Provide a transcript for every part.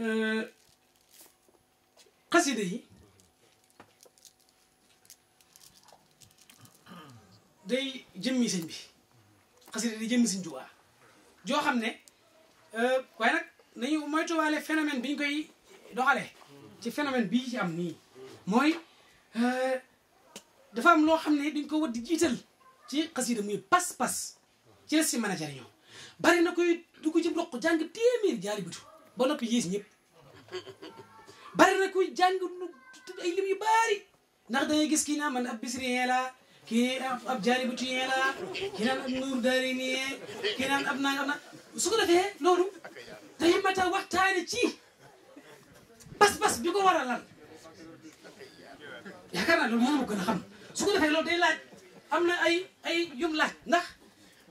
Euh, xasida yi day jëmmi sëñ bi xasida day jëmmi sëñ Tuubaa joo xam ne euh, waaye nag nañu moytuwaale phénomène bi ñu koy doxale ci phénomène bii ci am nii mooy euh, dafa am loo xam ne dañ ko war di jiital ci xasida muy pas-pas ci la si mën a jariñoo bari na koy dugg ci mboq jàng téeméer jaari bitu ba noppi yées ñëpp bari na kuy jàng ay lim yu baari ndax dangay gis kii naa man ab bisrien la kii ab jaaributien la kii naan ab nuur daari nie kii naan ab nangam na su ko defee loolu day mata waxtaane ci bas-bas bi ko war a lan yaakaar naa loolu moom gën a xam su ko defee loolu day laaj am na ay ay yum laaj ndax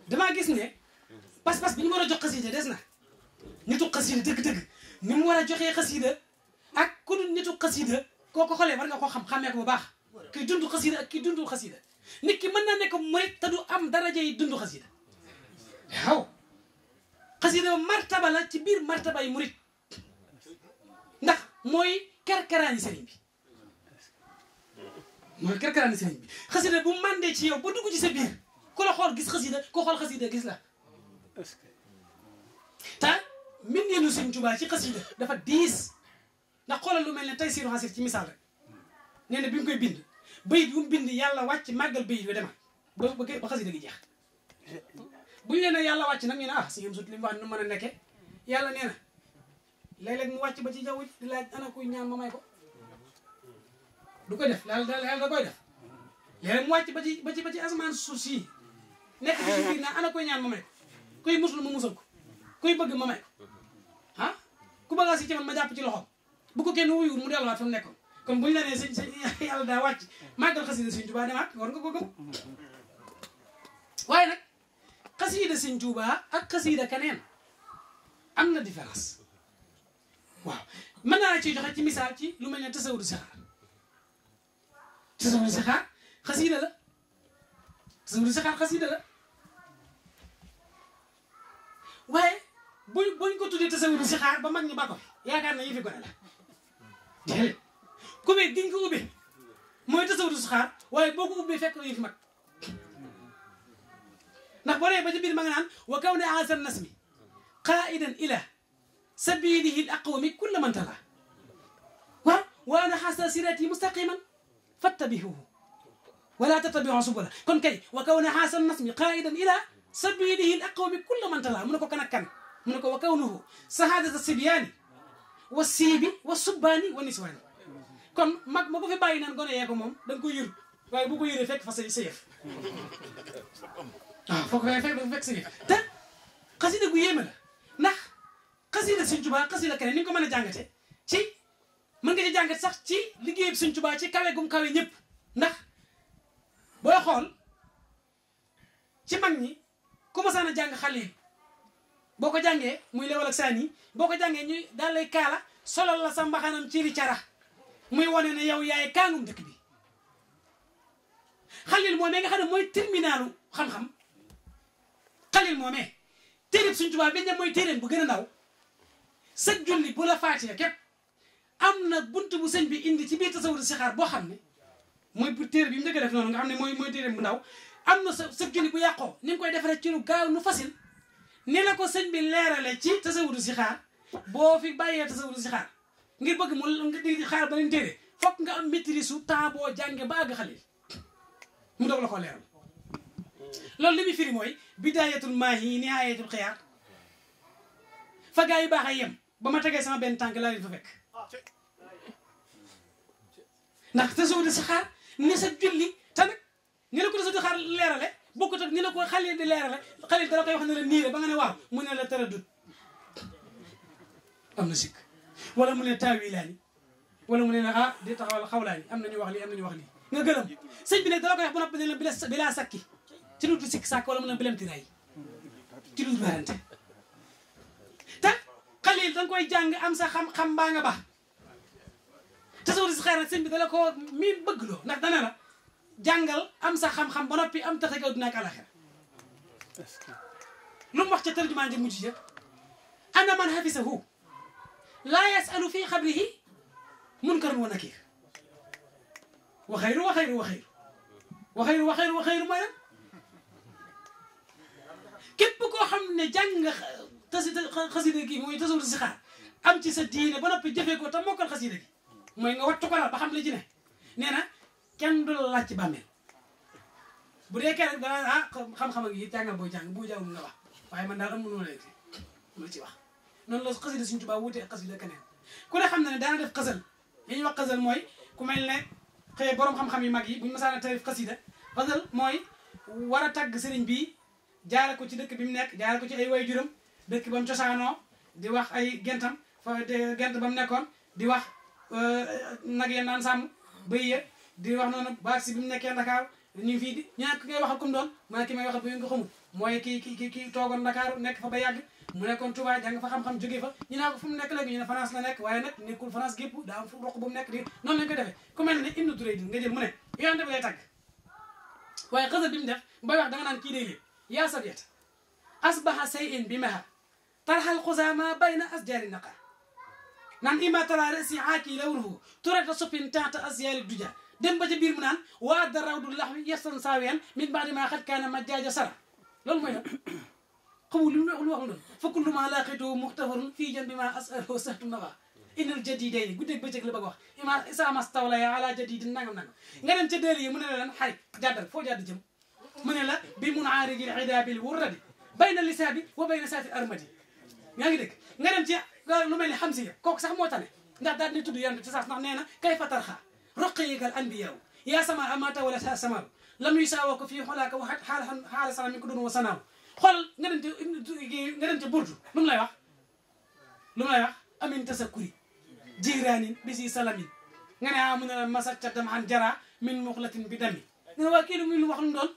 damaa gis ne bas-bas bi ñu war a jox xasida des na nitu xasida dëgg-dëgg ni mu war a joxe xasida ak ku dul nitu xasida koo ko xoolee war nga koo xam xàmmee ko bu baax kiy dund xasida kii kiy dundul nit ki mën naa nekk murit ta du am daraja yi dund xasida waaw xasida martaba la ci biir martaba yi murit ndax mooy kerkeraani sëriñ bi mooy kerkeraani sëriñ bi xasida bu mandee ci yow ba dugg ci sa biir ku la xool gis xasida ku xool xasida gis la mbindeenu Sëñ Tuubaa ci xasida dafa diis ndax xoolal lu mel ne tey siiru xasir ci misaal rek nee na koy bind bayit yu mu yàlla wàcc màggal bayit ba demal ba ba gi jeex bu ñu leen yàlla wàcc nag ñu ne ah si yëm sut li mu wax a nekke yàlla nee na léeg wàcc ba ci jaww di laaj ana kuy ñaan du ko def daal daal yàlla da koy wàcc ba ci ba ci ba ci suuf si nekk ci biir naa ana koy ñaan ma may ko kuy musul ma musal ko kuy bëgg ma may ku bëgg a si ci man ma jàpp ci loxoom bu ko kenn wuyuwul mu delluwaat fa mu nekkoon kon buñu la nee sëñ sëñ yàlla daa wàcc màggal xasida sëñ Tuubaa demaat war nga ko gëm waaye am na différence waaw naa ci ciy joxe ci misaal ci lu mel ne tasawudu sixaar tasawudu sixaar xasida la tasawudu sixaar xasida la waaye buñ buñ ko tuddee tasawuru si xaar ba mag ñi ba ko yaakaar na yëfi gone la déedéet ku bi giñ ko ubbi mooy tasawuru si xaar waaye boo ko ubbee fekk yëfi mag ndax boo dee ba ci biir ma nga naan wa kaw ne asan nasmi qaidan ila sabilihi l aqwami kulla man tala waaw wa ana xasa sirati mustaqiman fattabihuhu wala tattabiu subula kon kay wa kaw ne asan nasmi qaidan ila sabilihi l aqwami kulla man tala mu ne ko kan mu ne ko wa kawnuhu sahaadata sibyaani wa siibi wa subbaani wa niswaani kon mag ma ko fi bàyyi naan gone yee ko moom da ko yër waaye bu ko yëree fekk fa sa sa yëf waaw foo ko fekk fekk sa yëf te xasida gu yéeme la ndax xasida Sëñ Tuubaa xasida keneen ni nga ko mën a jàngate ci mën nga jàngat sax ci liggéey Sëñ ci kawe gum kawe ñëpp ndax booy xool ci mag ñi ku ma saan jàng xale yi boo ko jàngee muy lewal ak saan yi boo ko jàngee ñuy dal lay kaala solal la sa mbaxanam ci li cara muy wane ne yow yaay kaangum dëkk bi xalil moomee nga xam ne mooy terminalu xam-xam xalil moomee téereb suñ tubaab bi ne mooy bu gën a ndaw sa julli bu la faatiya képp am na bunt bu señ bi indi ci biir tasawur sixaar boo xam ne mooy bu téere bi mu njëkk a def nga xam ne mooy mooy téeréem bu ndaw am na sa sa julli bu yàqoo ni nga koy defaree ci lu gaaw nu fasil ni la ko sëñ bi leerale ci tasawudu si xaar boo fi bàyyee tasawudu si xaar ngir bëgg mu nga di xaar ba leen téere fokk nga am maîtrise su temps boo jànge ba àgg xalil mu doog la ko leeral loolu li muy firi mooy bidaayatul maahi nihaayatul xiyaar fa gaa yu baax a yem ba ma tegee sama benn tànk laa leen fa fekk ndax tasawudu si xaar ni sa julli te ni la ko tasawudu xaar leerale bokkut ak ni la ko xalil di leerale xalil dala koy wax ne la niire ba nga ne waaw mu ne la taraddud am na sikk wala mu ne taawilaani wala mu ne ne ah di taxawal xawlaani am nañu wax am nañu wax lii nga gërëm sëñ bi wax bu noppi ne la bila bilaa sakki ci luutu sikk sàkk wala mu ne bilam tiraay ci luutu barante te da koy jàng am sa xam-xam mbaa nga baax tasawur si xayrat sëñ bi dala ko bëgg loo ndax dana la jàngal am sa xam-xam ba noppi am tax a gaw dina ak alaxira lu mu wax ca tarjumaan ji mujj ja ana man hafisahu laa yasalu fi xabrihi munkaran wa nakir wa xayru wa xayru wa xayru wa xayru wa xayru wa xayru mooy lan képp koo xam ne jàng nga tasi xasida gi mooy tasawur si xaar am ci sa diine ba noppi jëfee ko te mokkal xasida gi mooy nga wattu ko daal ba xam li ci ne nee na kenn du la laaj ci bàmmeel bu dee kenn danaa ah xam-xam ak yi jàngal booy jàng boo jàngul nga wax waaye man daal amul noonu la ci wax noonu la xasida suñ tubaab wutee xasida keneen ku ne xam na ne daana def xasal li ñuy wax xasal mooy ku mel ne xëy borom xam-xam yu mag yi buñu masaana tarif xasida xasal mooy war a tagg sëriñ bi jaare ko ci dëkk bi mu nekk jaare ko ci ay way juram dëkk ba mu cosaanoo di wax ay gentam fa gent ba mu nekkoon di wax euh, nag yeen naan sàmm bëy di wax noonu baag si bi mu nekkee Dakar ñu fii di ñu naan ki wax waxal comme doon mu ne ki may waxal bu nga xamul mooy ki ki ki ki toogoon nekk fa ba yàgg mu nekkoon Touba jàng fa xam-xam jógee fa ñu nekk léegi ñu ne France la nekk am fu roq bu mu nekk di noonu lañ ko defee ku mel ne Ibnu Duraydi nga jël mu ne yonent bi lay waaye xësa bi mu def bay wax danga naan kii day léeg yaa sabiet asbaha sayin bi mahar tarxal xusaama bayna asjaari naqar naan ima tara rasi aakii dem ba ca biir mu naan waa daraw du lax wi yestan saawiyan min baadi maa xaj kaana ma jaaja sara loolu mooy la xamul lu lu wax loolu fakkul lu maa laaqitu muxtafarun fii jan bi maa asaro satu nawa inal jadiday ni guddeeg bëccëg la bëgg wax ima isaamas tawlaya ala jadidin nangam nangam nga dem ca déeli yi mu ne la lan xarit jàddal foo jàdd jëm mu ne la bi mun aarigil idaabil wurradi bayna lisaa bi wa bayna saati armadi yaa ngi dégg nga dem ci lu mel ni xam si ya kooku sax moo tane ndax daal di tudd yan bi ci saas ndax nee na kay fatarxaa رقيك الأنبياء يا سماء أما تولت السماء لم يساوك في حلاك وحد حال حال سلام يكون وسنام xool nga dem ca nga dem ca burdu lu mu lay wax lu mu lay wax amin tasakuri jiraanin bisi salamin nga ne ah mu ne la masacca dam an jara min muxlatin bi dami nga ne waa kii lu muy lu wax lu doon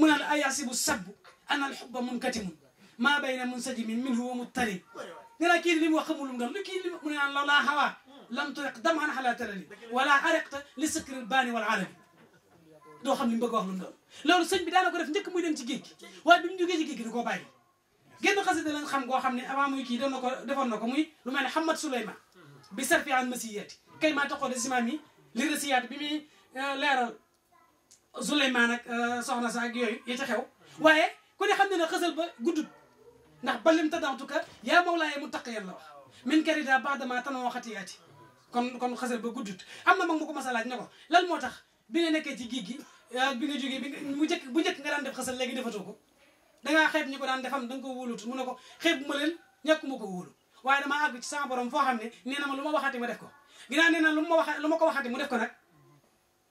mu naan ayasibu sabbu ana alxubba munkatimun maa bayna munsajimin minhu wa muttari nga ne kii li mu wax xamul lu mu doon lu kii li mu ne naan lawlaa hawaa lam turiq daman ala tarari wala ariqta li sikri baani wal arabi doo xam li mu bëgg wax lu mu doon loolu sëñ bi daana ko def njëkk muy dem ci géej gi waaye bi mu jógee ci géej gi da koo bàyyi génn xam goo xam ne avant muy kii doon na ko defoon na ko muy lu mel ne Hamad Souleymane bi serfi an masiyati kay maa taxoo de simaam yi li rasiyaat bi muy leeral Souleymane ak soxna sa ak yooyu yi ca xew waaye ku ne xam ne ne xasal ba guddut ndax balim tadamtuka yaa mawlaaya mu taq yan la wax min karida baadama tanoo kon kon xasal ba guddut am na mag mu ko mas a laaj ne ko lan moo tax bi nga nekkee ci géej euh, bi nga jógee bu njëkk nga daan def xasal léegi defatoo ko dangaa xeeb ñu ko daan defam da nga ko wóolutu mu ne ko ma leen ñàkk ma ko wóolu waaye damaa àgg ci sama foo xam ne nee na ma lu ma waxati ma def ko ginnaaw nee na lu ma wax lu ma ko waxati mu def ko nag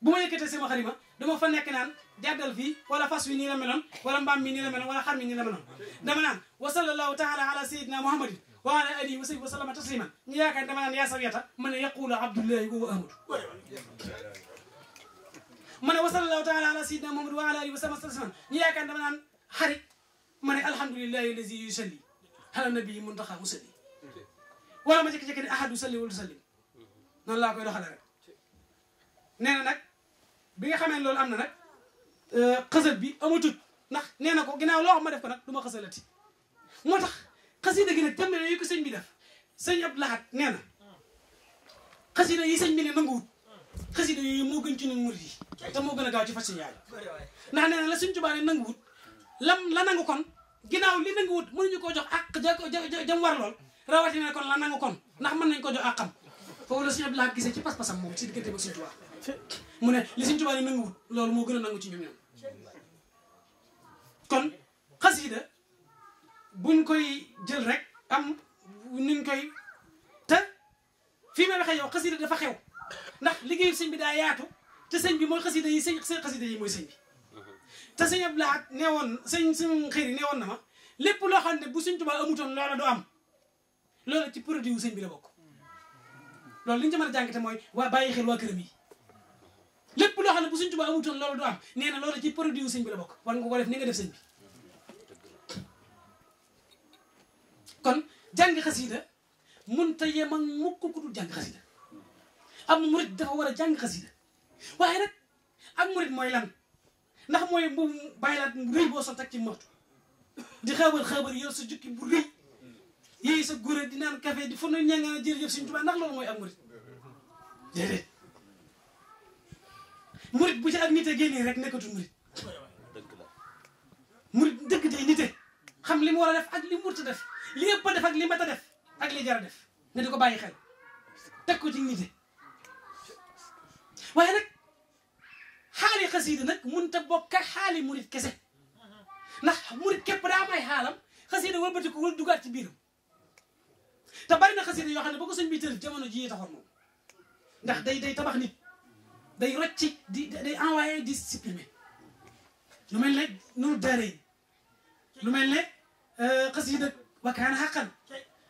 ma yëkkatee nekk naan jàddal fii wala fas wi nii la meloon wala mbaam mi nii la meloon wala xar mi nii la meloon dama naan wa sallallahu taala ala sayidina muhammadin wa ala alihi wa sahbihi wa sallama tasliman ñu yaakaar dama naan yaa sawiyata ma ne yaqulu abdullahi wa ahmadu ma ne wa sallallahu taala ala sayyidina muhammad wa ala alihi wa sallama tasliman ñu yaakaar dama naan xarit ma ne alhamdulillahi allazi yusalli ala nabii muntaxa musalli wala ma jékki-jékki ne ahadu salli wala sallim noonu laa koy doxale rek nee na nag bi nga xamee loolu am na nag euh, xësal bi amatut ndax nee na ko ginnaaw loo xam ma def ko nag du ma xësalati moo tax xasida gi nag jàmbale yi ko sëñ bi def sëñ Abdou Lahad nee na xasida yi sëñ bi ne nanguwut xasida yooyu moo gën ci ñun murid yi te moo gën a gaaw ci fas yi yaay la suñ tubaab yi nanguwut la nangu kon ginnaaw li nanguwut mënuñu koo jox àq ja ja jam war lool rawatina kon la nangu kon ndax mën nañ ko jox àqam foofu la sëñ Abdou gisee ci pas-pasam moom si diggante ba sëñ tubaab mu ne li sëñ tubaab yi nanguwut loolu moo gën a nangu ci ñun ñoom kon xasida buñ koy jël rek am nuñ koy te fii may waxee yow xasida dafa xew ndax liggéeyu sëñ bi daa yaatu te sëñ bi mooy xasida yi sëñ seen xasida yi mooy sëñ bi te sëñ Abdou Lahad nee sëñ suñ xëy yi na ma lépp loo xam ne bu sëñ Tuubaa amutoon loola du am loola ci produit wu sëñ bi la bokk loolu li ñu ci mën mooy waa bàyyi xel waa këram yi lépp loo xam ne bu sëñ Tuubaa amutoon loola du am nee loola ci produit wu bi la bokk war nga ko def ni nga def sëñ bi kon jàng xasida mun ta yem ak mukk ku dul jàng xasida am murit dafa war a jàng xasida waaye nag ak murit mooy lan ndax mooy bu bàyyilaat rëy boo sot ak ci moxtu di xabar xabar yow sa jukki bu rëy yéegi sa góor di naan café di fa nu ñangaan jërëjëf suñu tubaab ndax loolu mooy ak murit déedéet murit bu ci ak nite génnee rek nekkatul murit murit dëgg day nite xam li mu war a def ak li mu warta def li ëpp def ak li mat def ak li jar a def nga di ko bàyyi xel teg ko ci nite waaye nag xaali xasiida nag mun ta bokk ak xaali murit kese ndax murit képp daa may xaalam xasiida wëlbati ko wala dugaat ci biiram te bari na xasiida yoo xam ne ba ko sëñ bi tëral jamono jii taxoon moom ndax day day tabax nit day rocci di day envoyé di supprimer lu mel ne nu daaree lu mel ne euh, xasiida wa kaana xaqan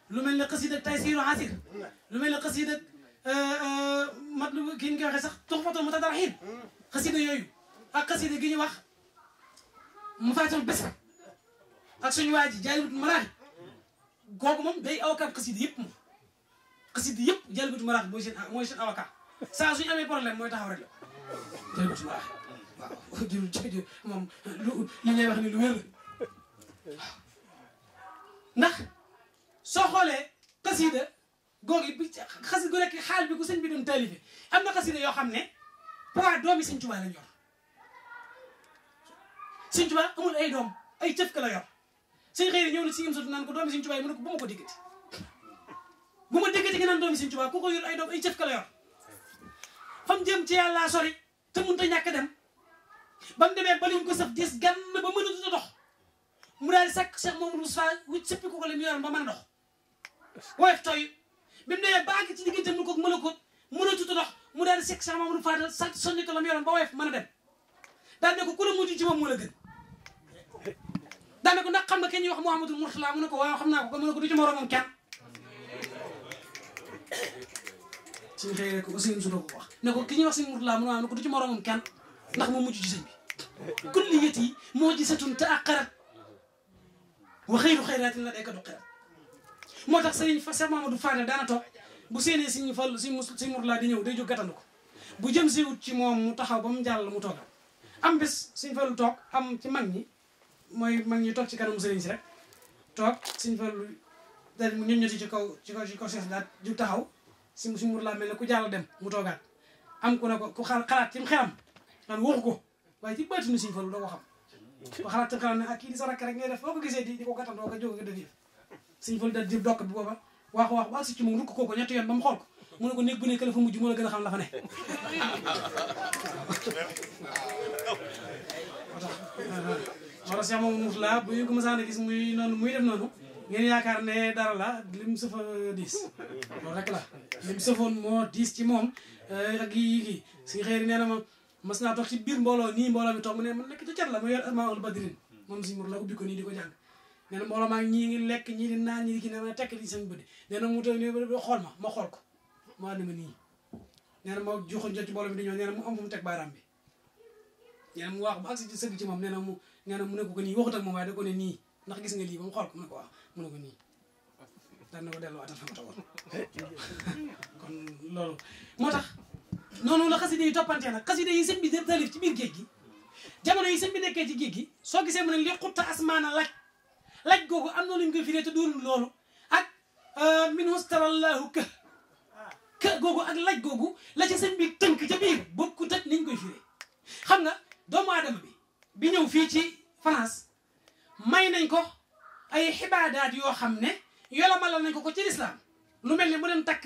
lu mel ne xasida tay siiru asir lu mel ne xasida euh, euh, matlu gi ñu koy waxee sax tuxfatul mutadarahin xasida yooyu ak xasida gi ñu wax mu faatoon u ak suñu waa ji jaalibut maraax googu moom day avocat xasida yëpp moom xasida yëpp jaalibut maraax mooy seen mooy saa suñu amee problème mooy taxaw rek la jaalibut maraax lu li ndax soo xoolee xasida googu bi xasida gu nekk xaal bi ku sëñ bi doon taalife am na xasida yoo xam ne poids doomi sëñ Tuubaa lañ yor ay doom ay cëf ka la yor sëñ xëy ñëw si im sotu ko doomi sëñ Tuubaa yi mu ne ko bu ma ko diggati bu ma diggati nga ko ay doom ay cëf ka la yor fam jëm ci yàlla sori te mun a ñàkk dem ba mu demee ba liñ ko saf gis gann ba mënatu dox mu daal di sakk Cheikh Mamadou Moustapha wut sëppi ko ko mu ba mën dox woyof tooy bi mu demee ba àgg ci diggante mu ko mënakoo mënatut a mu daal di sekk Cheikh Mamadou Fadal sant soññi ko ba woyof mën dem daal ne ko ku la mujj ci moom moo la gën daal ne ko ndax xam nga kenn ñuy wax Mouhamadou Mourtala mu ne ko xam naa ko mu ne ko du su ko wax ko ki ñuy wax sëñ Mourtala mu ne ko du ci moroomam kenn ndax moo mujj ci sëñ bi kulli yët yi moo gisatun te àqarat wa xëyru xëyraatin la day katu xëyraat moo tax sëriñ fa Cheikh Mamadou Fadel daana toog bu séenee siñu fal siñ si siñ murlaa di ñëw day jóg gàttandu ko bu jëm siwut ci moom mu taxaw ba mu jàll mu toogal am bés suñ fallu toog am ci mag ñi mooy mag ñi toog ci kanamu sëriñ toog suñ fallu daal ci kaw ci kaw daal ju taxaw si si murlaa mel ne ku jàll dem mu toogaat am ku ne ko ku xalaat ci mu xelam man waxu ko waaye ci si suñ fallu doo ko xam xalaat tam xalaat ne ak ah, kii di sa rakk rek ngay def boo ko gisee di di ko gàttandoo ko jóg ko def yëf suñ fal dal di dokk bi booba waax waax bu agsi ci moom ba mu xool ko a a gis muy def noonu ngeen yaakaar ne dara la lim safa diis loolu rek la lim safoon moo diis ci moom ak eh, yi yi kii suñu nee na ma mas naa toog ci biir mbooloo nii mbooloo mi toog mu ne man lekk ca cat la mu yor armaawul badrin moom suñ mur la ubbi ko nii di ko jàng nee mu mu teg baaraam bi nee na mu wax ba agsi ci sëgg ci moom nee na mu nee na mu ne ko ko nii waxut ak moom waaye da ko ne nii ndax gis nga lii ba mu ne ko waaw mu ko nii daan fa mu tawoon kon loolu moo tax noonu la xaside yi toppantee nag xaside yi sëñ bi def taalif ci biir géej gi jamono yi sëñ bi nekkee ci géej gi soo gisee mu ne li xutta asmaana laj laj googu am na lu ñu koy ta te doonul loolu ak euh, min hustarallahu kë kë googu ak laj googu la ci sëñ bi tënk ca biir bokkut ak niñ koy firee xam nga doomu aadama bi bi ñëw fii ci France may nañ ko ay xibaadaat yoo xam ne yolamalal nañ ko ko ci lislaam lu mel ne mu dem takk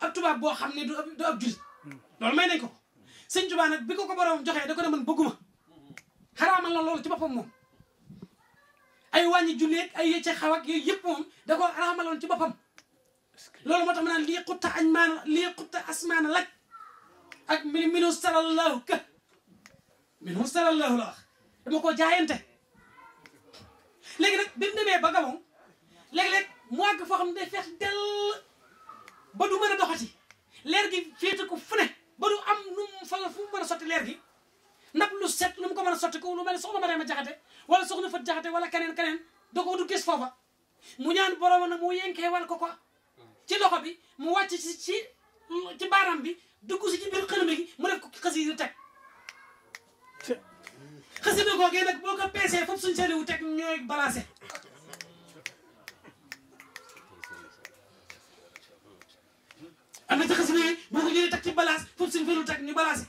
ab tubaab boo xam ne du ab loolu may nañ ko ko sëñ bi ko ko borom joxee da ko ne man bëgguma xaraamal la loolu ci boppam moom ay wàññi julleeg ay yecce xaw ak yooyu yëpp moom da ko xaraamaloon ci boppam loolu moo tax ma naan lii xutta añ maana lii xutta asmaana laj ak minu minu sarallaahu ka minu sarallaahu la wax dama koo jaayante léegi nag bi mu demee ba Gabon léeg-léeg mu àgg foo xam ne day feex dell ba du mën doxati leer gi féete ko fu ba du am nu fa fu mu mën a sotti leer gi nag lu set lu ko mën a sotti ko lu mel soxna ma dema jaxate wala soxna fat jaxate wala keneen keneen da ko du gis foofa mu ñaan borom na mu yenkee wal ko ko ci loxo bi mu wàcc ci ci ci baaraam bi dugg si ci biir xëlëma gi mu def ko xasi yu teg xasi na koogee nag boo ko peesee foofu suñ seeni wu teg ñooy balancé am na ci xasida yi boo takk ci balaas foofu suñ fëlul takk ñu balaase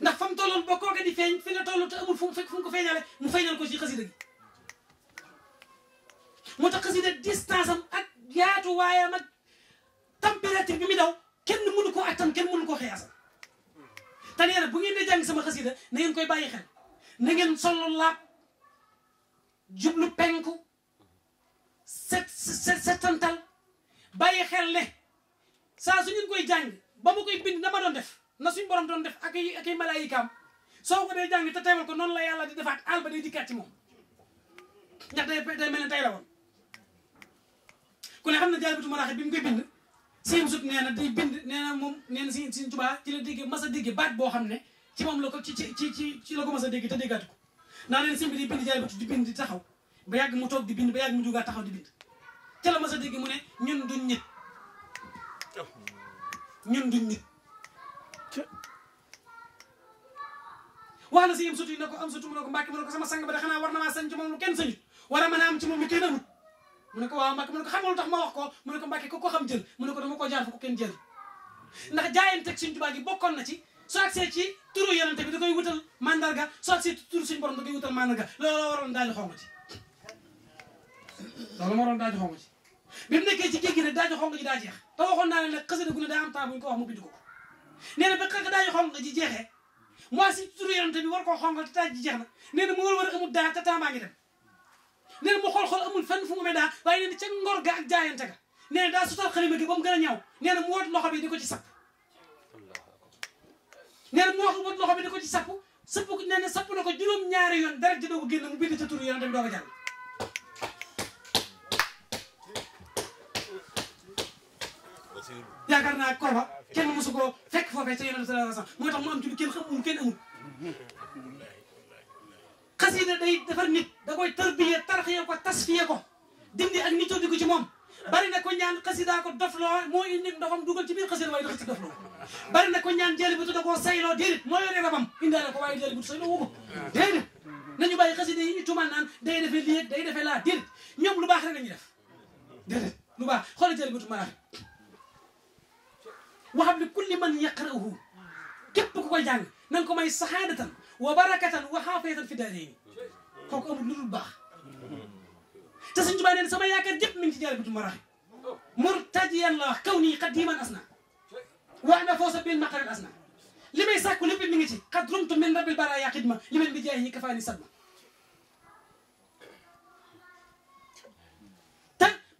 ndax fa mu tolloon ba kooka di feeñ fi la toll te amul fu mu fekk fu mu ko feeñale mu feeñal ko ci xasida gi moo tax xasida distance am ak yaatu waayam ak température bi muy kenn mënu koo attan kenn mënu koo xeyaasal te bu ngeen di jàng sama xasida na ngeen koy bàyyi xel na ngeen solo laab jublu penku set setantal bàyyi xel ne saa su ngeen koy jàng ba mu koy bind na ma doon def na suñ borom doon def ak ay ak ay malaayikaam soo ko dee jàng te teewal ko noonu la yàlla di defaat àll ba day dikkaat ci moom ndax day day mel ne tey la woon ku ne xam ne jaalibatu maraaxib bi mu koy bind sëñ nee na day bind na moom nee na sëñ sëñ Tuubaa ci la déggee mas sa déggee baat boo xam ne ci moom la ko ci ci ci ci la ko mas a déggee te déggaatu ko naa leen sëñ bi day bind jaalibatu di bind di taxaw ba yàgg mu toog di bind ba yàgg mu jógaat taxaw di bind ca la ma sa dégg mu ne ñun duñ ñun duñ nit wax na si yem sutu yi sutu mu ne ko mbàkki mu ne ko sama sang ba de xanaa war na maa sañ ci moom lu kenn sañut war a mën a am ci moom lu kenn amut mu ne ko ko tax ma wax ko mu ne ko mbàkki ko ko xam jël mu ne ko dama ko jaar fu ko kenn jël ndax jaayanteeg suñ tubaab bokkoon na ci soo agsee ci turu yonente bi da koy wutal mandarga soo agsee ci turu suñ borom da koy wutal mandarga looloo waroon daal di xonq ci loolu moo doon daaju xong ci bi mu nekkee ci géej gi nag daaju ji daa jeex te waxoon naa leen nag xasida gu ko ko nee na ba xëkk daaju xong ji jeexee mois si turu yonante bi war koo xongal te daaj ji jeex na nee na mu war war a amul daa te temps baa ngi dem nee na mu daa waaye nee na ca ga ak jaayante ga nee na daa gën a ñaw nee na mu wot loxo bi di ko ci sapp nee na mu wax wot loxo ko ci sapp sëpp nee na sapp na ko juróom-ñaari yoon dara ji doo ko génn mu bind ca turu yonante bi doo ko jàng yaakaar naa kooba kenn mosu koo fekk foofee ca yonent sallallahu alayhi wasallam moo tax mu am ci lu kenn xamul kenn amul xasida day defar nit da ko tarbiye tarxiye ko tasfiye ko dindi ak nitoo dugg ci moom bari na ko ñaan xasida ko dofloo moo indi ndoxam dugal ci biir xasida waaye dafa ci dofloo bari na ko ñaan jëli butu da koo sayloo déedéet moo yore rabam indaale ko waaye jëli butu sayloo woo ko déedéet nañu bàyyi xasida yi ñu tumal naan day defee lii day defee laa déedéet ñoom lu baax rek la ñuy lu baax xoolal jëli waxam li kulli man yaqra'uhu képp ku koy jàng na nga ko may saxaadatan wa barakatan wa xaafiyatan fi daarayni kooku amul lu dul baax te suñ jubaa neen sama yaakaar yëpp mi ngi ci jaale bi tu ma raxe murtajiyan la wax kaw nii qadiman asna wax na foo sa biir maqaran asna li may sàkku lépp mi ngi ci xad rumtu min rabbil bara yaqid ma li mel bi jaay yi kafaani sadma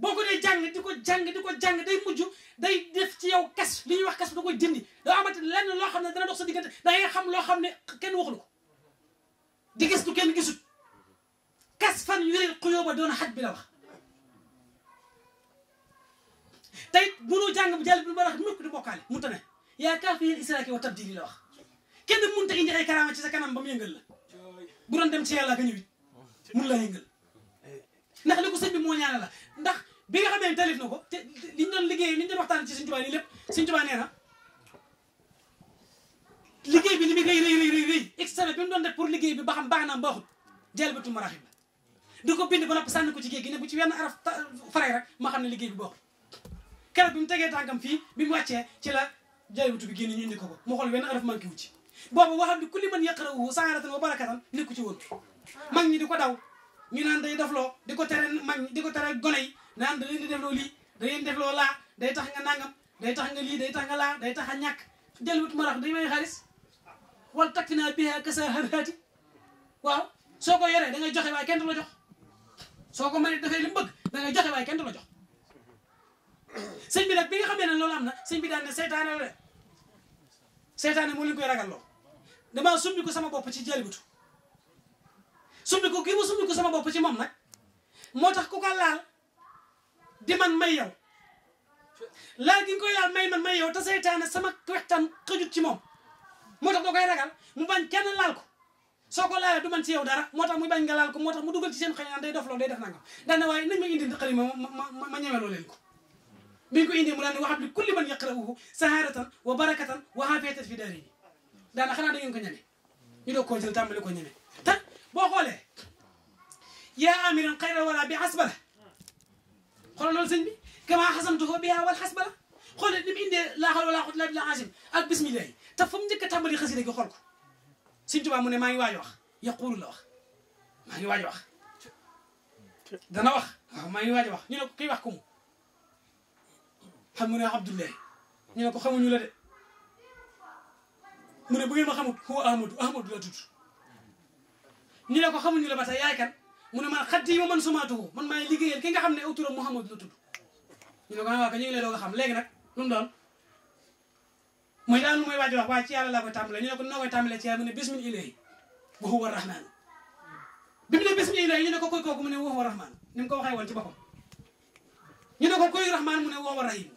boo ko dee jàng di ko jàng di ko jàng day mujj day def ci yow kas li ñuy wax kas da koy dindi doo amati lenn loo xam ne dana dox sa diggante da ngay xam loo xam ne kenn waxul ko di gis lu kenn gisut kas fan yuril xuyóoba doon xaj bi la wax jàng bu jàll bi ba wax di bokkaale munta ne yaa kaafiyel israaki wa tabdili la wax kenn munta indi ci sa kanam ba mu yëngal la bu doon dem ci yàlla ka ñëwit mun la yëngal ndax li ko sëñ bi la ndax bi nga xam ne talif na ko te doon liggéey liñ doon waxtaan ci Sëñ Tuubaa nii bi li muy rëy rëy rëy rëy rëy extra bi mu doon def pour liggéey bi ba xam baax naam baaxut Jalbatul Maraaxib la di ko bind ba nopp sànni ko ci géej gi ne bu ci wenn araf faray rek ma liggéey bi baaxut keroog bi mu tegee tànkam fii bi ci la Jalbatu bi génn ñu indi ko ko mu xool wenn araf manqué wu ci boobu waxam bi ku li mën yaqra'uhu saaratan wa barakatan nekku ci woon mag ñi di ko daw ñu naan day dofloo di ko tere mag di ko tere gone yi naan da leen di def lii da leen laa day tax nga nangam day tax nga lii day tax nga day tax a ñàkk jëlwut marax day may xaalis wal takk naa biha kasa waaw soo ko yoree da joxe waaye kenn du la jox soo ko mënee da ngay joxe waaye kenn du la jox sëñ bi nag bi nga xamee ne loolu am na sëñ bi daan ne seytaane la moo leen koy ragal loo damaa sumbi sama bopp ci jëlbutu sumbi ko kii ma sumbi sama bopp ci moom nag moo tax ku ko laal di man may yow laal gi nga koy may man may yow te seytaane sama wextaan xëjut ci moom moo tax da koy ragal mu bañ kenn laal ko soo ko laalee du man ci yow dara moo tax muy bañ nga laal ko moo tax mu dugal ci seen xëy naan day dof def na waaye nañ ma indi xalima ma ma ma ñemeloo leen ko. bi ñu ko indi mu daan ne waxam li kulli man yaqra'uhu saharatan wa barakatan wa aafiyatan fi daarini daana xanaa da ngeen ko ñeme ñu doog koo jël tàmbali ko ñeme te boo xoolee yaa amiran xayra wala bi asbala xoolal loolu sëñ bi kamaa xasamtuhu biha wal xasba la xool ni mu indee laa xawla wala quwwata illa billah ak bismillah yi te fa mu njëkk a tàmbali xasida gi xool ko mu ne maa ngi waaj a wax yaquulu la wax maa ngi waaj wax dana wax maa ngi waaj a wax ñu ne ko kiy wax ko mu ne Abdoulaye ñu ne ko xamuñu la de bu ngeen ma xamut ñu ne ko xamuñu la ba tey yaay kan mu ne man xatti yi ma man sumaatuwu man maay liggéeyal ki nga xam ne autorom Muhammad la tudd ñu ne ko ko ñu ngi lay a xam léegi nag lu mu doon mooy daan lu mooy waaj wax waaye ci yàlla laa koy tàmbalee ñu ne ko wa huwa rahmaan bi mu ne bismil ilahi ñu ne ko koy kooku mu ne wa huwa rahmaan ni mu ko ko koy rahmaan mu ne wa huwa rahim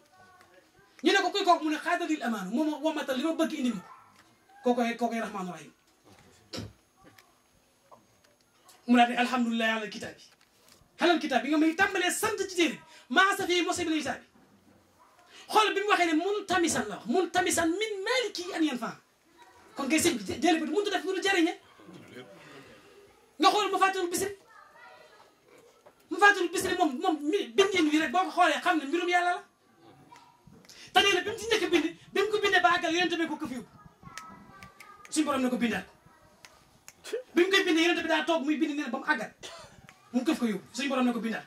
ñu ne ko koy kooku mu ne xaadalil amaanu moom wamatal li ma bëgg indi ma ko kookoy kookoy mu naa ne alhamdulilah alal kitaab bi alal kitaab bi nga may tàmbalee sant ci téere maa safee mosa bi na kitaab bi xool bi mu waxee ne mun tamisan la wax mun tamisan min maliki an yan faa kon kay sëñ bi jële bi mënut a def lu jëriñe ah. nga xool mu fàttali bisri mu fàttali bisri moom moom bindin wi rek boo ko xoolee xam ne mbirum yàlla la te nee na bi mu ci njëkk bind bi mu ko bindee ba àggal yonente bi ko këf yóbbu suñu borom ne ko bindaat bi mu koy bindee yonent bi daa toog muy bind nee na ba mu àggal mu këf ko ko bindal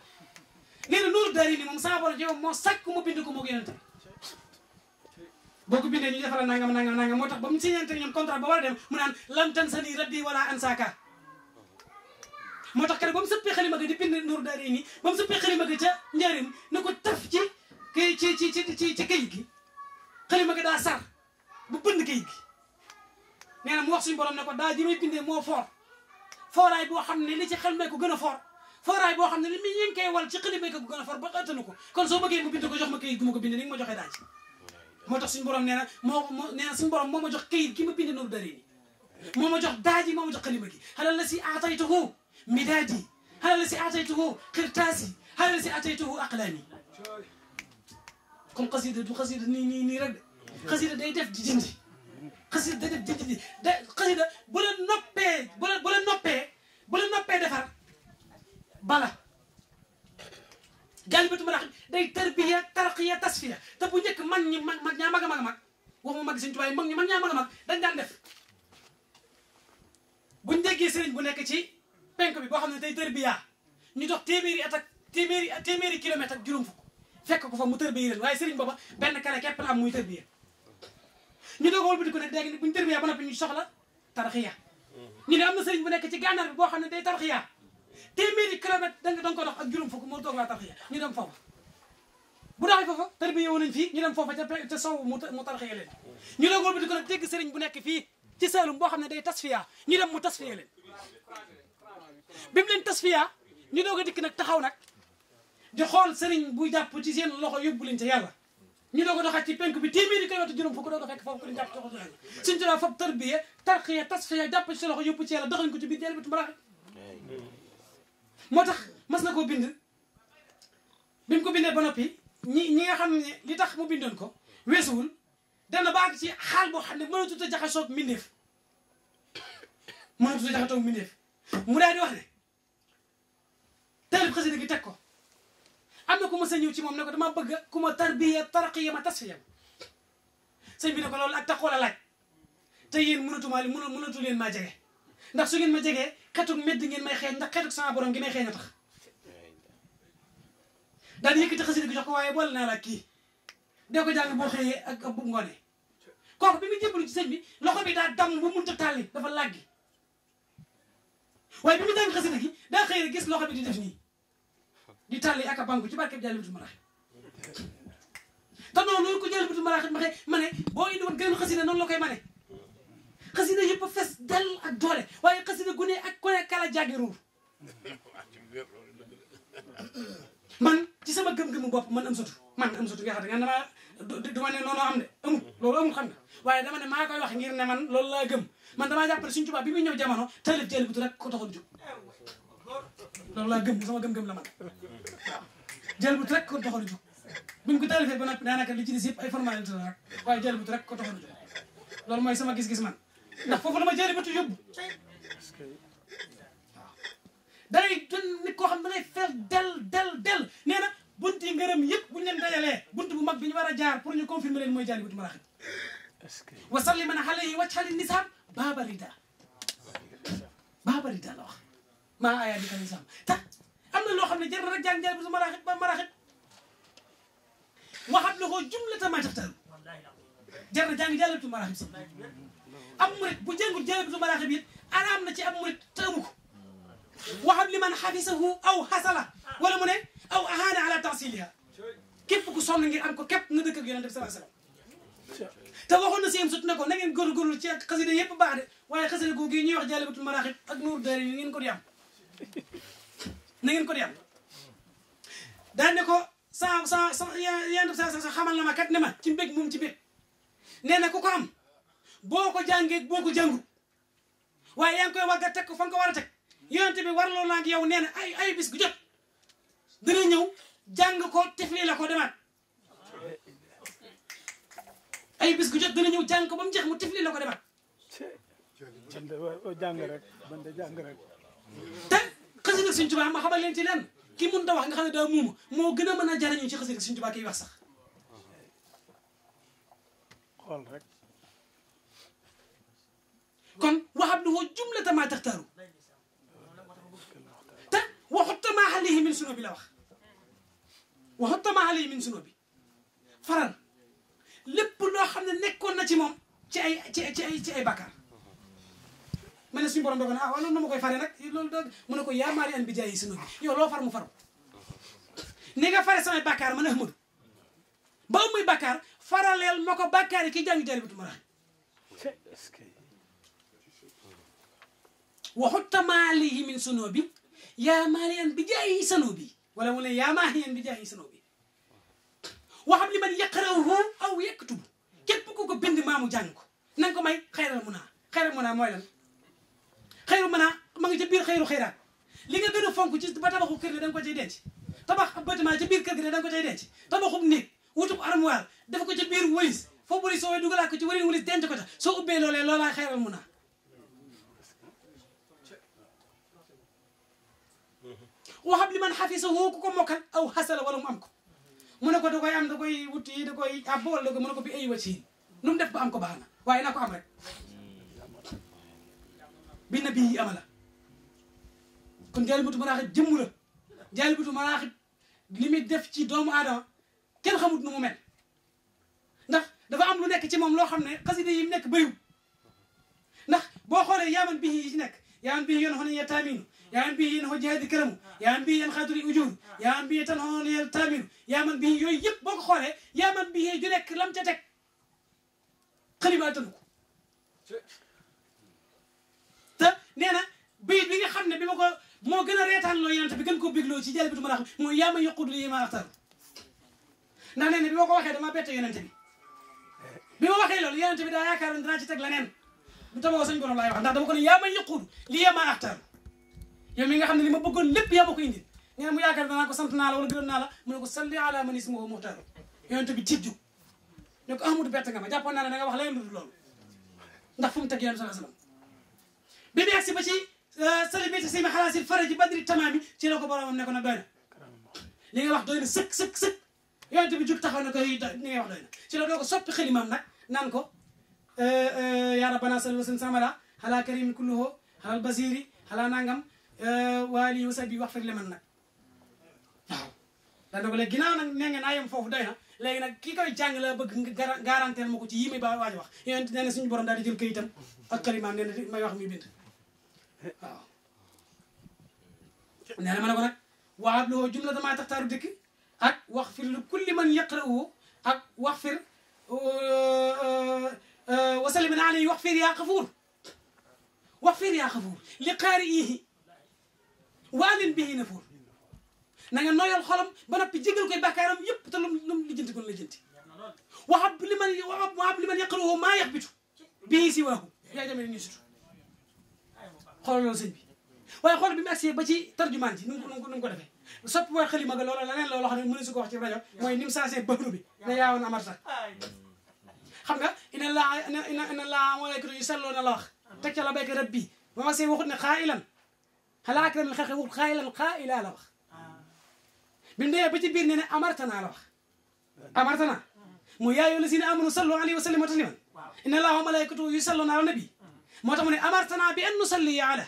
nee na Nuuru Daarayni moom sama borom ci moom moo sàkk mu bind ko moo ko yonent bi boo ko bindee ñu defal nangam nangam nangam moo tax ba mu signé ñoom contrat ba war a dem mu naan lam tan sa nii raddi wala moo tax kare ba mu sëppee xalima di bind Nuuru Daarayni ba mu sëppee xalima ga ca njëriñ ko taf ci ci ci ci ci ci kayit gi xalima ga daa sar bu bënd kayit gi nee na mu wax suñu borom ne ko daa ji may bindee moo foor xam ne li ci xel mee ko gën a foor fooraay boo xam ne li mi ñu ngi koy wal ci xel mee ko gën a foor ba ëttanu ko kon soo bëggee mu bind ko jox ma kayit gu ma ko bind ni nga ma joxee daa ji moo tax suñu borom nee na moo nee na suñu borom moo ma jox kayit gi la si aataytuhu midaadi xalal la si aataytuhu xirtaasi xalal la si aataytuhu aqlaami kon xasida du xasida nii nii day def di jindi xasida day def jëjëf ji da xasida bu la noppee bu la bu la noppee bu la noppee defar bala gaalibatu ma rax day tarbiya tarqiya tasfiya te bu njëkk mag ñi mag mag ñaa mag a mag a mag waxuma mag sëñ Tuubaa mag dañ daan def bu déggee sëriñ bu nekk ci penk bi boo xam ne day tarbiya ñu dox téeméeri at ak téeméeri téeméeri kilomètre ak juróom fukk fekk ko fa mu tarbiya leen waaye sëriñ booba benn kare képp la am ñu doog a wëlbati ko nag léegi ne bu ñu tërbiyaa ba noppi ñu soxla tarxiya mm-hmm. ñu ne am na bu nekk ci gànnaar bi boo xam ne day tarxiya téeméeri kilomètre danga danga ko dox ak juróom fukk moo doog laa ñu dem foofa bu doxee foofa tarbiya woon nañ fii ñu dem foofa ca ca sow mu tarxiya leen mm-hmm. ñu doog ko nag dégg sëriñ bu nekk fii ci Saalum boo xam ne day tasfiya ñu dem mu tasfiya leen bi mu leen tasfiya ñu doog a dikk nag taxaw nag di xool seriñ bu jàpp ci seen loxo yóbbu leen ca yàlla ñu doo ko doxal ci penk bi téeméeri kilomètre juróom fukk doo ko fekk foofu ko di jàpp ci loxo suñ tarbiya tarxiya tasfiya jàpp ci sa loxo yóbbu ci yàlla doxañ ko ci biir jeel bi moo tax mas na koo bind bi ko bindee ba noppi ñi ñi nga xam ne li tax mu bindoon ko weesuwul dana baag ci xaal boo xam ne mënatut a jaxasoog mbindeef mënatut a jaxasoog mbindeef mu daal di wax ne taalib xasida gi teg ko am na ku ma sa ñëw ci moom ne ko dama bëgg ku ma tarbiya tarqiya ma tasfiya sëñ bi ne ko loolu ak taxaw la laaj te yéen mënatuma li mënatu mënatu leen maa jege ndax su ngeen ma jegee xetuk medd ngeen may xeeñ ndax xetuk sama borom gi may xeeñ a tax daal yëkkati xasida gi jox waaye boole naa la kii doo ko jàng boo xëyee ak bu ngoonee kooku bi mu jébbalu ci sëñ bi loxo bi daa damm bu mënta tàlli dafa làggi waaye bi mu jàng xasida gi daa xëy gis loxo bi di def nii di taali aka a banku ci barke bi jàlli bitu maraaxib te noonu loolu ko jàlli bitu maraaxib ma xe ma ne boo indi woon gënu xasida noonu la koy ma ne xasida yëpp a fes ak doole waaye xasida gu ne ak ku ne kala jàggi ruur man ci sama gëm-gëmu bopp man am satu man am satu nga xam ne damaa du ma noonu am de amul loolu amul xam nga waaye dama ne maa koy wax ngir man loolu laa gëm man damaa jàpp ne suñ tubaab bi muy ñëw jamono taalif jël bi ko taxoon jóg loolu laa gëm sama gëm-gëm la man waaw jël but rek ko taxoon a jóg buñ ko taalifee ba nag daanaka li ci des yëpp ay formalité la rek waaye jël but rek ko taxoon a jóg loolu mooy sama gis-gis man ndax foofu la ma jëli butu yóbbu waaw day doon nit koo xam ne day fel del del del nee na bunt yi yëpp buñ leen dajalee bunt bu mag bi ñu war a jaar pour ñu confirmer leen mooy jëli butu maraxib wasalli man alayhi wacxali nisaab baabarida baabarida la wax maa ayaa di ko ni am na loo xam ne jërë rek jàng jàng bi su ba maraaxit waxat la ko jumlata maa taxtal jërë jàng jàllale tu maraaxit si am murit bu jàngut jàllale tu maraaxit it araam na ci am murit te amu ko waxat li man xafisahu aw xasala wala mu ne aw ahaana ala taxsiliha képp ku sonn ngir am ko képp nga dëkk ak yonente bi salaa salaam te waxoon na si ne ko na ngeen góorgóorlu ci xasida yëpp baax ñuy wax jàllale tu maraaxit ak nuur daara yi ngeen ko di na ngeen ko di am daan ne ko sa sa sa yenn sa sa xamal na ma kat ne ma ci mbég moom ci mbég nee na ku ko am boo ko jàngee boo ko jàngu waaye yaa ngi koy wagga teg ko fa nga ko war a teg yonente bi warloo naa ak yow nee na ay ay bis gu jot dina ñëw jàng ko tefli la ko demaat ay bis gu jot dina ñëw jàng ko ba mu jeex mu tefli la ko demaat. jàng rek man de jàng rek. te xasida Sëriñ Tuubaa ma xamal leen ci lenn ki mun wax nga xam ne daa muuma moo gën a mën a jariñu ci xasida Sëriñ Tuubaa kiy xool rek kon waxab lu woo jumlata maa taxtaaru te waxutta maa alayhi min suno bi la wax waxutta maa alayhi min suno bi faral lépp loo xam ne nekkoon na ci moom ci ay ci ay ci ma ne suñu borom dogal na ah waaw loolu na ma koy fare nag loolu da mu ne ko yaa maari an bi jaay sunu bi yow loo far mu faru ni nga fare samay bàkkaar man Ahmadu ba muy bàkkaar faraleel ma ko bàkkaar yi kii jàngi jari bi tumarax waxutta maalihi min sunoo bi yaa maali an bi jaay sanoo bi wala mu ne yaa maahi an bi jaay sanoo bi waxam li man yaqrahu aw yaktubu képp ku ko bind maamu jàng ko na nga ko may xayral mu naa xayral mu naa mooy lan xëyru mën a ma ngi ca biir xëyru xëyraat li nga gën a fonk ci ba tabaxu kër gi da nga ko cay denc tabax ab bâtiment ca biir kër gi da nga ko cay denc tabaxub néeg def ko ca biir wëlis foo bëri soo dugalaat ko ci wërin wëlis denc ko ca soo ubbee loolee li man xafisa woo ku ko mokkal aw xasala wala mu am ko mu ne ko da koy am da koy wuti da koy àbb wala da koy mu ko bi ayi wa ci nu mu def am ko baax waaye naa ko am rek bi nabi yi amala kon jaalibatu maraaxib jëmm la jaalibatu maraaxib li muy def ci doomu aadama kenn xamut nu mu mel ndax dafa am lu nekk ci moom loo xam ne xasida yi mu nekk bëriw ndax boo xoolee yaaman bii yi ci nekk yaaman bii yoon xo neñ taaminu yaaman bii yéen xo jihaadi këramu yaaman bii yéen xaaturi ujur yaaman bii tan xo neel taaminu yaaman bii yooyu yëpp boo ko xoolee yaaman bii ju nekk lam ca teg xalimaa ko nee na bayit bi nga xam ne bi ma ko moo gën a reetaan loo yonent bi gën ko bégloo ci jële bi du mën mooy yaa ma yëqud lii ma axtar ndax nee na bi ma ko waxee dama bette yonent bi bi ma waxee loolu yonent bi daa yaakaaroon dinaa ci teg leneen bu taboo sañ borom laay wax ndax dama ko ne yaa ma yëqud lii ma axtar mi nga xam ne li ma bëggoon lépp yaa ma ko indi nee mu yaakaar danaa ko sant naa la wala a naa la mu ne ko salli ala man ismuhu muxtaar yonent bi tiit jug ne ko ahmadou bett nga ma jàppoon naa ne da nga wax leneen lu dul loolu ndax fu mu teg yonent sallallahu alayhi bi mu si ba ci euh, sali bi si ma xalaasil faraji badri tamaam bi ci la ko boromam ne ko na doy na li ngay wax doy na sëkk sëkk sëkk yonent bi jug taxaw na ko li ngay wax doy ci la doo ko soppi xëlimaam nag naan ko euh, euh, yaa rabbana sali wasin samala xalaa karim kulluhoo xalal basiri xalaa nangam waali wasa bi wax fir liman nag waaw daa dooga léegi ginnaaw nag nee naa yem foofu doy na léegi nag kii koy jàng la bëgg garanteel ma ko ci yii may ba waaj wax yonent nee na suñu borom daal këyitam ak xëlimaam nee na may wax muy bind waaw nee na ma ne ko nag waxab loo jumlata maa taxtaaru dëkk ak wax fir lu kulli man yaqra'u ak wax fir euh, wasalimin alayhi wax fir yaa xafuur wax fir yaa xafuur li qaari'ihi waalin bihi nafuur na nga nooyal xolam ba noppi jégal koy bàkkaaram yëpp te lum lum lijjanti kon lijjanti waxab li man waxab li man yaqra'u maa yaxbitu bihi siwaahu yaa jamee ni sutu xoolal loolu sëñ bi waaye xool bi mu agsee ba ci tarjumaan ji nu mu ko nu mu ko defee soppi mooy xalima ga loola leneen loolu xam ne mënu si ko wax ci rajo mooy ni mu saasee bëru bi ne yaawoon amar sax xam nga ina laa ina laa malaykatu yu selloo na la wax teg ca la béyka rab bi mama see waxut ne xaa ilan xalaa akram xexe waxut xaa ilan xaa ilaa la wax ah. bi mu demee ba ci biir ne ne amartana la wax amartana mu yaayoo la si ne amanu sallu alayhi wa sallimu tasliman ina laa malaykatu yu selloo na la nabi moo tax mu ne amartana bi an nusalli ala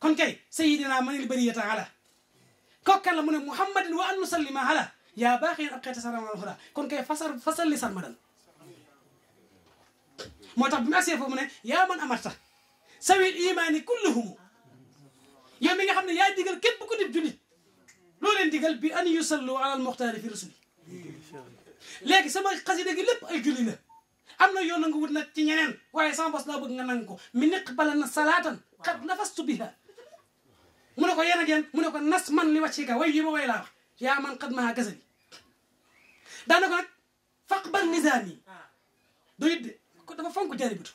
kon kay sayidina manil bariyata ala kokkal la mu ne muhammadin wa an nusallima ala yaa baaxeen ab xeeta saramaal xuda kon kay fasar fasalli sarmadan moo tax bi mu agsee foofu mu ne yaa man amarta sawil imaani kulluhumu yow mi nga xam ne yaa digal képp ku dib jullit loo leen digal bi an yusallu ala almuxtaari fi rusuli léegi sama xasida gi lépp ay julli la am na yoo nangu wut na ci ñeneen waaye sama bos laa bëgg nga nangu ko mi nekk bala na salaatan xat nafastu biha mu ne ko yéen ak yéen mu ne ko nas man li wàcci ga way yi ma way laa wax yaa man xat maa gasali daana ko nag faq bal nizaam ko dafa fonk jaaribitu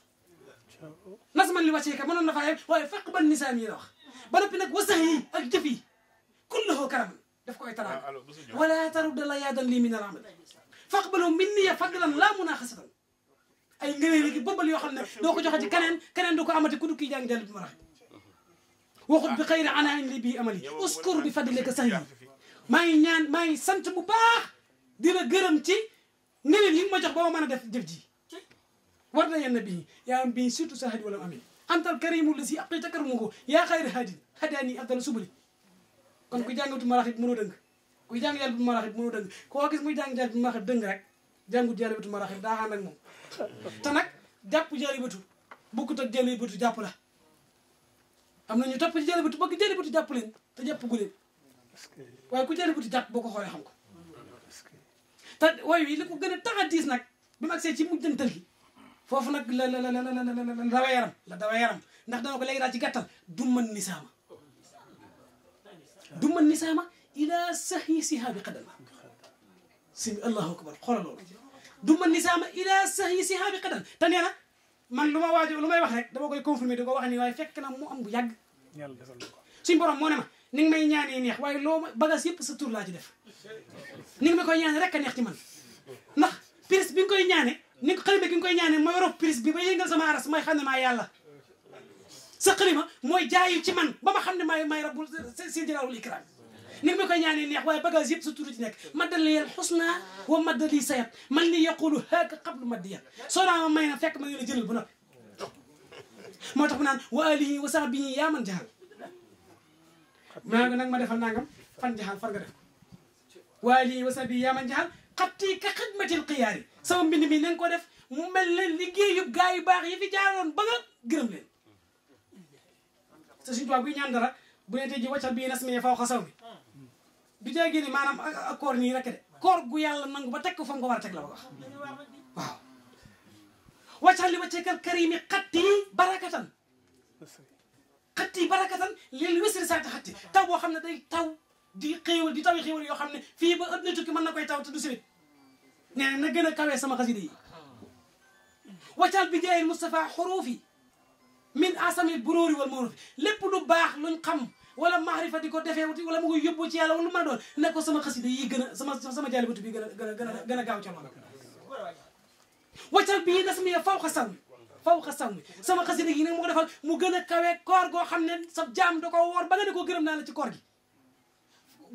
nas man li wàcci na faa yem waaye faq bal nizaam yi wax ba noppi nag wasax yi ak jëf yi kullahu karaman daf koy taraanga ah, wala tarudda la yaadan lii min al amal faqbalu minni fadlan laa munaaxasatan ay ngëneel ki bëbbal yoo xam ne doo ko joxe ci keneen keneen du ko amati ku du kii jàng jàll bi ma rax waxut bi xëy na ana li bii amali uskur bi fadlika sax yi maa ngi ñaan maa sant bu baax di la gërëm ci ngëneel yi nga ma jox ba ma mën a def jëf ji war na yenn bii yaa bi bii surtout sa hadi wala amin antal karimu la si aqi takar mu ko yaa xayri hadin hadaani abdal subali kon ku jàngatu maraxib mënoo dëng ku jàng jàll bi maraxib mënoo dëng koo gis muy jàng jàll bi maraxib dëng rek jàngut jàll bi maraxib daa ànd ak moom te nag jàpp jëli bëtu bukkut ak jëli bëtu jàpp la am na ñu topp ci jëli bëtu bëgg jëli jàpp leen te jàpp gu leen waaye ku jëli bëtu jàpp boo ko xoolee xam ko te way wi li ko gën a tax a nag bi mu agsee ci mujjantal gi foofu nag la la la la dawa yaram la dawa yaram ndax dama ko léegi daal ci gàttal du mën nisaama du mën nisaama ilaa sax yi si haa bi xaddama si allahu akbar xoola loolu du ma nisaama ila sax yi si xaabi xadan te nee man lu ma waajo lu may wax rek dama koy confirmer di ko wax ni waaye fekk na mu am bu yàgg suñ borom moo ne ma ni nga may ñaanee neex waaye loo bagage yëpp sa tur laa def ni nga ma koy ñaane rek a neex ci man ndax prise bi nga koy ñaane ni nga xalima gi koy ñaane mooy rob prise bi ba yëngal sama aras may xam ne maa yàlla sa xalima mooy jaayu ci man ba ma xam ne maay may rabbul si jëlaawul ikraam ni ma koy ñaanee neex waaye bagage yëpp sa turu ci nekk maddali yel xusna wa maddali sayat man li yaqulu haaka qablu maddi yat soo naa ma may fekk ma ngi la jëlal ba noppi moo tax mu naan wa alihi wa sahbihi yaa man jaxal maa nag ma defal nangam fan jaxal far nga def wa alihi wa sahbihi yaa man jaxal xatti ka xidmatil xiyaari sama mbind mi na nga def mu mel ne liggéeyu gaa yu baax yi fi jaaroon ba nga leen te suñu tubaab buy ñaan dara bu ne tey ji waccal bii nas mi faw xasaw bi du jege ni maanaam ak koor nii rek de koor gu yàlla nangu ba teg ko fa nga war a teg la ba wax waaw waccax li waccekal karimi xatti barakatan xatti barakatan lil wésri saati xatti taw boo xam ne day taw di xéewal di taw yi xéewal yoo xam ne fii ba ëpp na tukki mën na koy taw te du sirit nee na gën a kawee sama xasida yi waccal bi jaayil Moustapha xuruufi min asami buróori wal mawrufi lépp lu baax luñ xam wala maarifa di ko defee wuti wala mu koy yóbbu ci yàlla wala lu ma doon ne ko sama xasida yi gën a sama sama jaalibatu bi gën a gën a a gaaw ca loolu waccal bii nasmiya faw sama xasida yi nag mu ko defal mu gën a kawee koor goo xam ne sa jaam da ko woor ba nga ne ko gërëm naa la ci koor gi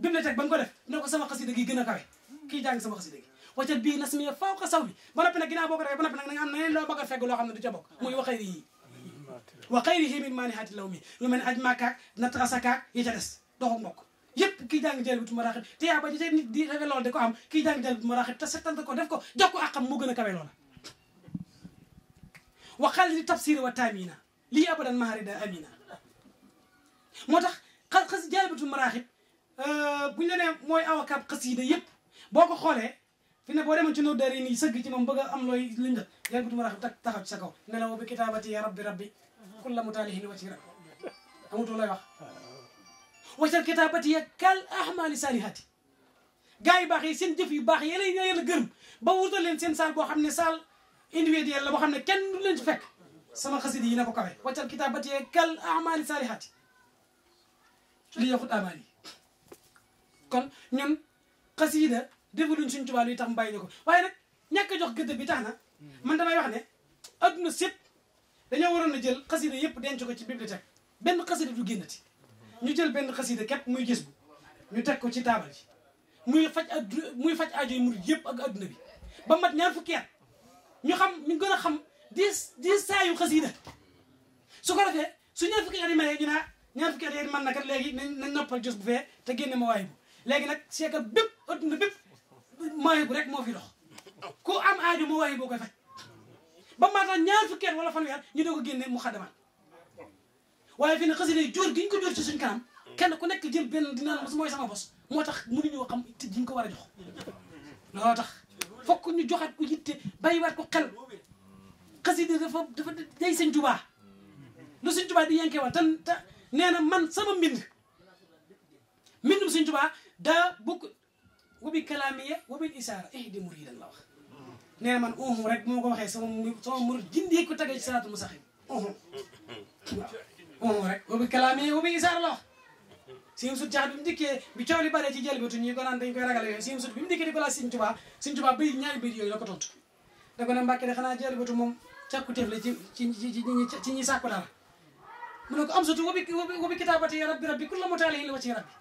bibliothèque ba ko def ne ko sama xasida gi gën a kawe kii jàng sama xasida gi waccal bii nasmiya faw xa sawmi ba noppi nag ginnaaw boo ko defee ba noppi nag am na leen loo bëgg a loo xam ne du ca muy waxee yi wa xayrihi min maanihaati law mi lu mel ne aj màkkaak natt asakaak yi ca des doxu mbokk yëpp kii jàng jël bu tu ma raxit te yaa ba ji te nit di refe loolu di ko am kii jàng bu ma raxit te settante ko def ko jox ko àqam moo gën a kawe loola wa xal li tafsiri wa taamina lii abadan maharida amina moo tax xa xas jaalibatul maraaxib euh, buñ la nee mooy awakaab xasida yëpp boo ko xoolee fi ne boo demoon ci nóor dari nii sëgg ci moom bëgg am looy liñ la jaalibatul maraaxib taxaw ci sa kaw ne la wa bi kitaabati ya rabbi rabbi kulla mutaalihin watira amutoo lay wax waccal kitaabati ya kal ahmaali saalihaati gars yu baax yi seen jëf yu baax yéena ñoo yàlla ba wutal leen seen saal boo xam ne saal individuel la boo xam ne kenn du leen ci fekk sama xasida yi na ko kawe waccal kitaabati ya kal ahmaali saalihaati li yoxut amaal yi kon ñun xasida defaluñ suñ tubaab yi tax mbay bàyyi ñu ko waaye nag ñàkk jox gëdd tax na man damay wax ne adduna sépp dañoo waroon a jël xasida yëpp denc ko ci bibliothèque benn xasida du génnati ñu jël benn xasida képp muy gis bu ñu teg ko ci taabal ji muy faj addu muy faj aajo murid ak adduna bi ba mat ñaar fukki at ñu xam ñu gën a xam dix dix saa yu xasida su ko defee su ñaar fukki at yi na ñu naa ñaar fukki at yi léegi nañ noppal jos bu fee te génne ma waaye bu léegi nag seekal bépp adduna bépp maayo bu rek moo fi dox ko am aajo ma waaye boo koy faj ba maata ñaar fukki at wala fanweer ñu doog a génne mu xadamaat waaye fi ne xasida yi jóor gi ñu ko jóor ci suñ kanam kenn ku nekk jël benn dinaan mooy sama bos moo tax mënuñoo xam itte ji ñu ko war a jox looloo tax fokk ñu joxaat ko yitte bàyyiwaat ko xel xasida dafa dafa day sëñ Tuubaa lu sëñ Tuubaa di yenkee wa te te nee na man sama mbind mbindum sëñ Tuubaa daa bokk wabi kalaamiya wabil isaara ihdi muridan la wax nee man uhum rek moo ko waxee sama sama murid gindee ko tegee ci salaatu mu saxi uhum uhum rek boobu kalaam yi boobu isaar la wax siim sut jaxat bi mu dikkee bi coow li baree ci bi di yooyu la tontu da ko ne Mbàkke de xanaa jël bi tu moom càkkutéef la ci ñi sàkku dara mu ne ko am sutu wabi wabi kitaabati rabbi rabbi kullu mutaalihin li wa ci rabbi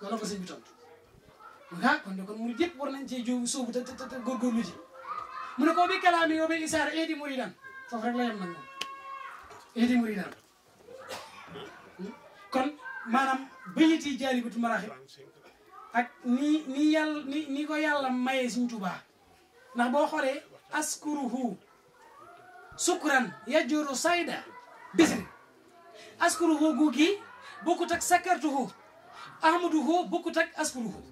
loolu la ko sëñ bi tontu ah kon de kon mu yëpp war nañ cee jóobu sóobu te te góorgóorlu ji mu ne ko bi kalaami yow bi isaar eedi muridan foofu rek la yem nag moom eedi muridan kon maanaam bayit yi jaalibatu maraaxib ak nii nii yàlla ni ni ko yàlla mayee suñ tubaa ndax boo xoolee askuruhu sukran yajuru sayda bisri askuruhu guugi bokkut ak sakartuhu ahmaduhu bokkut ak askuruhu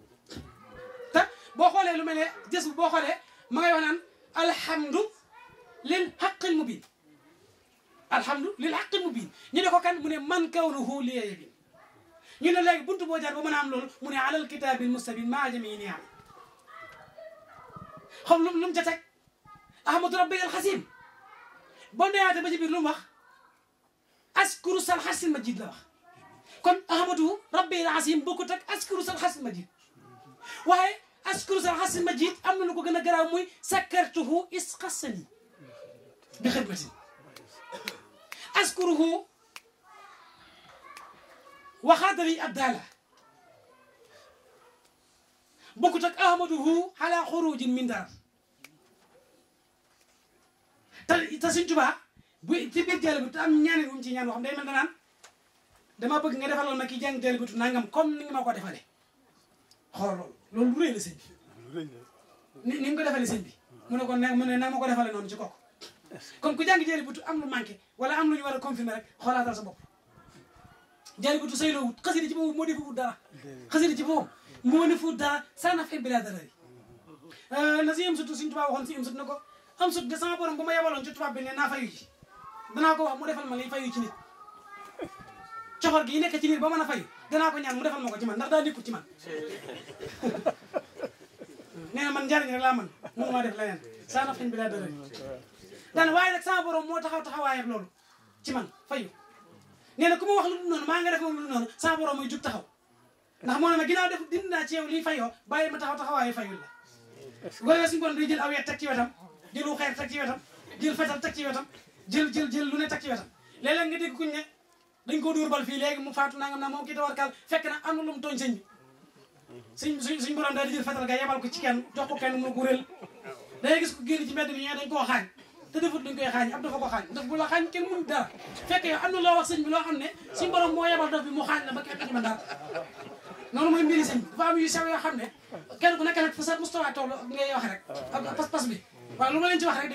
boo xoolee lu mel ne jës bu boo xoolee ma ngay wax naan alhamdu lil haqqil mubin alhamdu lil haqqil mubin ñu ne ko kan mu ne man kawnuhu li yabin ñu ne léegi buntu boo jaar ba mën a am loolu mu ne alal kitaabil mustabin maa jami yi niam xam lu lu mu teg ahmadu rabbi alxasim boo neyaate ba ci biir lu mu wax askuru sal xasin majid la wax kon ahmadu rabbi alxasim bokkut ak askuru sal xasin majid waaye askuru sal xasin ma jiit am na lu ko gën a garaaw muy sakkartuhu is xasani bi xidmatin askuruhu waxaadali abdala bokkut ak ahmaduhu ala xurujin min dar te te suñ tubaa bu ci biir jël bi te am ñaanit ci ñaan boo day mel dama bëgg nga defaloon na ki jàng jël bi tu nangam comme ni nga ma ko defale loolu lu rëy la sëñ bi. ni ni nga ko defalee sëñ bi. mu ne ko ne mu ma ko defalee noonu ci kooku. kon ku jàng jëli butu am lu manqué wala am lu ñu war a confirmer rek xoolaatal sa bopp. jëli butu say loo wut xasida ci boobu moo defut dara. xasida ci boobu moo defut dara saa na fay bilaa dara yi. na si yëm sutu suñ tubaab waxoon si yëm sut na ko am sut de sama borom bu ma yebaloon ci tubaab bi ne naa fayu ji danaa ko wax mu defal ma li fayu ci nit coxor gi nekk ci liir ba mën a fayu danaa ko ñaan mu defal ma ko ci man ndax daa nekkul ci man nee na man njariñ rek laa man mënu maa def leneen saa naf bi laa dërëñ daana waaye nag sama moo taxaw taxawaayam loolu ci man fayu nee ku ma wax lu dul noonu maa nga def moom lu noonu sama borom mooy jug taxaw ndax moo ne ma ginnaaw def dindi naa ci yow lii fayoo bàyyi ma taxaw taxawaayu fayul la goyee suñu bon duy jël aw yet teg ci wetam jël wu xeer teg ci wetam jël fetal teg ci wetam jël jël lu ne teg nga dégg kuñ ne dañ ko dóor bal fii léegi mu faatu nangam na moom kii tawarkaal fekk na am na lu mu tooñ sëñ bi suñ borom daal di jël fetal ga yebal ko ci kenn jox ko kenn mu ko réel dangay ko génn am na loo wax xam ne suñ borom mu xaañ la ba kenn mën dara noonu yoo xam ne ku nekk nag fa sa mustawa toll ngay wax rek ak pas-pas bi waaw lu ma leen ci wax rek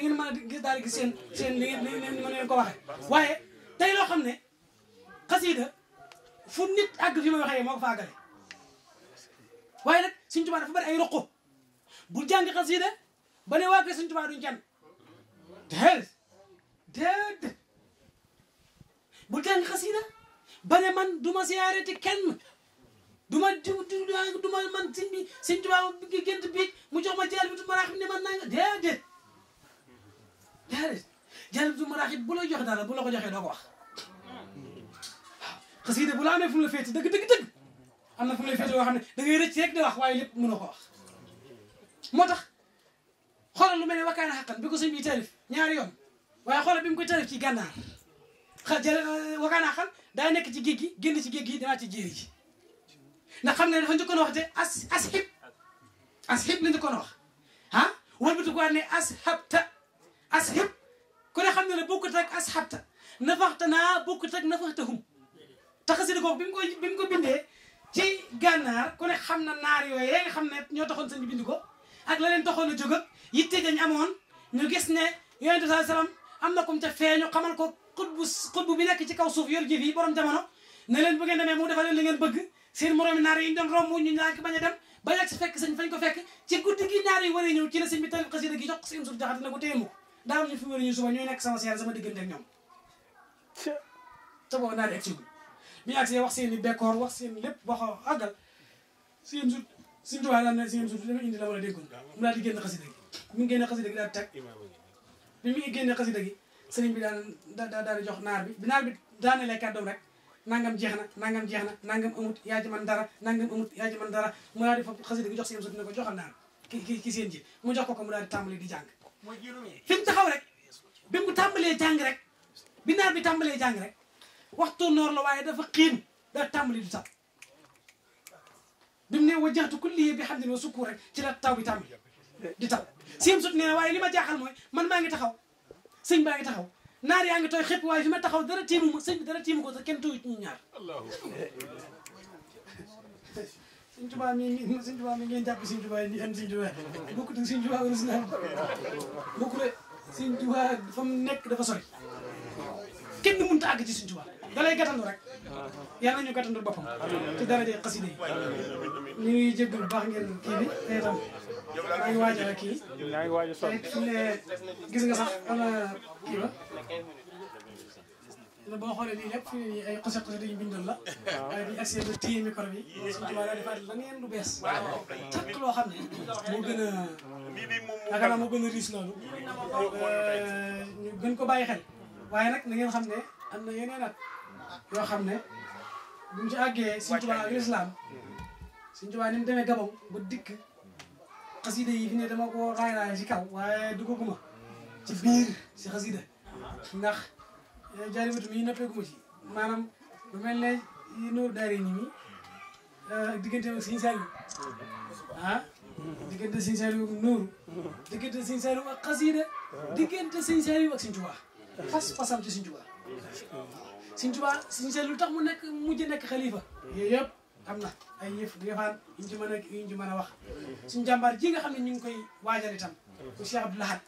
da a daal gis seen seen li ngeen leen ko waxee waaye tey loo xam ne xasiida fu nit àgg fi may waxee moo ko faagale waaye nag suñ tubaa dafa bari ay roqu bul jàng xasiida ba waa kër suñ tubaa duñ can déedéet déedéet bul jàng xasiida man du ma siyaareti kenn du ma du du man sëñ bi sëñ tubaa mu jox ma jalbitu maraaxib ne man naa nga déedéet déedéet jalbitu maraaxib bu la joxe dara bu la ko joxee doo ko wax xasida bu la amee fu mu la dëgg dëgg dëgg am na fu ne da ngay rëcc rek di wax waaye lépp mënoo ko wax moo tax xoolal lu mel ne wakkaana xaqan bi ko sëñ bi tarif ñaari yoon waaye xoolal bi mu ko tarif ci gànnaar xa jël euh, wakkaana xaqan daa nekk ci géej gi génn ci géej gi demaat ci jéeri ji xam nga ne dafa njëkkoon wax te as as xib as xib la njëkkoon wax ah, ko ne as xabta as xib ku ne xam ne ne bokkut ak as xabta nafaxta naa bokkut ak nafaxta hum te xasida googu bi ko bi mu ko bindee ci gànnaar ku ne xam na naar yooyu nga xam ne ñoo taxoon sëñ bi bind ko ak la leen taxoon a jóg yi yitte dañ amoon ñu gis ne yonente saa salaam am na kum ca ko xutbu xutbu bi nekk ci kaw suuf yor jëf yi borom jamono ne leen bu ngeen demee mu defal a dem ko fekk ci guddi gi yi war ñëw ci la sëñ bi talib xasida gi jox ko seen suuf bi ñu àggsee wax seen i décor wax seen lépp wax àggal seen su suñ tubaab daan na seen suuf dafa indi la wala déggoon mu daal di génn xasida génne xasida gi daal di teg bi mu génne xasida gi sëriñ jox naar bi bi naar bi rek nangam jeex na nangam jeex na nangam amut yaa man dara nangam amut yaa ji man dara mu daal di fa xasida gi jox seen suuf ne ko joxal naar ki ki ki mu jox ko ko mu daal di tàmbali di jàng fi mu taxaw rek bi mu tàmbalee jàng rek bi naar bi tàmbalee jàng rek waxtu noor la waaye dafa xiin daa tàmbali di taw bi mu ne wajjahtu kulliyee bi xam ne wa sukkuur rek ci la taw bi tàmbali di taw siim sut nee na waaye li ma jaaxal mooy man maa ngi taxaw sëñ baa ngi taxaw naar yaa ngi tooy xëpp waaye fi ma taxaw dara tiimu ma sëñ bi dara tiimu ko te kenn tooyut ñu ñaar sëñ Tuubaa mi ngi sëñ Tuubaa mi ngeen jàpp sëñ Tuubaa ni an sëñ Tuubaa bokku dëg sëñ Tuubaa fa mu nekk dafa sori kenn mënut a àgg ci sëñ dalay gàttandu rek yàlla nañu gàttandu boppam ci daraje xasida yi ñu ngi jégalu baax ngeen kii bi te itam maa ngi waaj a kii maa ngi waaj a sonn gis nga sax am na kii ba la boo xoolee lii lépp fii ay xose xose dañu bindal la waaye dañu accès ba téye micro bi suñu tubaab daal di fàttali la ngeen lu bees takk loo xam ne moo a yaakaar naa moo gën a riis loolu ñu gën ko bàyyi xel waaye nag na ngeen xam ne am na yeneen at yoo xam ne buñ ci àggee Sëñ Tuubaa ak ni mu demee Gabon ba dikk xasida yi fi ne dama ko raay raay ci kaw waaye duggaguma ci biir si xasida ndax eh, jaaribatu mi nappeeguma ci maanaam lu mel ne yi nooru daare ñi mi eh, diggante ak Sëñ Saliou ah diggante Sëñ Saliou ak Nooru diggante Sëñ Saliou ak xasida diggante Sëñ Saliou ak Sëñ Tuubaa fas fasam ci Sëñ Tuubaa Sëñ Tuubaa Sëñ Seex lu tax mu nekk mujj nekk xalifa yooyu yëpp am na ay yëf yëfaan yuñ ci mën a yuñ a wax suñ jàmbaar ji nga xam ne ñu ngi koy waajal itam ku Cheikh Abdou Lahad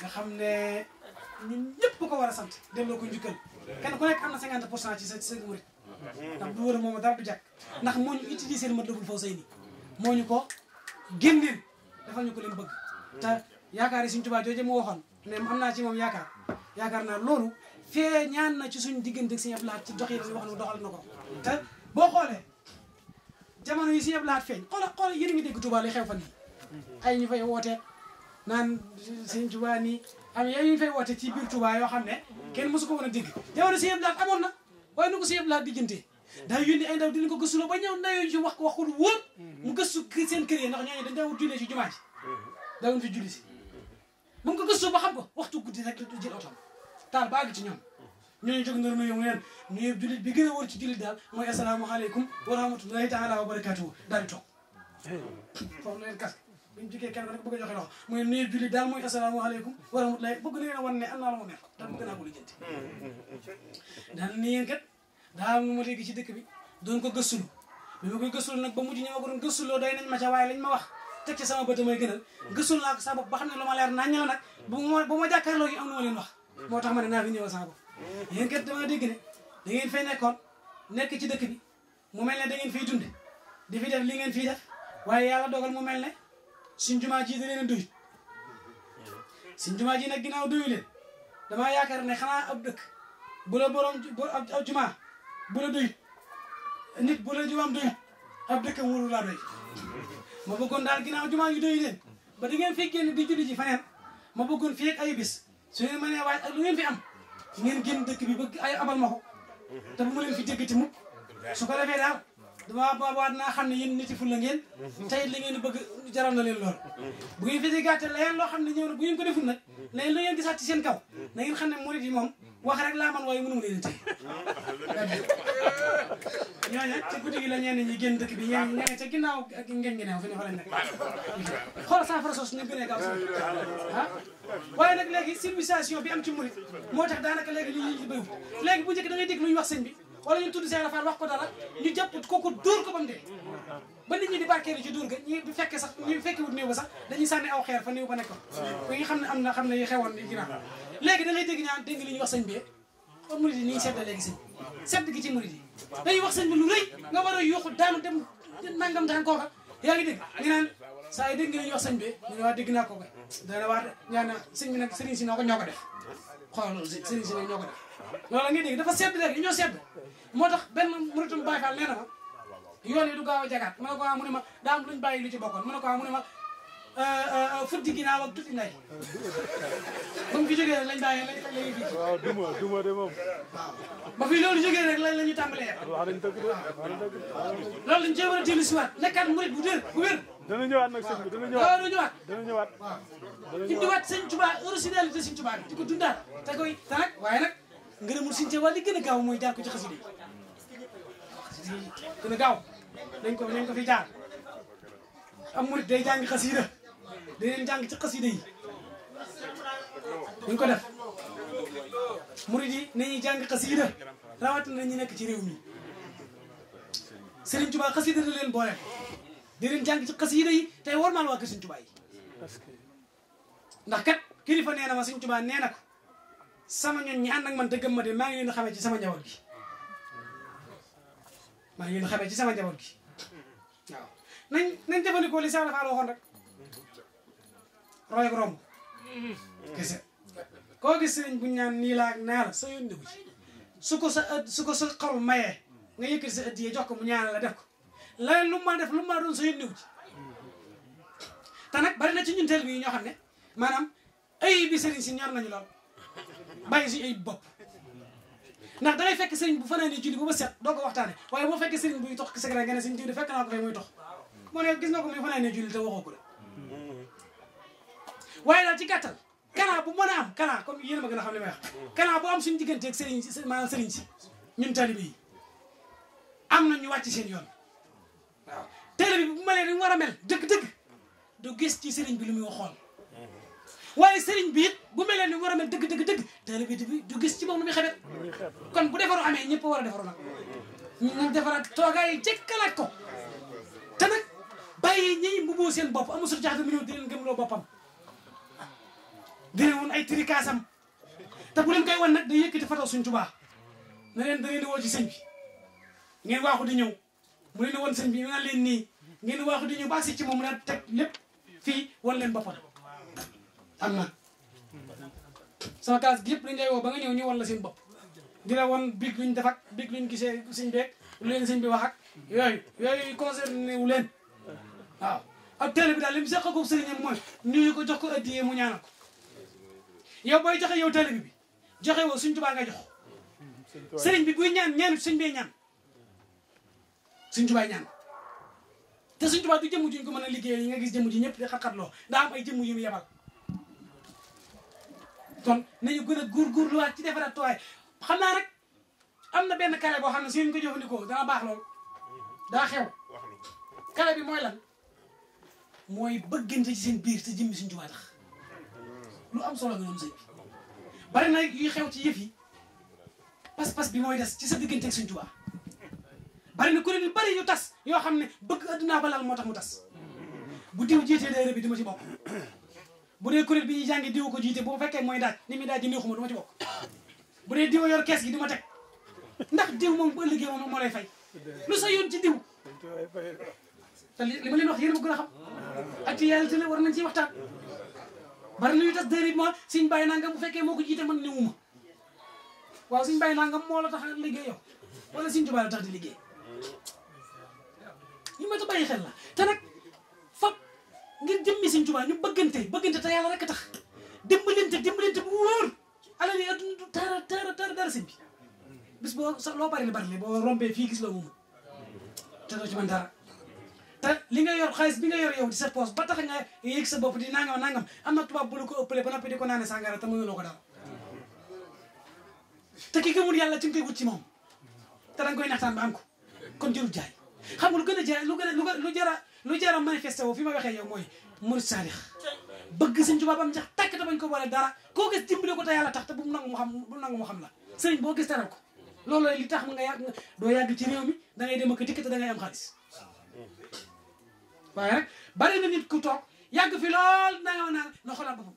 nga xam ne ñun ñëpp ko war a sant delloo ko njukkal kenn ku nekk am na cinquante pour cent ci sa sa murit ndax du wër moom dara du jàkk ndax moo ñu utilisé Matlaboul Fawzayni moo ñu ko génneel dafa ñu ko leen bëgg ta yaakaar yi Sëñ Tuubaa jooje mu waxoon ne am naa ci moom yaakaar yaakaar naa loolu fee ñaan na ci suñu diggante ak laa Abdu Lahat ci dox yi wax na doxal na ko te boo xoolee jamono yi Sëñ Abdu Lahat feeñ xoola xoola yéen a ngi dégg Tuubaa li xew fa nii ay ñu fay woote naan Sëñ Tuubaa nii fay woote ci biir yoo xam ne kenn mosu ko woon a dégg jamono Sëñ Abdu Lahat amoon na waaye nu ko Sëñ laa Lahat diggante daa yónni ay ndaw dinañ ko gëstu la ba ñëw ndayooñu ci wax ko wax ko wóor mu gëstu seen kër yi ndax ñooñu dañ daawul jullee ci jumaa ji daawul fi si mu ko gëstu ba xam ko waxtu guddi rek jël otom taal ba àgg ci ñoom ñooñu jóg ndar nuyoo mu neen nuyoo bi gën a wóor ci jullit daal mooy asalaamu aleykum wa rahmatullahi taala wa barakaatuhu daal toog foofu na leen kas buñ jógee kenn rek bëgg a joxe loxo mu ne daal mooy asalaamu aleykum wa rahmatullahi bëgg na a wan ne am naa la ma mer te ni yéen ma ci dëkk bi doon ko gëstulu bi ma koy gëstulu nag ba mujj ñoo ma ko doon ma ca waaye lañ ma wax teg ci sama bët mooy gënal gëstul naa ko sa bopp ba xam ne lu ma leer nañ la nag bu ma jàkkaarloo am na leen wax moo tax ma ne naa fi ñëwal sama bopp yéen kat damaa dégg ne da ngeen fay nekkoon nekk ci dëkk bi mu mel ne da ngeen fiy dunde di def li ngeen fiy def waaye yàlla dogal mu mel ne suñ jumaa ji da leen a doyut ji nag ginnaaw doyu leen damaa yaakaar ne xanaa ab dëkk bu la borom ab jumaa bu la doyut nit bu la jumaam doyut ab dëkk wóoru laa doy ma bëggoon daal ginnaaw jumaa yu doyu leen ba di ngeen fi génn di julli ji faneen ma bëggoon fii ay bis su ngeen mënee waaj ak lu ngeen fi am ngeen génn dëkk bi bëgg ay abal ma ko te bu ma leen fi déggati mukk su ko defee daal dama boobaat naa xam ne yéen nit yi ful la ngeen tey li ngeen bëgg jaral na leen lool bu ngeen fi gàtte la yeen loo xam ne ñëw na bu ngeen ko deful nag la gisaat seen kaw na ngeen xam ne murit yi moom wax rek laa man waaye mënuma leen tey ñooñu ci guddi gi la ñenn ñi génn dëkk bi ñenn ña nga ca ginnaaw ak ngeen ngi neew fi ne fa lañ nekk xool saafara sos si ah bi am ci murit moo daanaka léegi li ñuy wax sëñ bi wala ñu ko dara ñu jàpp kooku dóor ko ba mu ba nit ñi di barkeelu ci dóor ga ñi fekkee sax ñu fekkewut néew ba sax dañuy sànni aw xeer fa néew ba nekkoon. ko nga xam ne am na xam ne xewoon ginnaaw léegi da ngay dégg ñaan dégg li ñuy wax sëñ bi kon murid yi ni ñu sedd léegi sëñ sedd gi ci murid yi dañuy wax sëñ bi lu rëy nga war a yuuxu daanu dem nangam daan kooka yaa ngi dégg ngi naan saa yi dégg nga li ñuy wax sëñ waa naa kooka dana waar ñaan na sëñ bi nag si noo ko ñoo ko def xoolal loolu sëriñ si nag ñoo ko dafa sedd léegi li ñoo sedd moo tax benn muritum Baay Faal nee na ma yoon yi du gaaw a jagaat mu ne ko ah ma daa am luñ bàyyi lu ci bokk mu ne ko ah ma Euh, euh, euh, futti ginnaaw ak tuuti ndey. ba mu fi jógee rek lañ bàyyi lañ lañ fi. waaw duma duma de moom. waaw ba fi loolu jógee rek lañ la ñu tàmbalee. wax nañ dëgg de loolu dañ cee war a dellu si waat nekkaat bu dër bu wér. dana ñëwaat nag sëñ bi dana ñëwaat dana ñëwaat. dana ñëwaat waaw. indiwaat sëñ Tuubaa originalité sëñ Tuubaa bi di ko dundaat te koy te nag waaye nag ngërëmul sëñ Tuubaa li gën a gaaw mooy jaar ko ci xasida yi gën a dañ ko dañ ko fi jaar am murit day jàng xasida di leen jàng ci xasida yi dañ ko def murid yi nañuy jàng xasida rawatina ñi nekk ci réew mi Serigne Touba xasida da leen boole di leen jàng ci xasida yi tey war waa kër Serigne Touba yi ndax kat kilifa nee na ma Serigne Touba nee na ko sama ñun ñi ànd ak man te gëm ma de maa ngi leen di xamee ci sama njaboot gi maa ngi leen di xamee ci sama njaboot gi waaw nañ nañ jëfandikoo li Saalum Fall waxoon rek. roy ak romb kese koo gis sëriñ bu ñu naan nii laa ak naa la sa yónni ci su ko sa su ko sa xol mayee nga yëkkati sa ëdd jox ko mu ñaanal la def ko leneen lu ma def lu ma doon sa yónni wu ci te nag na ci ñun teel bi ñoo xam ne maanaam a bi sëriñ si ñor nañu lool bàyyi suñu ayib bopp ndax dangay fekk sëriñ bu fanaan ni julli bu ba set doo ko waxtaane waaye boo fekkee sëriñ buy tox ki sa gara nga di fekk naa ko fay muy tox moo ne gis na ko muy fanaan ne julli te waxoo de waaye daal ci gàttal kanaa bu mën a am kanaa comme yéen a ma gën a xam li may wax kanaa bu am suñu diggante ak sëriñ si maanaam sëriñ si ñun taalibe yi am na ñu wàcc seen yoon waaw taalibe bi bu ma leen dañu war a mel dëgg-dëgg du gis ci sëriñ bi lu muy waxoon waaye sëriñ bi it bu mel leen ni war a mel dëgg dëgg dëgg taalibe bi du gis ci moom lu muy xebet kon bu defaru amee ñëpp war a defaru nag ñu nag defaraat toogaay yi jëkkalaat ko te nag bàyyi ñiy mbuboo seen bopp amusul jaaxle mi ñëw di leen gëm loo boppam dina woon ay trikaasam te bu leen koy wan nag di day yëkkati fataw suñ tubaa na leen da leen di woo ci sëñ bi ngeen waaxu di ñëw mu leen woon sëñ bi naan leen nii ngeen waaxu di ñëw ba si ci moom na teg lépp fii wan leen boppam am na sama classe gi yëpp dañ lay woo ba nga ñëw ñëw wan la seen bopp di la wan big luñ def ak big luñ gisee sëñ beeg lu leen sëñ bi wax ak yooyu yooyu concerné wu leen waaw ab télé bi daal li mu seq ko sëriñam mooy nuyu ko jox ko addiyee mu ñaanal yow booy joxe yow taalibe bi joxe woo suñ tubaa nga jox sëriñ bi buy ñaan ñaanu suñ bee ñaan suñ tubaay ñaan te suñ tubaa du jëmm juñ ko mën a liggéey yi nga gis jëmm ji ñëpp di xat-xatloo daa am jëmm yu mu yebal kon nañu gën a góorgóorluwaat ci defaraat tuwaay xam rek am na benn kare boo xam ne suñu ko jëfandikoo dana baax lool daa xew kare bi mooy lan mooy bëggante ci seen biir te jëmmi suñ tubaa tax lu am solo nga doon sëñ bari na yuy xew ci yëf yi pas-pas bi mooy des ci sa diggante ak Sëñ Tuubaa bari na kuréel yu bari yu tas yoo xam ne bëgg addunaa balal moo tax mu tas bu diw jiitee daayira bi duma ci bokk bu dee kuréel bi ñuy jàngi diw ko jiite bu fekkee mooy daaj ni muy daaj ji neexuma du ma ci bokk bu dee diw yor kees gi di ma teg ndax diw moom bu ëllëgee moom moo lay fay sa yoon ci diw te li ma leen wax yéen a ma gën a xam actualité la war ci ciy waxtaan bari na ñuy tas dëri ma suñ bàyyi nangam bu fekkee moo ko jiite man niwuma waaw suñ bàyyi nangam moo la tax liggéey yow wala suñ tubaab la tax di liggéey ñu ma ta bàyyi xel la te nag fab ngir jëmmi suñ tubaab ñu bëggante bëggante te yàlla rek tax dimbalante dimbalante bu wóor alal yi adduna dara dara dara dara sëñ bi bis boo sax loo bari li bari li boo rombee fii gis loo moom te doo ci man te li nga yor xaalis bi nga yor yow di sa poos ba tax nga yëg sa bopp di nangam nangam am na tubaab bu la ko ëppale ba noppi di ko naane sàngara te mënuloo ko dara ki gëmul yàlla ci nga koy wut ci moom te danga koy naxtaan ba am ko kon jëru jaay xam nga lu gën a jaay lu gën a lu lu jara lu jara manifesté woo fi ma waxee yow mooy murid saalix bëgg sëñ Tuubaa ba am jax tàkk ko boole dara koo gis dimbale ko te tax te bu mu nangu mu xam bu mu nangu mu xam la sëñ boo gis teral ko loolu li tax nga yàgg doo yàgg ci réew mi da ngay dem ak dikk da ngay am xaalis waaye rek bari na nit ku toog yàgg fi lool nangam naa na xoolaat boppam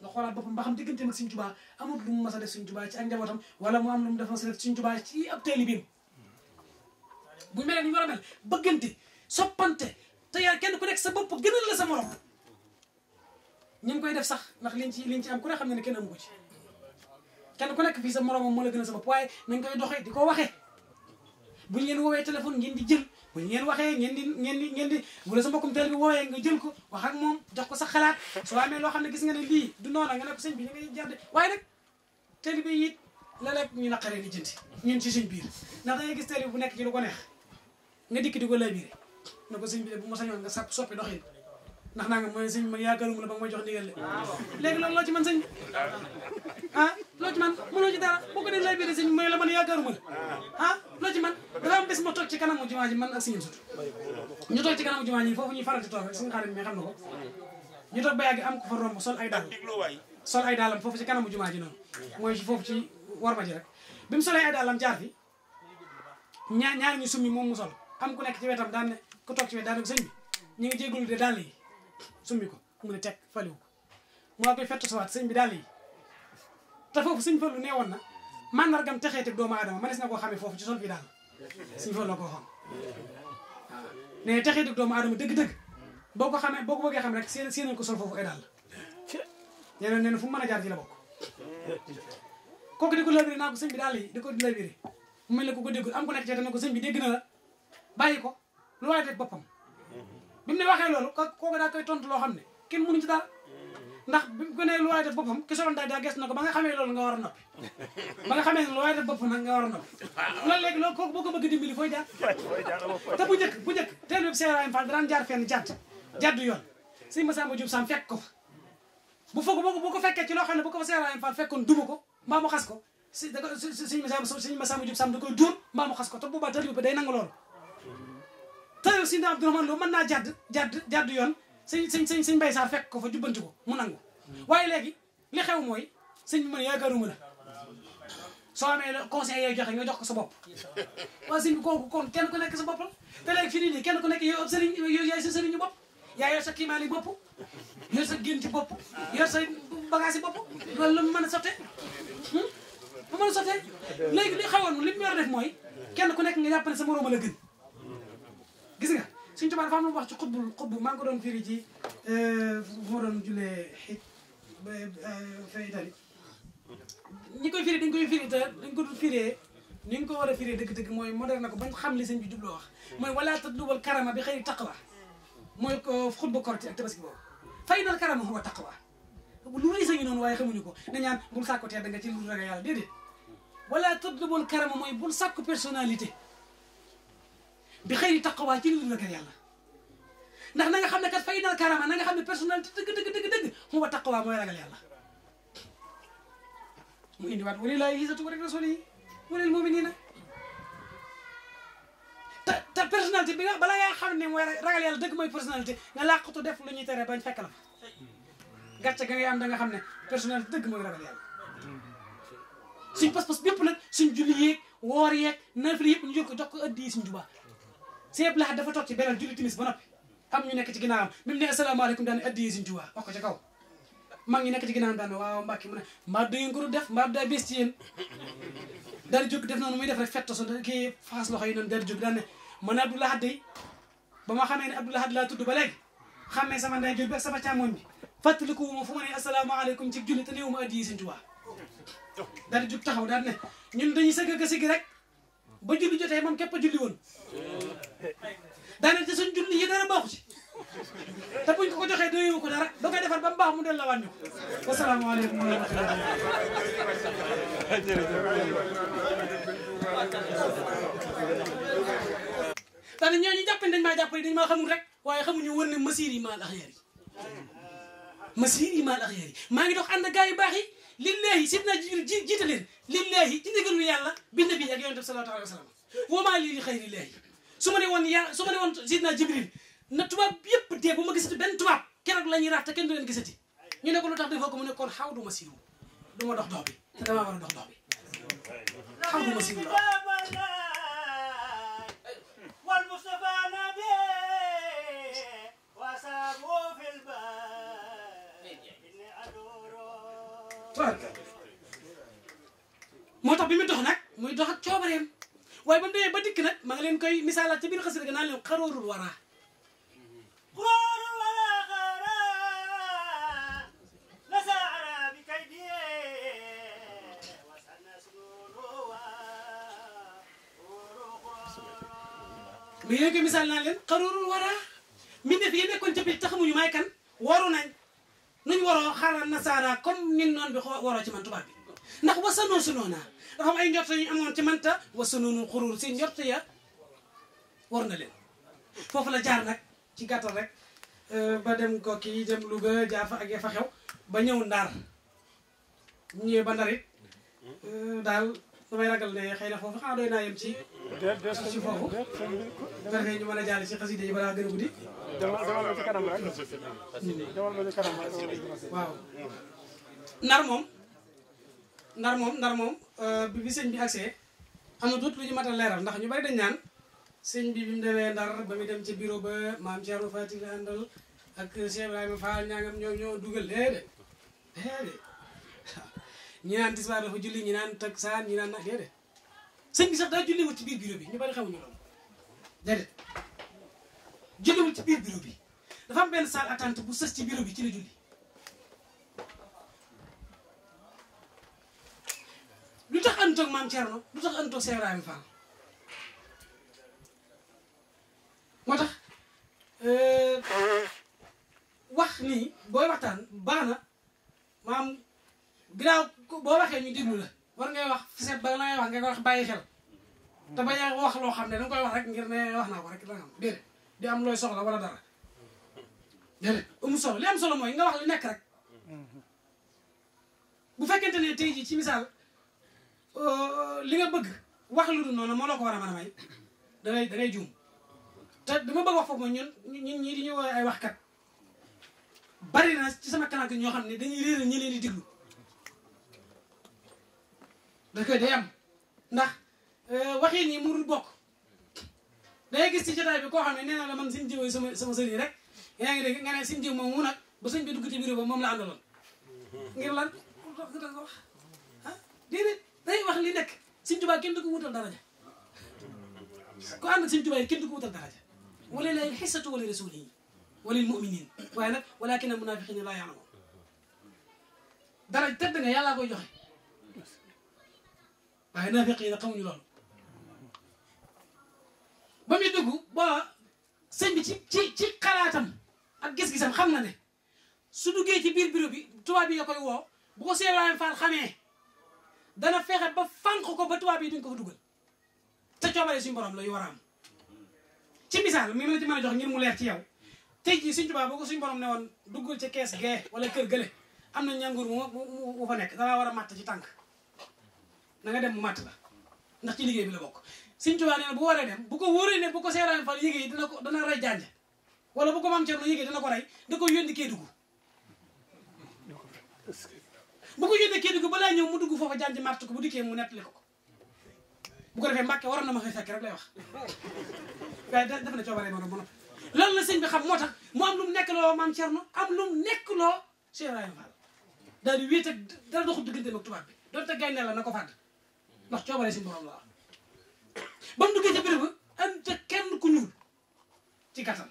na xoolaat boppam ba xam digganteem ak Sëriñ Tuubaa amul lu mu mas a def Sëriñ Tuubaa ci ak njabootam wala mu am lu mu def Sëriñ Tuubaa ci ab taalibeem buñ mel ni ñu war a mel bëggante soppante te yaa kenn ku nekk sa bopp gënal la sa morom ñu ngi koy def sax ndax liñ ci liñ ci am ku ne xam ne ne kenn amu ko ci kenn ku nekk fii sa moromam moo la gënal sa bopp waaye nañ koy doxee di ko waxee buñ leen woowee téléphone ngeen di jël bu ngeen waxee ngeen di ngeen di ngeen di bu la sa mbokkum teel bi wooyee nga jël ko wax ak moom jox ko sa xalaat soo amee loo xam ne gis nga ne lii du noona nga ne ko sëñ bi ñu ngay jarde waaye nag teel bi it la lekk ñu naqaree di jënti ñun ci suñ biir ndax dangay gis teel bi bu nekk ci lu ko neex nga dikki di ko lay biire ne ko sëñ bu ma sañoon nga sàpp soppi doxin ndax naa nga mooy sëñ ma yaakaaruma la ba nga jox ndigal le léegi loolu loo ci man sëñ ah loo ci man mënoo ci dara boo ko dee lay biir sëñ mooy la man yaakaaruma la ah loo ci man dafa am bés man ak sëñ ñu toog ci kanamu jumaa ji foofu ñuy faral di toog rek suñu xarit mi na ko ñu toog ba yàgg am ko fa romb sol ay dàll sol ay foofu ci kanamu jumaa ji noonu mooy foofu ci war ma ji rek bi mu solee ay dàllam jaar fi ñaar ñaar ñu summi moom mu sol am ku nekk ci wetam daal ne ku toog ci wet daan ne sëñ bi ñu ngi jégalu de dàll yi summi ko mu ne teg faliwu ko mu daal koy fett sawaat sëñ bi daal yi te foofu sëñ Fallu nee woon na mandargam texee doomu aadama manes na koo xamee foofu ci sol bi daal sëñ Fallu la ko waxoon waaw ne texee teg doomu aadama dëgg-dëgg boo ko xamee boo ko bëggee xam rek seen seenañ ko sol foofu ay daal nee na nee na mën a jaar ci la bokk kooku di ko labiré naa ko sëñ bi daal yi di ko labiré mu mel ne ko ko déggul am ko nekk ci te ne ko sëñ bi dégg na la bàyyi ko lu waaye def boppam bi mu ne waxee loolu kooku daa koy tontu loo xam ne kenn mënuñu ci dara ndax bi mu ko nee lu waay def boppam ki solon daay daa ges na ko ba nga a noppi ba nga xamee ne lu nag nga war a ko bëgg dimbali fooy jaar te bu njëkk bu njëkk teel bi seeraayam Fall daan Sam fekk ko bu foog boo ko fekkee ci loo xam ne bu ko fa seeraayam Fall fekkoon duma ko mbaa mu xas ko si da ko suñ Massamba Diop Sam da koy dóor mbaa mu xas ko te boobaa teel bi day nangu loolu tëral si na Abdourahmane Lo mën naa jàdd jàdd jàdd yoon sëñ sëñ sëñ sëñ Mbaye Sarr fekk ko fa jubbanti ko mu nangu waaye léegi li xew mooy sëñ bi man yaakaaruma la soo amee conseil yooyu joxe nga jox ko sa bopp waaye sëñ bi kooku koon kenn ku nekk sa bopp la te kenn ku nekk yow ab sëriñ yow yaay sa sëriñu bopp yaa yor sa kiimaali bopp yor sa génti bopp yor sa bagage yi bopp la mën a sottee bu hmm? mën a léegi li xewoon li mu yor def mooy kenn ku nekk nga jàpp ne sa moroom la gën gis nga suñu tubaab dafa am lu mu wax ci xutbul xutbu maa ngi ko doon firi ci bu euh, ma doon julee xit euh, ñi koy firi dañ koy firi te dañ ko dul firee ni ko war a firee dëgg-dëgg mooy moderne na ko bañ xam li sëñ bi jubloo wax mooy wala tatlubal karama bi xëy taqwa mooy ko xutba korité ak tabaski boobu fay nal karama huwa taqwa lu rëy sañu noonu waaye xamuñu ko na ñaan bul sàkku tedd nga ci lu ragal yàlla déedéet wala tatlubal karama mooy bul sàkku personnalité bi xëy na taqawaa ci li dul ragal yàlla ndax na nga xam ne kat fay karama na nga xam ne personnalité dëgg dëgg dëgg dëgg mu wa taqawaa mooy ragal yàlla mu indiwaat walilaahi izzatu wa li rasuulihi wa lil mu'miniina te te personnalité bi nga bala ngaa xam ne mooy ragal yàlla dëgg mooy personnalité nga làqatu def lu ñuy tere bañ fekk la fa gàcce ga ngay am da nga xam ne personnalité dëgg mooy ragal yàlla suñ pas-pas bépp nag suñ julli woor yeeg nafila yëpp ñu jël ko jox ko ëddi yi suñ jubaa si yëpp laxat dafa toog ci beneen julli timis ba noppi am ñu nekk ci ginnaawam bi mu ne asalaamaaleykum daan addiye suñ tuwaa wax ko ca kaw mag ñi nekk ci ginnaawam daan waaw mbàkki mu ne mbaa da ngeen ko def mbaa daa bees ci yéen daal jóg def noonu muy def rek fetto su kii faas loxo yi noonu daal jóg daan ne man Abdou Lahad ba ma xamee ne Abdou Lahad laa tudd ba léegi xamee sama nday jooju bi ak sama càmmoñ bi fàttaliku wu ma fu ma ne asalaamaaleykum ci julli te néewu ma addiye suñ tuwaa daal jóg taxaw daan ne ñun dañuy sëgg a sigi rek ba julli jotee moom képp a julli woon daanaka te suñ julli yi dara baaxu ci te buñ ko ko joxee doyewu ko dara da koy defar ba mu mu del la wàññi ko wasalaamaaleykum wa rahmatulah daane dañ maa jàpp ne dañ maa rek waaye xamuñu wër ne masir yi maa lax yar maa lax maa ngi dox ànd ak gars yu baax yi lillahi si naa ji jiite leen lillahi ci ndigalu yàlla bi nabi ak yonent bi sallallahu alayhi wa sallam woomaa lii li xayri laahi su ma ne woon yàlla su ma ne woon sidna jibril na tubaab yépp dee bu ma gisati benn tubaab keroog la ñuy raaf kenn du leen gisati ñu ne ko lu ko mu ne kon xaw duma siiw du ma dox dox bi te damaa war a dox dox bi xaw fil ba moo tax bi muy dox nag muy dox ak coobareem waaye ba mu demee ba dikk nag ma leen koy misaalaat ca biir xasida ga leen xaroorul waraa mais yéen a ngi koy misaal naa leen xaroorul waraa mi def yi nekkoon ca biir taxamuñu may kan waru nañ nuñ waroo xaaral nasaara comme nin noonu bi xoo waroo ci man tubaab bi ndax wasanoo sunoonaa dafa am ay njort yu amoon ci manta wasanoonu xuruur si njort ya war na leen foofu la jaar nag ci gàttal rek euh, ba dem ko kii dem Louga jaar fa ak fa xew ba ñëw Ndar ñëwee ba Ndar euh, daal damay ragal ne xëy na foofu xanaa doy naa yem ci. ci foofu. dafay ñu mën a jàll ci xasida yi balaa gën a guddi. demal ba ci kanam rek. waaw. nar moom. ndar moom ndar moom euh, bi sëñ bi agsee am na tuut lu ñu mat a leeral ndax ñu bari dañ naan sëñ bi bi mu demee ndar ba mu dem ci bureau ba maam Thierno Fatick la àndal ak Cheikh Ibrahima Fall ñaangam ñoo ñoo dugal léeg-léeg léeg ñi naan tisbaar dafa julli ñi naan taksaan ñi naan na déedéet sëñ bi sax daa julliwul ci biir bureau bi ñu bari xamuñu loolu déedéet julliwul ci biir bureau bi dafa am benn salle attente bu sës ci bureau bi ci la julli lu tax ànd toog maam Thierno lu tax ànd toog Seex Ibrahima Fall moo euh, wax nii booy waxtaan baax na maam ginnaaw boo waxee ñu déglu la war ngay wax fi seet ba la ngay wax nga ko wax bàyyi xel te bañ a wax loo xam ne da koy wax rek ngir ne wax naa ko rek da nga am déedéet di am looy soxla wala dara déedéet amu solo li solo mooy nga wax lu nekk rek bu fekkente ne tey jii ci misaal euh, li nga bëgg wax lu dul noonu moo la ko war a mën a may da ngay da juum te dama bëgg wax foofu mooy ñun ñun ñii di ñu woowee ay waxkat bari na ci sama kanam ñoo xam ne dañuy réer ñu leen di déglu da koy day am ndax euh, waxin yi mënul bokk day gis ci jotaay bi koo xam ne nee na la man suñ jiw sama sama sëriñ rek yaa ngi dégg nga ne suñ jiw moom mu nag ba sëñ bi dugg ci bureau ba moom la àndaloon ngir lan ko wax ah day wax li nekk suñ tubaab kenn du ko wutal daraja ku ànd suñ tubaab yi kenn du ko wutal daraja wala lay xisatu wala rasul yi wala muminin waaye nag walakin al munafiqina laa yaalamoon dara tedd nga yàllaa koy joxe waaye naafeq yi nag xamuñu loolu ba muy dugg booba sëñ bi ci ci ci xalaatam ak gis-gisam xam na ne su duggee ci biir bureau bi tubaab bi nga koy woo bu ko seewaayam faal xamee dana fexe ba fànq ko ba tubaab yi duñ ko fa te coobare suñu borom la yu war a am ci misaal mi ngi la ci mën a jox ngir mu leer ci yow tey jii suñ tubaab boo ko suñu borom ne woon duggal ca kees gee wala kër gële am na ñàngur mu mu fa nekk danaa war a màtt ci tànk na dem mu màtt la ndax ci liggéey bi la bokk Sëñ Tuubaa nee bu waree dem bu ko wóoree ne bu ko seeraan fal yëgee dina ko dana rey jànj wala bu ko maam Cerno yëgee dana ko rey da ko yónni Kédougou bu ko yónnee Kédougou balaa ñëw mu dugg foofa jànj màtt ko bu dikkee mu nettali ko bu ko defee Mbàkke waroon na ma fay fekk rek lay wax waaye na coobaree ma doon ba noppi loolu la sëñ bi xam moo tax mu am lu nekk loo maam Cerno am lu nekk loo Cheikh Ibrahima Fall daal di wéet ak dara doxul diggante ak tubaab bi doonte la na ko fàdd ndax coobaree si borom laa ba mu duggee ca béréb am ca kenn ku ñuul ci gàttal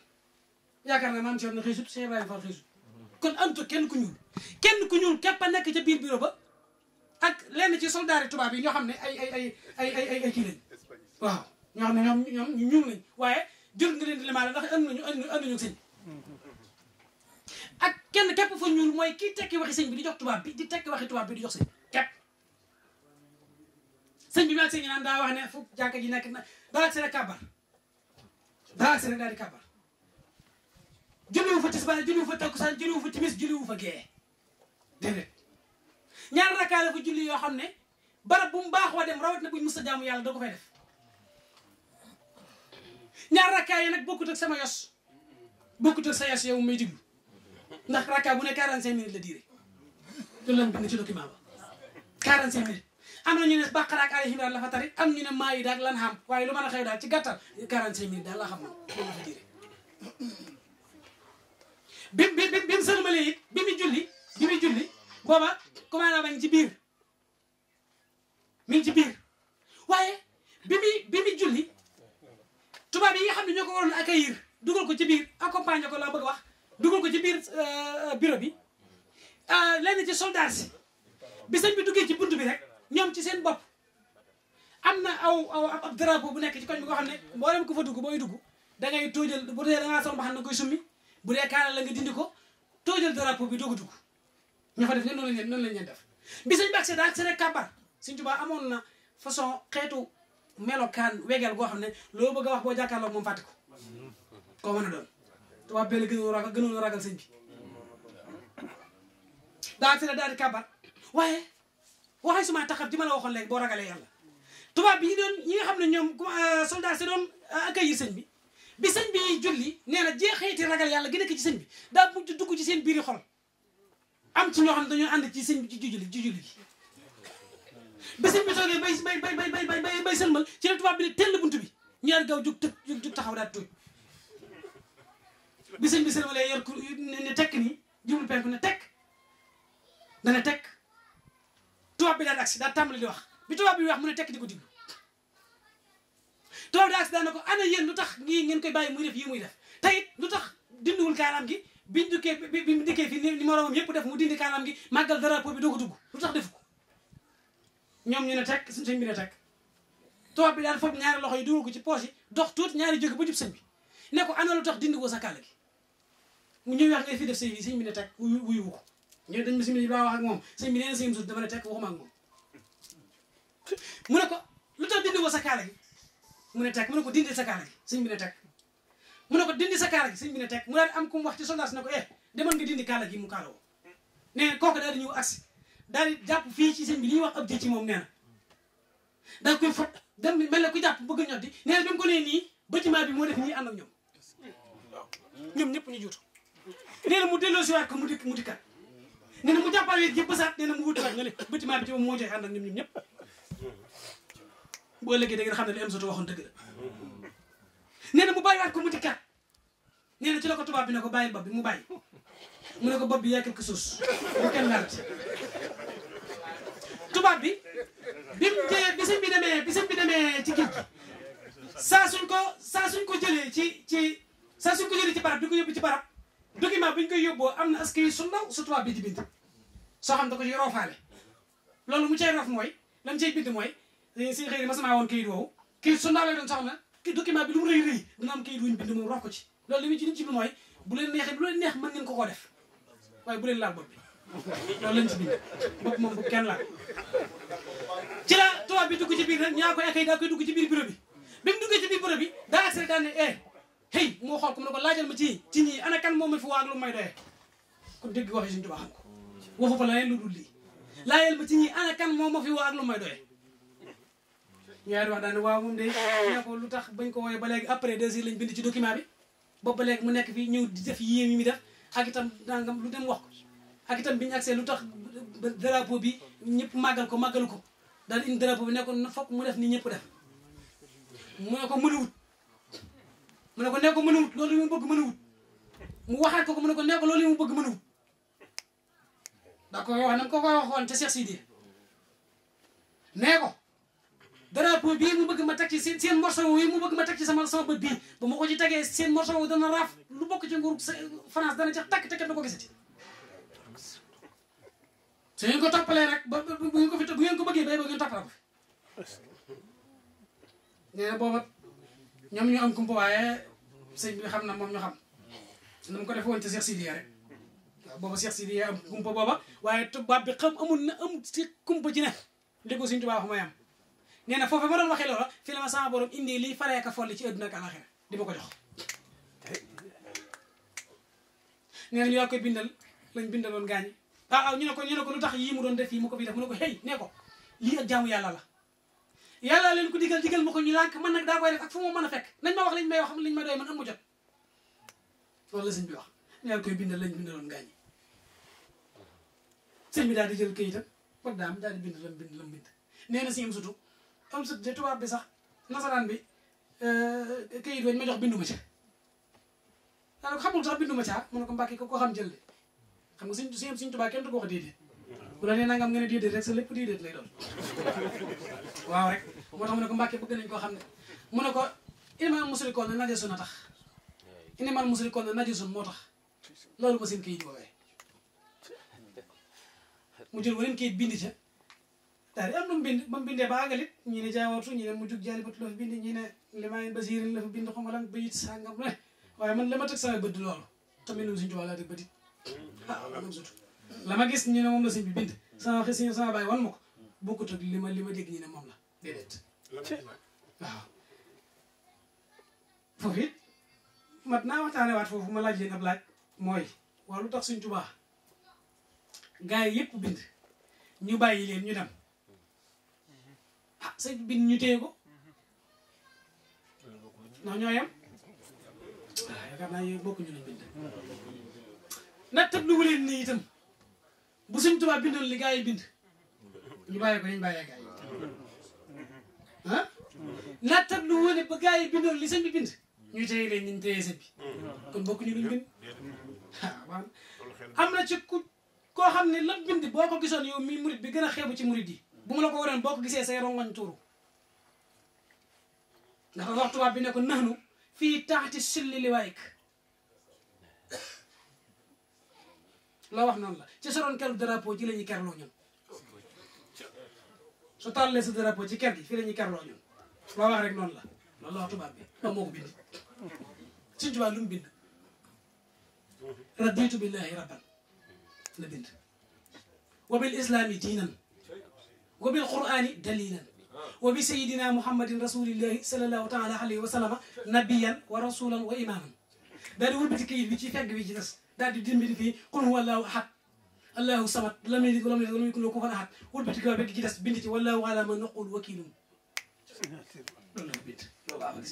yaakaar naa maam si na xëysut Cheikh Ibrahima Fall xëysut kon am kenn ku ñuul kenn ku ñuul képp a nekk ca biir bureau ba ak lenn ci soldaar yi tubaab yi ñoo xam ne ay ay ay ay ay ay kii lañ waaw ñoo xam ne ñoom ñoom ñu ñuul lañ waaye jur nga leen di limaale ndax ënd nañu ënd nañu sëñ ak kenn képp fa ñuul mooy kii tekki waxi sëñ bi di jox tubaab bi di tekki waxi tubaab bi di jox sëñ sëñ bi maag sëñ naan daa wax ne fu jàkka ji nekk na daa ak seen kàbbar daa ak seen daal di kàbbar julliwu fa tisbaar julliwu fa takkusaan julliwu fa wu fa gee déedéet ñaar rakkaa la fa julli yoo xam ne barab bu mu baax wa dem rawat na buñ musta jaamu yàlla da ko fay def ñaar rakkaa yi nag bokkut ak sama yos bokkut sa yos yow may diglu ndax rakkaa bu ne 45 minutes la diire loolu lañ bind ci document ba 45 minutes am na ñu ne Baqara ak Aali Imraan la fa tari am ñu ne Maayida ak lan xam waaye lu mën a xew daal ci gàttal 45 minutes daal la xam na loolu fa diire bi bi bi bi mu sëlmalee bi mu julli bi mu julli booba commandant ba ci biir mu ngi ci biir waaye bi mu julli tubaab yi nga xam ne ñoo ko waroon accueillir dugal ko ci biir accompagner ko laa bëgg wax dugal ko ci biir euh, bureau bi euh, lenn ci soldat si bi sëñ bi duggee ci bunt bi rek ñoom ci seen bopp am na aw aw ab bu nekk ci koñ bi nga xam ne mboolem ku fa dugg booy dugg da ngay tóojal bu dee da ngaa sol mbaxana nga koy bu dee kaana la ko tóojal drapeau bi doog a dugg ña def ne noonu lañ leen noonu lañ leen def bi sañ bàgsee daa seen kàbbar suñ tubaa amoon na façon xeetu melokaan wegeel goo xam ne loolu bëgg a wax boo jàkkaarloo moom fàtte ko koo mën a doon tubaa bel gënoon ragal gënoon ragal sëñ bi daa seen daal di kàbbar waaye waxee suma taxaf ji ma la waxoon léegi boo ragalee yàlla tubaab bi ñu doon ñi nga xam ne ñoom euh, soldat si doon euh, accueillir sëñ bi bi sëñ bi julli nee na jeexeeti ragal yàlla gi nekk ci sëñ bi daa mujj dugg ci seen biiri xol am ci ñoo xam ne dañoo ànd ci sëñ ci julli ci julli gi ba sëñ bi toogee bay bay bay bay bay bay bay sëlmal ci la tubaab bi ne tell bunt bi ñu daal gaaw jug tëg jug taxaw daal tuuj bi sëñ bi sëlmalee yor ku ne tekk nii jublu penku ne tekk dana tekk tubaab bi daal agsi daal tàmbali di wax bi tubaab bi wax mu ne tekk di ko diglu tubaab bi daal agsi daal na ko ana yéen lu tax ngii ngeen koy bàyyi muy def yi muy def lu tax dindiwul kaalaam gi biñ dikkee bi mu dikkee fi ni moroomam yëpp def mu dindi kaalaam gi màggal drapeau bi doo ko dugg ko ñoom ñu ne tekk suñ bi bi daal foog ñaari loxo yi dugal ko ci poche yi dox tuut ñaari jóge ba jub sëñ bi ne lu tax dindi ko sa kaala gi mu ñëw wax ngay fii def sëñ bi sëñ bi ne tekk wuyu ñooñu dañ ma sëñ bi Ibrahima wax ak moom sëñ bi nee na sëñ Moussa dama ne tekk waxuma ak moom mu ne ko lu tax dindi ko sa kaala gi mu ne tekk mu ne ko dindi sa kaala gi sëñ bi ne tekk mu ne ko dindi sa kaala gi sëñ bi ne tekk mu daal am ku mu wax ci soldat ne ko eh demal nga dindi kaala gi mu kaala woo nee na kooku daal di ñëw agsi daal di jàpp fii ci sëñ bi li ñuy wax ab ji ci moom nee na daal koy fot dem mel ne ku jàpp bëgg a ñor di nee na bi mu ko nee nii bâtiment bi moo def nii ànd ak ñoom ñoom ñëpp ñu juutu nee na mu delloo siwaat ko mu dikk mu dikkat nee na mu jàppal wéet yëpp basaat nee na mu wutiwaat nga ne bâtiment bi ci moom moo joxe ànd ak ñoom ñoom ñëpp bu ëllëgee da ngeen xam ne li am soto waxoon dëgg la mu ci la ko tubaab bi ne ko bàyyi bopp bi mu bàyyi mu ne ko bopp bi yaa quelque chose tubaab bi bi mu bi sëñ bi demee bi sëñ ci géej gi saa suñ ko saa suñ ko jëlee ci ci saa suñ ko jëlee ci barab di ko yóbbu ci barab document bi ñu koy yóbboo am na askan wi su ndaw su tubaab bi di soo xam da ko ci roofaale loolu mu cay raf mooy lam cay bind eh, si xëy na ma sama woon kayit woowu kayit su ndaw lay doon soxna ki document bi lu mu rëy rëy dina moom rof ko ci loolu li ci liñ ci bu leen bu neex mën ngeen ko koo def waaye bu leen bi loolu lañ ci bind bopp moom bu kenn laal ci la tubaab bi dugg ci biir ñaa koy dugg ci biir bureau bi bi mu duggee ci biir bi daa accès daa ne eh hey moo xool ko mu ne ko laajal ma ci ci ñii ana kan moom ma fi waag lu ko waxu lu dul lii laajal ma ci ñii ana kan moom ma fi waag lu may doyee ñaari wax daal ne waaw moom de ñaa ko lu tax bañ ko woowee ba léegi après deux heures lañ bind ci document bi boobu ba léegi mu nekk fii ñëw di def yéem yi mi def ak itam dangam lu dem wax ko ak itam bi ñu see lu tax drapeau bi ñëpp màggal ko màggalu ko daal indi drapeau bi nekkoon na fokk mu def ni ñëpp def mu ne ko mënuwut mu ne ko ne ko mën a wut loolu yi mu bëgg mën a wut mu waxaat ko ko mu ne ko ne ko loolu yi mu bëgg mën a wut da ko wax nam ko koy ca Cheikh Sidi nee ko drapeau bii mu bëgg ma teg ci seen seen morceau yi mu bëgg ma teg ci sama sama bët bii ko ci tegee seen morceau dana raaf lu bokk ci nguur France dana ca takk te kenn du ko gisati rek ko fi ko bëggee bay ba ngeen ñoom ñu waaye sëñ bi xam na moom ñu xam na ko def woon ci Cheikh Sidiya rek waaw booba Cheikh Sidiya am kumpa booba waaye tubaab bi xam amul na am si kumpa ci ne li ko suñ tubaab wax mooy am nee na foofu ma doon waxee loola fi la ma sama indi liy faree ka folli ci àdduna ak alaxira di ma ko jox nee na ñu daa koy bindal lañ bindaloon gaañ ah ah ñu ne ko ñu ne ko lu tax yii mu doon def yi mu ko fi def mu ne ko hey nee ko lii ak jaamu yàlla la yàlla leen ko digal digal ma ko ñu lànk man nag daa koy def ak fu mu mën a fekk nañ ma wax liñ may wax liñ ma doy man bi wax ñaar koy bindal lañ bindaloon ngaañ yi sëñ bi daal di jël bind lam bind lam bind na si am sutu am sut de tubaab bi sax nasaraan bi euh, këyit wañ ma jox bindu ma ca daal ko xamul sax bindu ma caa mu ko mbàkki ko ko xam jël de xam nga suñ suñ tubaab kenn du ko wax bu la nee nangam nga ne déedéet rek sa ne ko mbàkke nañ koo xam ne mu ne ko a tax na najasun moo tax loolu ma seen kayit woowee mu jël waneen kayit bindi ca daal di am lu mu bind ba mu bindee ba àggalit ñi ne jaawatu ñi ne mu jug jaali bët la fa bind ñi ne limaay basirin la fa bind xaw ma lan bayit sàngam ne waaye man la ma teg sama bët loolu tamit lu suñu tubaab laa teg bëtit ah la ma gis ñu ne moom la sëñ bi bind sama xis ñu sama bàyyi wan ma bokkut li ma li ma dégg ñu ne moom la déedéet waaw foofu it mat naa waxtaane waat foofu ma laaj leen ab laaj mooy waaw lu tax suñ tubaa gars yi yëpp bind ñu bàyyi leen ñu dem ah sëñ bi bind ñu téye ko ñoo yem waaw ah, yaakaar naa yooyu bokkuñu lañ bind nag tëb lu leen nii itam bu Sëñ Tuubaa bindoon li gaa yi bind ñu bàyyi ko ñu bàyyee gaa yi ah naa tablu woone ba gaa yi bindoon li sëñ bi bind ñu téye leen ñu téye sëñ bi kon bokk ñu luñ bind ah, am na ci ku koo xam ne lan bind boo ko gisoon yow mii murit bi gën a xeebu ci murit yi bu mu la ko waroon boo ko gisee say rongoñ tuuru ndax waxtuwaat bi ne ko naxnu fii taxti silli liwaayik la wax noonu la ci soroon keru drapeau ji la ñuy kerloo ñun su tàllee sa drapeau ci ker gi fii la ñuy la wax rek noonu la loolu la wax tubaab bi moom moo ko bind suñ tubaab mu bind raditu billahi rabban la bind wa bil islaami diinan wa bil bi sayidina muhammadin rasulillahi salallahu taala alayhi wa sallama nabiyan wa rasulan wa imaman daal di wëlbati kayit bi ci fegg bi ci daal di dimbali fii xul wallaahu ahad allahu samad lam yalid walam yulad walam yakun lahu kufuwan ahad wut bi ci kaw bekk ci des bind ci wallaahu alaa maa naquulu wakiilun loolu la bind loolu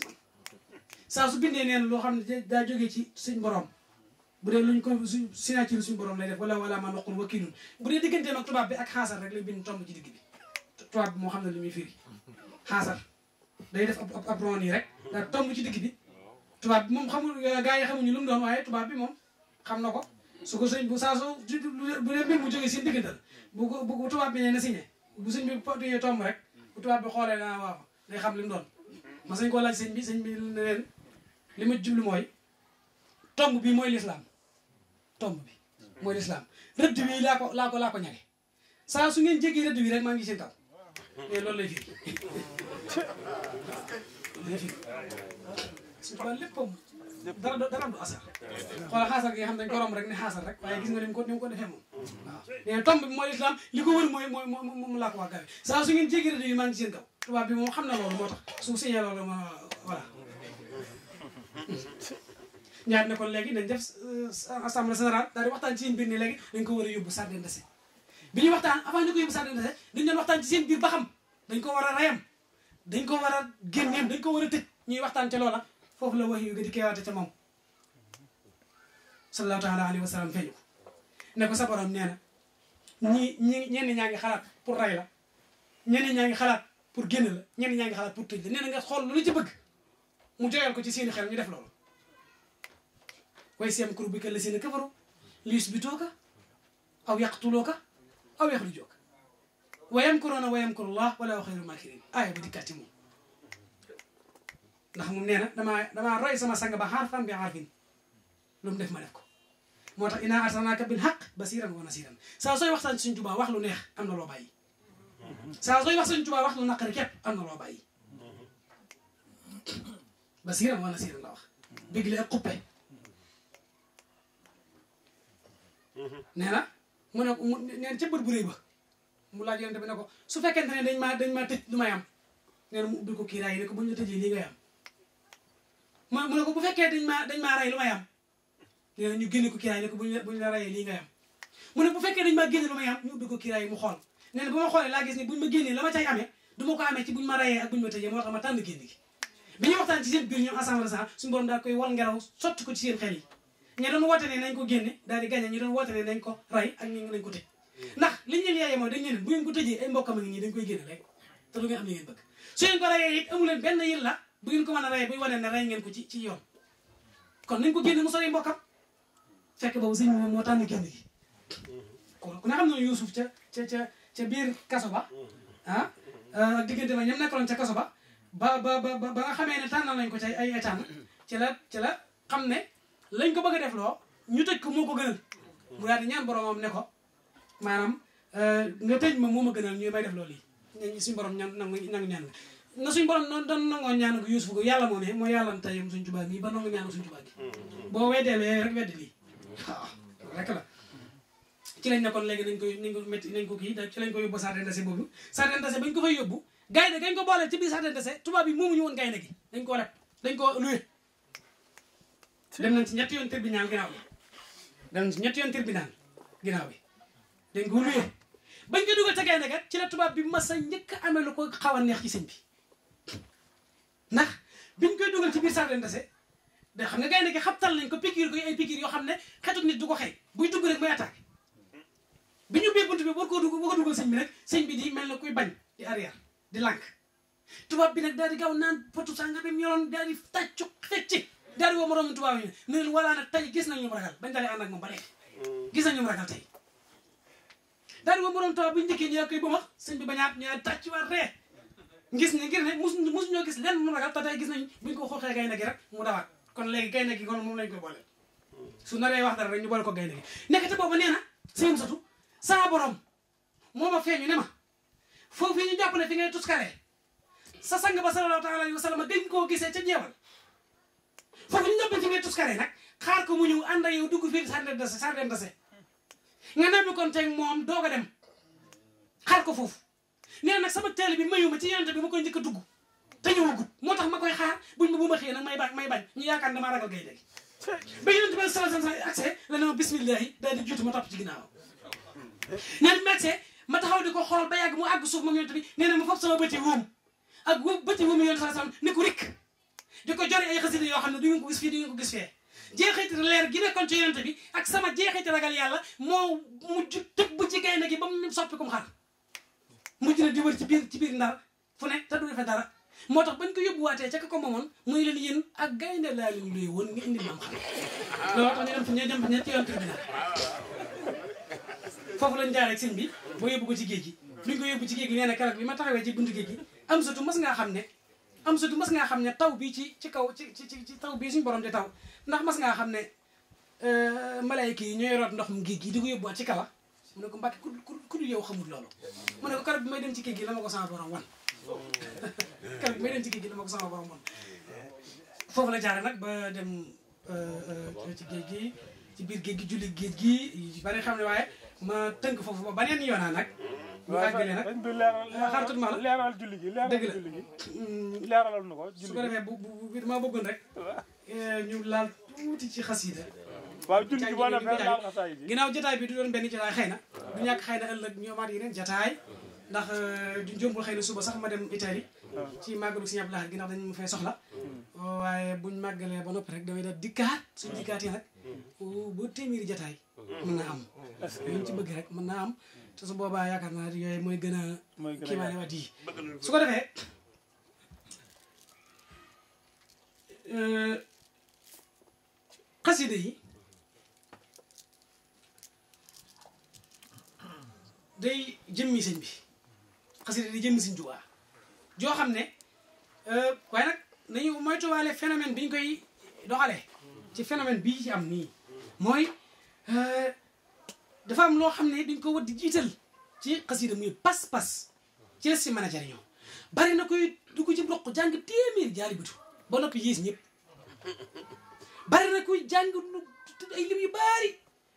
su bindee neen loo xam ne daa jógee ci suñ borom bu dee luñ ko suñ signature suñ borom lay def wallaahu alaa maa naquulu wakiilun bu dee digganteem ak tubaab bi ak xaasar rek lay bind tomb ci bi tubaab bi moo xam ne li muy firi xaasar day def ab yi rek daa tomb ci bi tubaab bi moom xamul gars yi xamuñu lu mu doon tubaab bi moom xam na ko su ko sëñ bu saa su bu dee mbir mu jógee seen diggante la bu ko bu tubaab bi ne na signé bu sëñ bi potuyee tomb rek bu tubaab bi xoolee naa waaw day xam li mu doon ma sëñ koo laaj sëñ bi sëñ bi leen li ma jublu mooy tomb bi mooy lislaam tomb bi mooy lislaam rëdd bi laa ko laa ko laa ko ñage saa su ngeen jéggi rëdd bi rek maa ngi seen kaw mais eh, loolu lay lay firi su ba léppam dara dara du asar xoolal xaasar gi nga xam dañ ko romb rek ne xaasar rek waaye gis nga ni mu ko ni mu ko defee moom waaw mais tomb bi mooy islam li ko wër mooy mooy moom laa ko wax gawe saa su ngeen jéggi rajo na def euh, assemblée générale daal di waxtaan ci seen dañ ko war a yóbbu sardine dese bi ñuy waxtaan avant ñu ko yóbbu sardine dese dañ ba xam dañ ko war a rayam dañ ko war a génneem dañ ko war a tëj ñuy waxtaan ca loola foofu la wax yu nga di keewaate ca moom sallallahu taala alayhi wa sallam feeñu sa borom nee na ñii ñi ñenn ñaa ngi pour rey ñaa ngi xalaat pour génn ñenn ñaa ngi xalaat pour tëj la xool lu ci bëgg mu tegal ko ci seeni xel ñu def loolu way seem kur bi ka la seen a bi tooka aw yaqtulooka aw yaxrujooka wayam kuroona wayam kurullah wa xayru makirin aaya bi dikkaati moom ndax moom nee na damaa damaa roy sama sang ba xarfan bi xarfin lu mu def ma def ko inaa arsalnaaka bil xaq basiran wa nasiran saa wax sañ suñ tubaa wax lu neex am na loo bàyyi saa sooy wax sañ wax lu naqari képp am na loo wa nasiran la wax bégle ak xuppe nee na mu ne neen ca bët ba ne ko su fekkente ne dañ maa dañ maa tëj lu may am nee na mu ubbi ko kiiraay yi ne ko bu ñu la tëjee lii ngay am mu mu ko bu fekkee dañ maa dañ maa rey lu may am ñu génne ko kiraay ne ko bu ñu bu mu bu fekkee dañ maa génne lu may xool nee xoolee laa gis ne buñ ma génnee la ma cay amee du ma ko amee ci buñ ma reyee ak buñ ma tëjee nañ ko génne daal di gàñe ñu doon ko rey ak ñu nañ ko tëj dañ ko tëjee ay mbokkam a koy génne rek te du ngeen am li ngeen bëgg su ngeen ko reyee it amu benn yil la bu ngeen ko mën a rey buy wane na rey ngeen ko ci ci yoon kon nañ ko génne mu sori mbokkam fekk boobu sëñ moom moo tànn génn gi kon ku ne xam ne Yuusuf ca ca ca ca biir kaso ba mm-hmm. ah euh, diggante ba ñoom nekkaloon ca kaso ba ba ba xamee ne tànnal nañ ko ca ay étaan ci la ci la xam ne lañ ko bëgg a def loo ñu tëj ko moo ko gënal mu daal di ñaan boromam ne ko maanaam euh, nga tëj ma moo a gënal ñuy may def loolu yi ñañ suñu borom ñaan nangu nangu ñaan nga na suñ borom noonu doon nangoo ñaanu ko Yuusuf ko yàlla moo ne mooy yàlla am tayam suñ Tuubaa gi ba nangoo ñaanu suñ Tuubaa gi mm-hmm. boo weddee la rek weddi lii waaw rek la ci lañ nekkoon léegi nañ koy nañ ko métti nañ ko kii ci lañ ko yóbbu sardin dase boobu sardin dase bañ ko fay yóbbu gaynde dañ ko boole ci biir sardin dase tubaab bi moomuñu woon gaynde gi dañ ko rek dañ ko luye dem nañ ci ñetti yoon tribunal ginnaaw bi dem nañ ci ñetti yoon tribunal ginnaaw bi dañ ko luye bañ ko dugal ca gaynde kat ci la tubaab bi mas a njëkk amee lu ko xaw a neex ci sëñ bi ndax biñ koy dugal ci biir saako leen dese da xam nga gaynde gi xabtal nañ ko pikiir ko ay pikiir yoo xam ne xetuk nit du ko xëy buy dugg rek muy attaqué bi ñu ko dugg boo ko dugal sëñ bi rek sëñ bi di kuy bañ di arrière di tubaab bi nag daal di gaaw naan potu sanga bi mu yoroon daal di tàccu fecci daal di woo moroomu tubaab yi ne tey gis nañ ñu ragal bañ dalee ànd ak moom ba léegi gis nañ ñu ragal tey daal di woo moroom tubaab bi njëkkee ñu koy ba max sëñ bi bañaat ñu tàcc waat ree ngis ne ngir ne musuñu musuñoo gis lenn mu ragal te tey gis nañ buñ ko xooxee gaynde gi rek mu dawaat kon léegi gaynde gi kon moom lañ koy boole su naree wax dara rek ñu boole ko gaynde nekk te booba nee na seen satu saa borom moo ma feeñu ne ma foofu yi ñu jàpp ne fi ngay tuskaree sa sang ba sallallahu taala alayhi wa sallam koo gisee ca jeewal foofu ñu jàpp fi ngay tuskaree nag xaar ko mu ñëw ànd ak yow dugg fii sardem dase sardem dase nga nembi kon teg moom doog a dem xaar ko foofu nee nag sama teel bi mayu ma ci yonent bi ma koy njëkk a dugg te ñëwagut moo tax ma koy xaar buñ ma bu ma xëyee may baax may bañ ñu yaakaar damaa ragal gay léegi ba yonent bi sala sala accès la ne ma di juutu ma topp ci ginnaaw nee ma accès ma di ko xool ba yàgg mu àgg suuf moom yonent bi nee na ma foofu sama bëti wuum ak wóob bëti wuum yonent sala sala ni ko rikk di ko jori ay xasida yoo xam ne du ngeen ko gis fii du ngeen leer gi nekkoon ci yonent bi ak sama jeexit ragal yàlla moo mujj tëb bu ci gaynde gi ba mu soppi kum xar mujj na di wër ci biir ci biir ndar fu ne te du defee dara moo tax bañ ko waatee ca ka ko moomoon muy leen yéen ak gaynde laa leen luy woon nga indi maam xam dem fi ñu dem fi ñetti yoon bi boo ko ci géej gi luñ ko yóbbu ci géej gi nee bi ma taxawee ci buntu géej gi am surtout mas ngaa xam ne am surtout mas ngaa xam ne taw bi ci ci kaw ci ci ci taw bii suñu borom di taw ndax mas ngaa xam ne euh, malayka yi ñoo root ndox mu géej gi di ko yóbbuwaat ci kawa mu ne ko Mbàkke ku ku yow xamul loolu mu ne ko keroog bi may dem ci géej gi la ma ko sama borom wan foofu la jaare nag ba dem euh, euh, ci géej gi ci biir géej gi julli géej gi ba bari xam ne waaye ma tënk foofu ba baneen yoonaa ah nag ñu àggale nag xaar tuuti ma la leeral julli gi leeral julli gi mm, na ko su ko defee bu bu maa bëggoon rek euh, ñu laal tuuti ci xasida waaw julli gi boo demee bi ginnaaw jotaay bi du doon benn jotaay xëy na du ñàkk xëy na ëllëg ñoomaat yeneen jotaay ndax euh, du jombul xëy na suba sax ma dem Italie ci màggalu Sëñ Abdou Lahad gi ndax dañ ma fay soxla hmm. waaye buñ màggalee ba noppi rek damay daal dikkaat suñ dikkaatee nag hmm. ba téeméeri naa am luñ ci bëgg rek mën naa am te su boobaa yaakaar naa yooyu mooy gën a kiimaane waat yi su ko defee euh, xasida yi day jëmmi sëñ bi xasida day jëmmi si Tuubaa joo xam ne euh, waaye nag nañu moytuwaale phénomène bi ñu koy doxalee ci phénomène bi ci am nii mooy euh, dafa am loo xam ne dañ ko war di jiital ci xasida muy pas-pas ci les si mën bari na koy dugg ci mboq jàng téeméer jaari bitu noppi yées ñëpp bari na koy jàng ay lim yu baari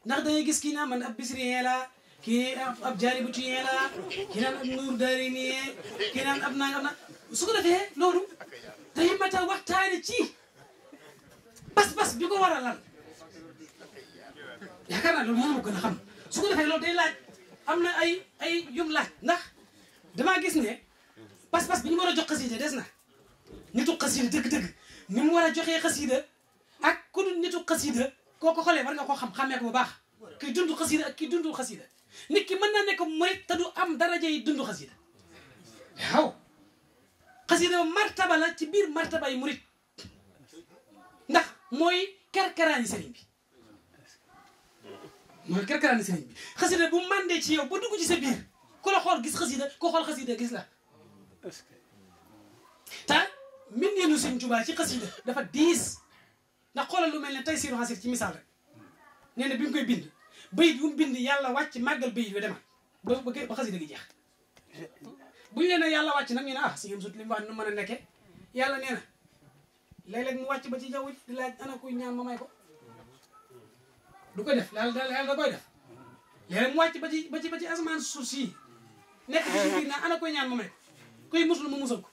ndax dangay gis kii naa man ab bisrien la kii ab jaari bu tuyee la kii naan ab nuur daari kii naan ab nangam na su ko defee loolu dañu mat a waxtaane ci bas-bas bi ko war a lan yaakaar naa loolu moom moo gën a xam su ko loolu day laaj am na ay ay yum laaj ndax damaa gis ne bas-bas bi ñu war a jox xasida des na nitu xasida dëgg-dëgg ni mu war a joxee xasida ak ku dul nitu xasida koo ko xoolee war nga koo xam xàmmee ko bu baax kiy dund xasida ak kiy dundul xasida nit ki mën naa nekk murit te du am daraja yi dund xasida waaw xasida martaba la ci biir martaba yi murit ndax mooy kerkeraani sëriñ bi mooy kerkeraani sëriñ bi xasida bu mandee ci yow ba dugg ci sa biir ku la xool gis xasida ku xool xasida gis la te mbindeenu sëñ Tuubaa ci xasida dafa diis ndax xoolal lu mel ne tey siiru xasir ci misaal rek nee bi mu koy bind bayit bu mu bind yàlla wàcc màggal bayit bi demal ba ba xasida gi jeex buñu leen ne yàlla wàcc nag ñu ne ah si yëm sut li mu wax nu mën a nekkee yàlla nee na léeg mu wàcc ba ci jaww di laaj ana kuy ñaan ma may ko du ko def yàlla yàlla koy def mu wàcc ba ci ba ba ci asamaan suuf si nekk ci biir naa ana koy ñaan ma may ko musal ko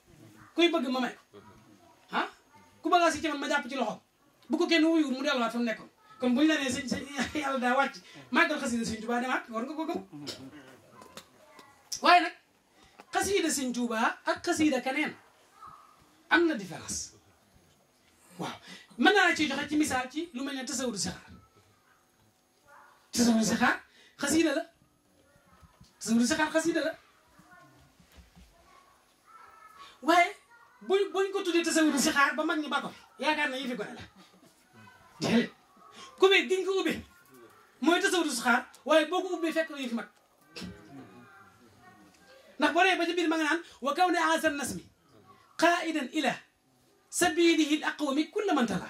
kuy bëgg ma may ko ah ku a si ci man ma jàpp ci loxoom bu ko kenn wuyuwul mu delluwaat fa mu nekk kon bu ñu la nee sëñ sëñ yàlla daa wàcc màggal xasida sëñ Tuubaa demaat war nga ko gëm waaye nag xasida sëñ Tuubaa ak xasida keneen am na différence waaw mën naa la ciy joxe ci misaal ci lu mel ne tasawuru sixaar tasawuru sixaar xasida la tasawuru sixaar waaye buñ buñ ko tuddee tasawuru sixaar ba mag ñi ba ko yaakaar na yëfi gone la ku bi giñ ko ubbi mooy tasawudu saxaar waaye boo ko ubbee fekk yu fi mag ndax boo dee ba ci biir ma nga naan wa kaw ne asar nasmi qaidan ila sabilihi l aqwami kulla man tala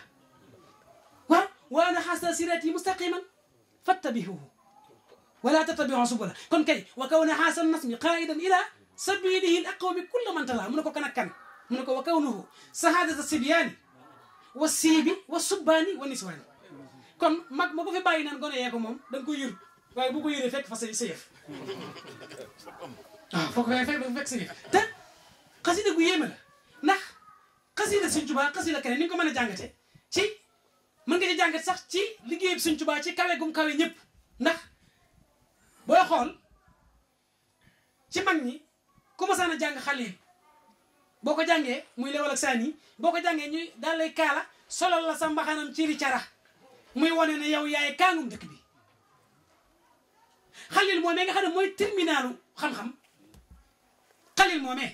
waaw wa ana xasa sirati mustaqiman fattabihuhu wala tattabiu subula kon kay wa kaw ne asar nasmi qaidan ila sabilihi l aqwami kulla man tala mu ne ko kan ak kan mu ne ko wa kawnuhu sahadata sibyaani wa siibi wa subbaani wa niswaani kon mag boo ko fi bàyyi naan gone yee ko moom da nga koy yur waaye bu ko yuree fekk fa sa sa yëf waaw foo ko fekk fekk sa yëf te xasida gu yéeme la ndax xasida ko mën a jàngatee ci mën nga ci sax ci liggéey Sëñ ci kawe gum kawe ñëpp ndax booy xool ci mag ñi ku masaan a jàng xale yi boo ko jàngee muy lewal ak saan boo ko jàngee ñuy daal lay kaala solal la sa mbaxanam ci li cara muy wane ne yow yaay kaangum dëkk bi xalil moomee nga xam ne mooy terminalu xam-xam xale yi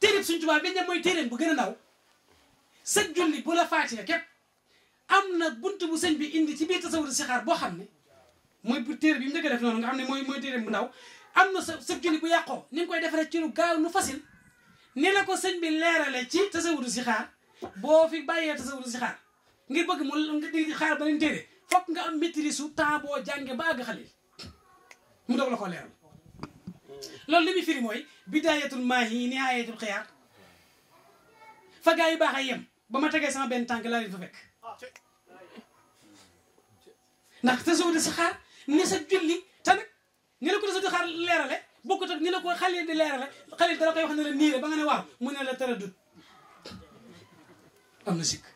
téereb suñ tubaab bi ne mooy bu gën a ndaw sa julli bu la faatiha képp am na bunt bu sëñ bi indi ci biir tasawur sixaar boo xam ne mooy bu téere bi mu njëkk def noonu nga xam ne mooy mooy téeréem bu ndaw am na sa sa julli bu yàqoo ni koy defaree ci lu gaaw nu facile ni la ko sëñ bi leerale ci tasawur sixaar boo fi bàyyee tasawur sixaar ngir bëgg mu nga di xaar beneen téere fokk nga am maîtrise su boo jànge ba àgg xalil mu doog la ko leeral loolu li muy firi mooy bidaayatul maahi nihaayatul xiyaar fa gaa yi baax a yem ba ma tegee sama benn tànk laa leen fa fekk ndax te soo de sa xaar ne sa julli te nag ni la ko de sa xaar leerale bokkut ak ni la ko xalil di leerale xalil dala koy wax ne la niire ba nga ne waaw mu ne la tëra dut am na sikk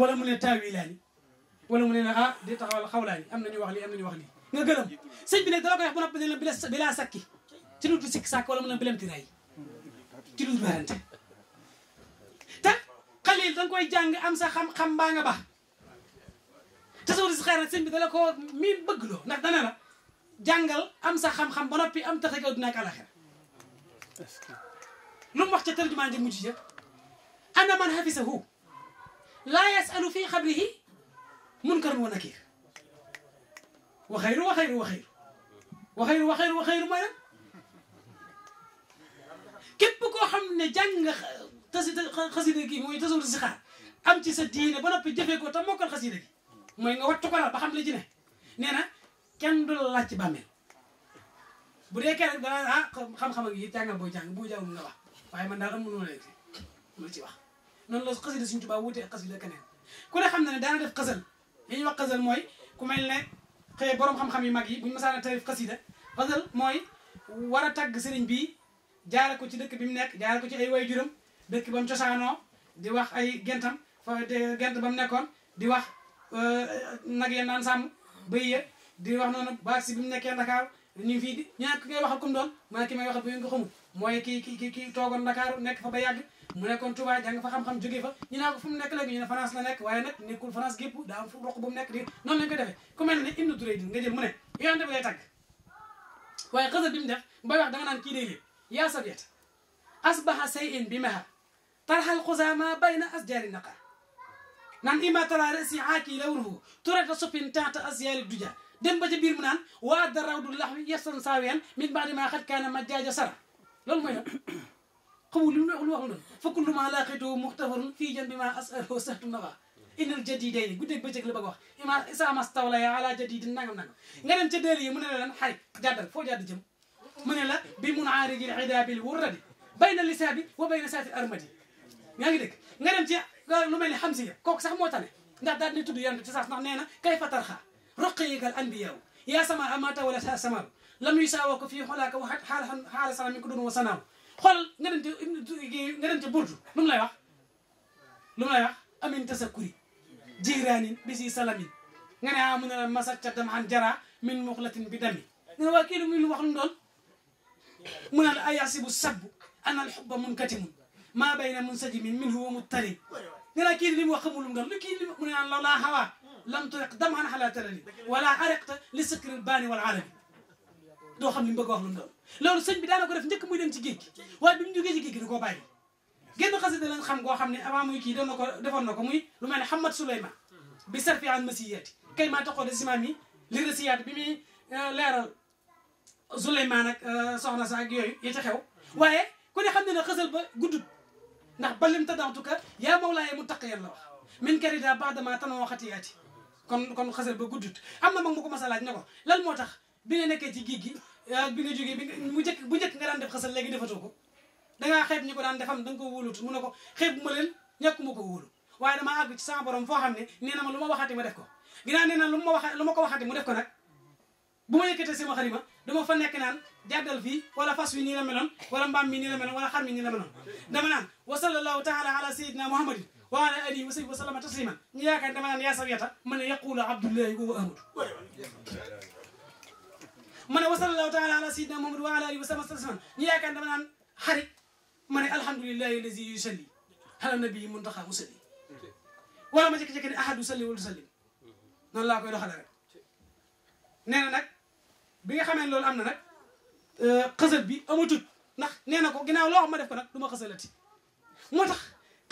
wala mu ne taawilaani wala mu ne ah di taxawal xawlaani am nañu wax lii am nañu wax li nga gërëm sëñ bi nag dala wax bu noppi ne la bila sakki ci lu dul sikki sàkk wala mu ne bilam tiraay ci lu dul barante te xalil danga koy jàng am sa xam baa nga baax tasawur si xeer bi dala ko bëgg loo ndax dana la jàngal am sa xam-xam ba noppi am tax a gaw dina ak mu wax ca tërjumaan ji mujj ja ana man hafisahu laa yasalu fii xabrihi munkar wa nakir waxayru waxayru waxayru waxayru waxayru waxayru mooy lan képp koo xam ne jàng nga tasi xasida gi mooy tasawur si xaar am ci sa diine ba noppi jëfee ko te mokkal xasida gi mooy nga wattu ko daal ba xam li ci ne nee na kenn du la laaj ci bàmmeel bu dee kenn danaa ah xam-xam ak yi jàngal boo jàng boo jàngul nga wax waaye man daal amul loo leen ci wax noonu la xasida Sëriñ Tuubaa wuutee xasida keneen ku ne xam na ne daana def xasal li ñuy wax xasal mooy ku mel ne xëy borom xam-xam yu mag yi buñ masaana tarif xasida xasal mooy war a tàgg sëriñ bi jaar ko ci dëkk bi mu nekk jaare ko ci ay way juram dëkk ba mu cosaanoo di wax ay gentam fa gent ba mu nekkoon di wax euh, nag yeen naan sàmm bëy ya di wax noonu baag si bi mu nekkee Dakar ñu fii di ñu naan ki ngay waxal comme doon mu ki may waxal bu ngeen ko xamul mooy ki ki ki toogoon Dakar nekk fa ba yàgg mu nekkoon Touba jàng fa xam-xam jógee fa ñu naa ko fu mu nekk léegi ñu ne France la nekk waaye nag nekkul France gépp daa fu roq bu mu nekk di noonu lañ ko defee ku mel ne Ibnu Turaydi nga jël mu ne yonent bi lay tàgg waaye mu def mbay wax danga naan kii day léeg yaa sabiet asbaha say in bi mahar tarxal xusaama bayna asjaari naqar naan ima tara resi aakii lawruhu turata suppin tenta asyaali duja dem ba ca biir mu naan waa da rawdu lax wi yestoon saaween min baadi maa xat kaana ma jaaja sara loolu mooy xamu lu lu wax loolu fakku lu maa laaqitu muxtafarun fii jan bi maa asalo satu nawa inal jadiday ni guddeeg bëccëg la bëgg wax ima isamas tawla ya ala jadidin nangam nangam nga dem ca déel yi mu ne la lan xarit jàddal foo jàdd jëm mu ne la bi mun aarijil idaabil wurradi bayna lisaa bi wa bayna saati armadi yaa ngi dégg nga dem ci lu mel ni xamsiya kooku sax moo tane ndax daal di tudd yonent ci sax ndax nee na kay fa tarxa ruqiyikal anbiyaw yaa sama amata wala sa samaru lam yusaawako fii xolaaka wa xaala xaala sana mi ko doon wa sanaaw xoolal nga dem ci nga dem ci burdu lu mu lay wax lu mu lay wax amin tasakuri jiraanin bi si salamin nga ne ah mu ne la masacca dam an jara min muxlatin bi dami nga ne waa kii lu muy lu wax lu mu doon mu ne la ayasibu sabbu ana alxubba munkatimun maa bayna munsajimin min huwa muttarim nga ne ah, kii li mu wax xamul lu mu doon lu kii li mu ne ah lawlaa hawaa lam turiq dam an xalaa tarali wala ariqta li sikri baani wal alami doo xam li mu bëgg wax lu mu loolu sëñ bi daana ko def njëkk muy dem ci géej gi waaye bi mu jógee ci géej gi koo bàyyi génn xasida lañ xam goo xam ne avant muy kii doon na ko defoon na ko muy lu mel ne Hamad Souleymane bi serfi an masiyati kay maa taxoo de simaam yi li rasiyaat bi muy euh, leeral Souleymane ak euh, soxna sa yooyu yi ci xew waaye ku ne xam ne ne xasal ba guddut ndax balim ta dantu ka yaa mawlaaye mu taqiyan la wax min karida baadama tanoo xatiyaati kon kon xasal ba guddut am na mag mu ko mas a laaj ne ko lan moo tax bi nga nekkee ci géej gi ah, bi nga jógee bi mu njëkk bu njëkk nga daan def xasal léegi defatoo ko dangaa xeeb ñu ko daan defam da nga ko wóolutu mu ne ko xeeb ma leen ma ko wóolu waaye damaa àgg ci sama borom xam ne nee na ma lu ma waxati ma def ko ginnaaw nee na lu ma wax lu ma ko waxati mu def ko nag bu ma yëkkatee sama xarima dama fa nekk naan jàddal fii wala fas wi nii la meloon wala mbaam mi nii la meloon wala xar mi nii la meloon dama naan wa sallallahu taala ala muhammadin wa ala alihi wa sahbihi wa sallama tasliman dama naan yaa sawiyata ma ma ne wasalallaahu taala ala sayyidina Muhammad wa ala alihi wa sallam ñu yaakaar dama naan xarit ma ne alhamdulillahi allazi yusalli ala nabii muntaxa musalli wala ma jékki-jékki ne ahadu salli wala sallim noonu laa koy doxalee rek nee na nag bi nga xamee loolu am na nag euh, xasal bi amatut ndax nee na ko ginnaaw loo ma def ko nag du ma xasalati moo tax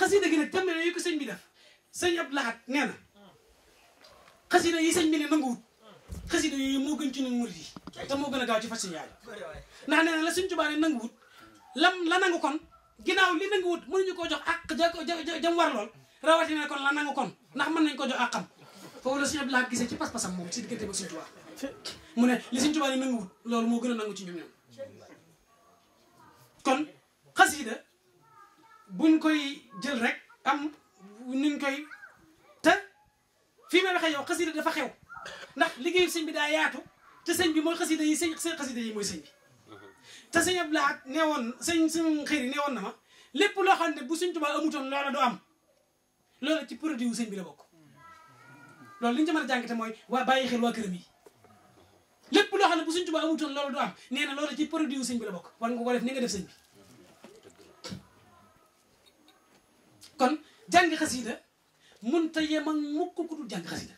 xasida gi nag tëmbale yu ko sëñ bi def sëñ Abdou Lahad nee na xasida yi sëñ bi ne nanguwut xasida yooyu moo gën ci nañ yi moo gën a gaaw ci fas seen yaajo ndax la suñ Tuubaa ne nanguwut lam la nangu kon ginnaaw li nanguwut koo jox ak ja jam war lool rawatina kon la nangu ndax mën nañ ko jox àqam foofu la suñu Abdoulaye gisee ci pas-pasam moom si ne li suñ loolu moo gën a nangu ci ñoom ñoom kon xasida buñ koy jël rek am nuñ koy te fii may waxee yow xasida dafa xew ndax liggéeyu sëñ bi daa yaatu te sëñ bi mooy xasida yi sëñ seen xasida yi mooy sëñ bi te sëñ ab laat nee woon sëñ sëñ xëy nee woon na ma lépp loo xam ne bu sëñ Tuubaa amutoon loola du am loola ci produit wu sëñ bi la bokk loolu li ñu ci mooy waa bàyyi xel waa këram lépp loo xam ne bu sëñ Tuubaa amutoon loola du am nee na loola ci produit wu sëñ bi la bokk war nga ko def ni nga def sëñ bi kon jàng xasida mun ta yem ak mukk ku dul jàng xasida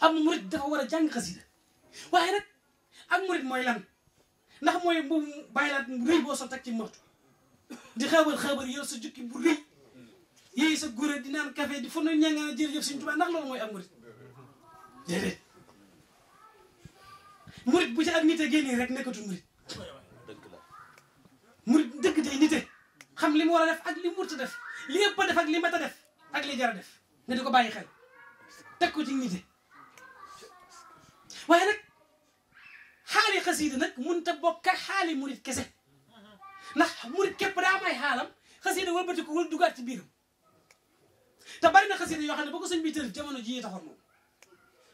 am murit dafa war a jàng xasida waaye nag ak murit mooy lan ndax mooy boobu bàyyi bu rëy boo sol teg ci motu di xabar xabar yow sa jukki bu rëy yéey sa gure di naan café di fon na ñangaan a jërëjëf suñu tubaab ndax loolu mooy ak murit déedéet murit bu ci ak nite génnee rek nekkatu murit murit dëgg day nite xam li mu war a def ak li mu wut def li ëpp def ak li mat a def ak li jar a def nga di ko bàyyi xel teg ko ci nite waaye nag xaali xasiida nag mun ta bokk ak xaali murit kese ndax murit képp daa am ay xaalam xasiida wëlbati ko wël dugaat ci biiram te bari na xasiida yoo xam ne ba ko sëñ bi jamono ji taxoon moom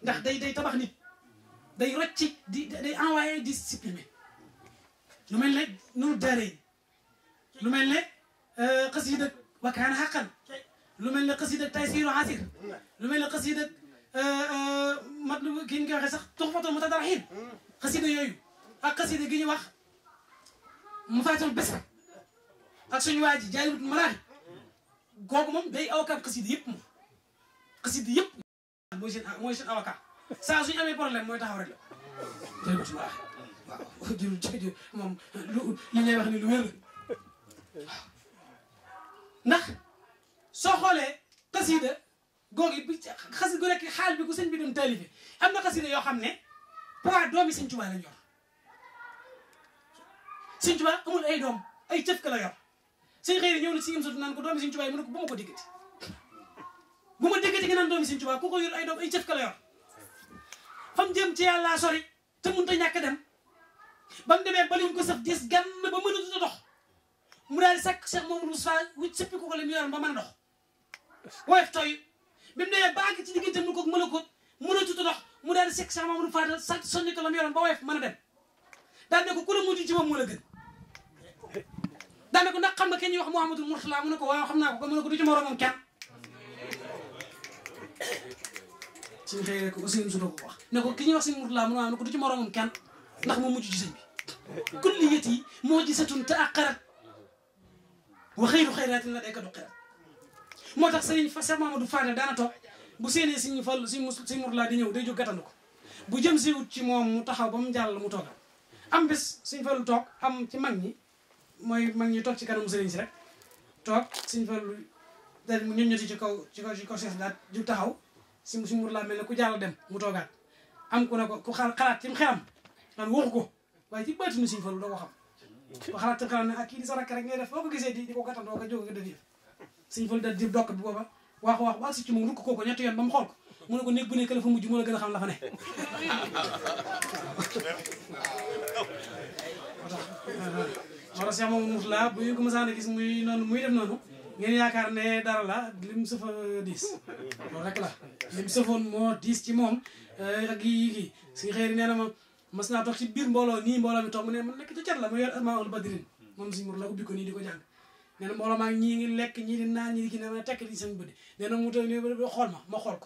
ndax day day tabax ni day rocci di day envoyé di supprimer lu mel ne nuru daara yi lu mel ne xasiida wakaana xaqan lu mel ne xasiida taysiru asir lu mel ne xasiida Euh, euh, mat lu kii ñu koy waxee sax tuxfatul mutadarahin hmm. xasida yooyu ak xasida gi ñu wax mu faytul bés ak suñu waa ji jaay wut maraaxi googu moom day avocat xasida yëpp moom xasida yëpp mooy seen mooy seen avocat saa suñu amee problème mooy taxaw rek la jël wut waaw waaw jël jël moom lu li ngay wax ni lu wér la waaw ndax soo xoolee xasida googu bi xasi gu nekk xaal bi ku sëñ bi doon taalife am na xasida yoo xam ne poids doomi sëñ Tuubaa lañ yor ay doom ay cëf ka la yor sëñ xëy ñëw na si imsatu naan ko doomi sëñ Tuubaa yi mu ne ko bu ay doom ay cëf ka a yor fam jëm ci yàlla sori te mënut a ñàkk dem ba mu demee ba liñ ko sëf gis gann ba mënatut dox mu daal di sëppi ko a bi mu demee baag ci diggante mu ko mën a ko mën a tuta dox mu daal di sekk Cheikh Mamadou Fadal sant sonni ko la mu yoroon ba woyof mën a dem daal ne ko ku la mujj ci moom la gën daal ne ko ndax xam nga kenn ñuy wax Mouhamadou Mourtala mu ne ko waaw xam naa ko ba mu ne ko du ci moroomam ko wax ne ko ki ñuy mu ne waaw ne ko du ci moroomam kenn ndax moo mujj ci sëñ bi yi moo gisatun te ak xarat wa xëyru xëyratin la day ko du xirat moo tax sëriñ fa Cheikh du Fadel daana toog bu séenee siñu fal siñ mus siñ murlaa di ñëw day jóg gàttandu ko bu jëm si wut ci moom mu taxaw ba mu jàll mu toogal am bés suñ fallu toog am ci mag ñi mooy mag ñi toog ci kanamu sëriñ si rek toog suñ mu ñun ñoti ci kaw ci kaw ci daal ju taxaw si suñ murlaa mel ne ku jàll dem mu toogaat am ku ne ko ku xalaat ci xelam man waxu ko waaye ci baatinu suñ fallu doo ko xam ko xalaat ci xelam ne ak kii di sa rakk rek ngay def boo ko gisee di di ko gàttan ko jóg nga def suñ fal dat jël dokk bi booba waax waax ba agsi ci moom rukk koo ko ñetti yoon ba mu xool ko mu ne ko néeg bu nekk la fa mujj moo a a gis muy noonu muy def ne dara la lim sëfa diis loolu rek la lim sëfoon moo diis ci moom eh, ak yi yi kii suñu nee na ma mas naa toog ci biir mbooloo nii mbooloo mi toog mu ne man nekk ca cat la mu yor asmaa ul moom suñu mur la ubbi ko nii di ko jàng nee na mbooloo maa ñii ngi lekk ñii na tekk di seen bët nee na mu toog nii xool ko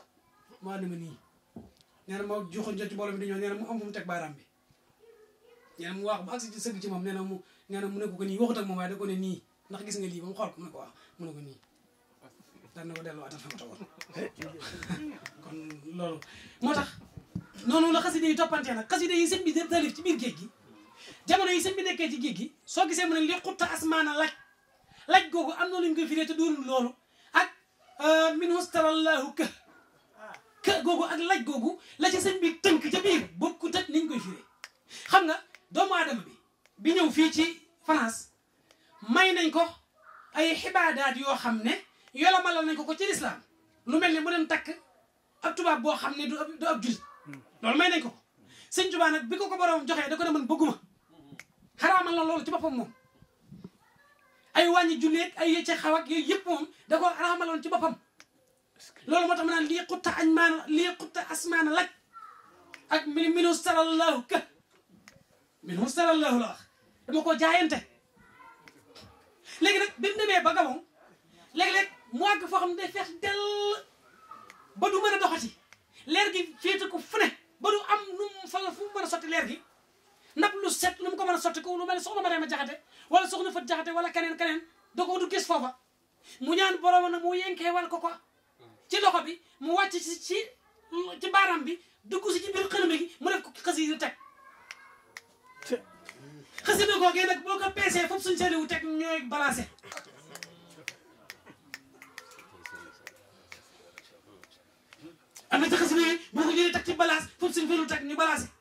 nii nee ma mi di ñëw nee na mu am fu mu teg baaraam bi nee na na mu nee mu ne ko nii waxut ak moom waaye da ko ne nii ndax gis nga lii ba mu xool ko mu ne ko waaw mu ne nii daan na ko delluwaatal fa mu tawoon kon loolu moo tax noonu la xasida yi toppantee nag xasida yi sëñ bi dalif ci biir géej gi jamono yi sëñ bi nekkee ci géej gi soo gisee mu ne li xutta asmaana laaj laaj googu am na lu ñu koy firee te doonul loolu ak euh, min hustarallahu kë kë googu ak laaj googu la ci sëñ bi tënk ca biir bokkut ak niñ koy firee xam nga doomu aadama bi bi ñëw fii ci France may nañ ko ay xibaadaat yoo xam ne yolamalal nañ ko ko ci lislaam lu mel ne mu dem takk ab tubaab boo xam ne du ab du ab julit loolu may nañ ko ko sëñ bi ko ko borom joxee da ko ne man bëgguma xaraamal na loolu ci boppam moom ay wàññi julleeg ay yecce xaw ak yooyu yëpp moom da ci boppam loolu moo tax ma naan lii xutta añ maana lii xutta asmaana ak mi minu sarallaahu ka minu sarallaahu la wax ko jaayante léegi nag bi mu demee ba Gabon léeg-léeg mu àgg foo xam ne day feex del ba du mën a doxati leer gi féete ko fu ne ba du am nu mu fu mu mën a sotti leer gi nag lu set lu mu ko man a sotti ko lu mel ne soxna Mariama Jaxate wala soxna Fat Jaxate wala keneen keneen da ko du gis foofa mu ñaan borom na mu yenkee wal ko ko ci loxo bi mu wàcc ci si ci baaraam bi dugg si ci biir xëlëma gi mu def ko xasida teg xasida googee nag boo ko peesee foofu suñ seeni wu teg ñooy balancé am na ci xasida yooyu boo ko jëlee teg ci balance foofu suñ felu teg ñu balancé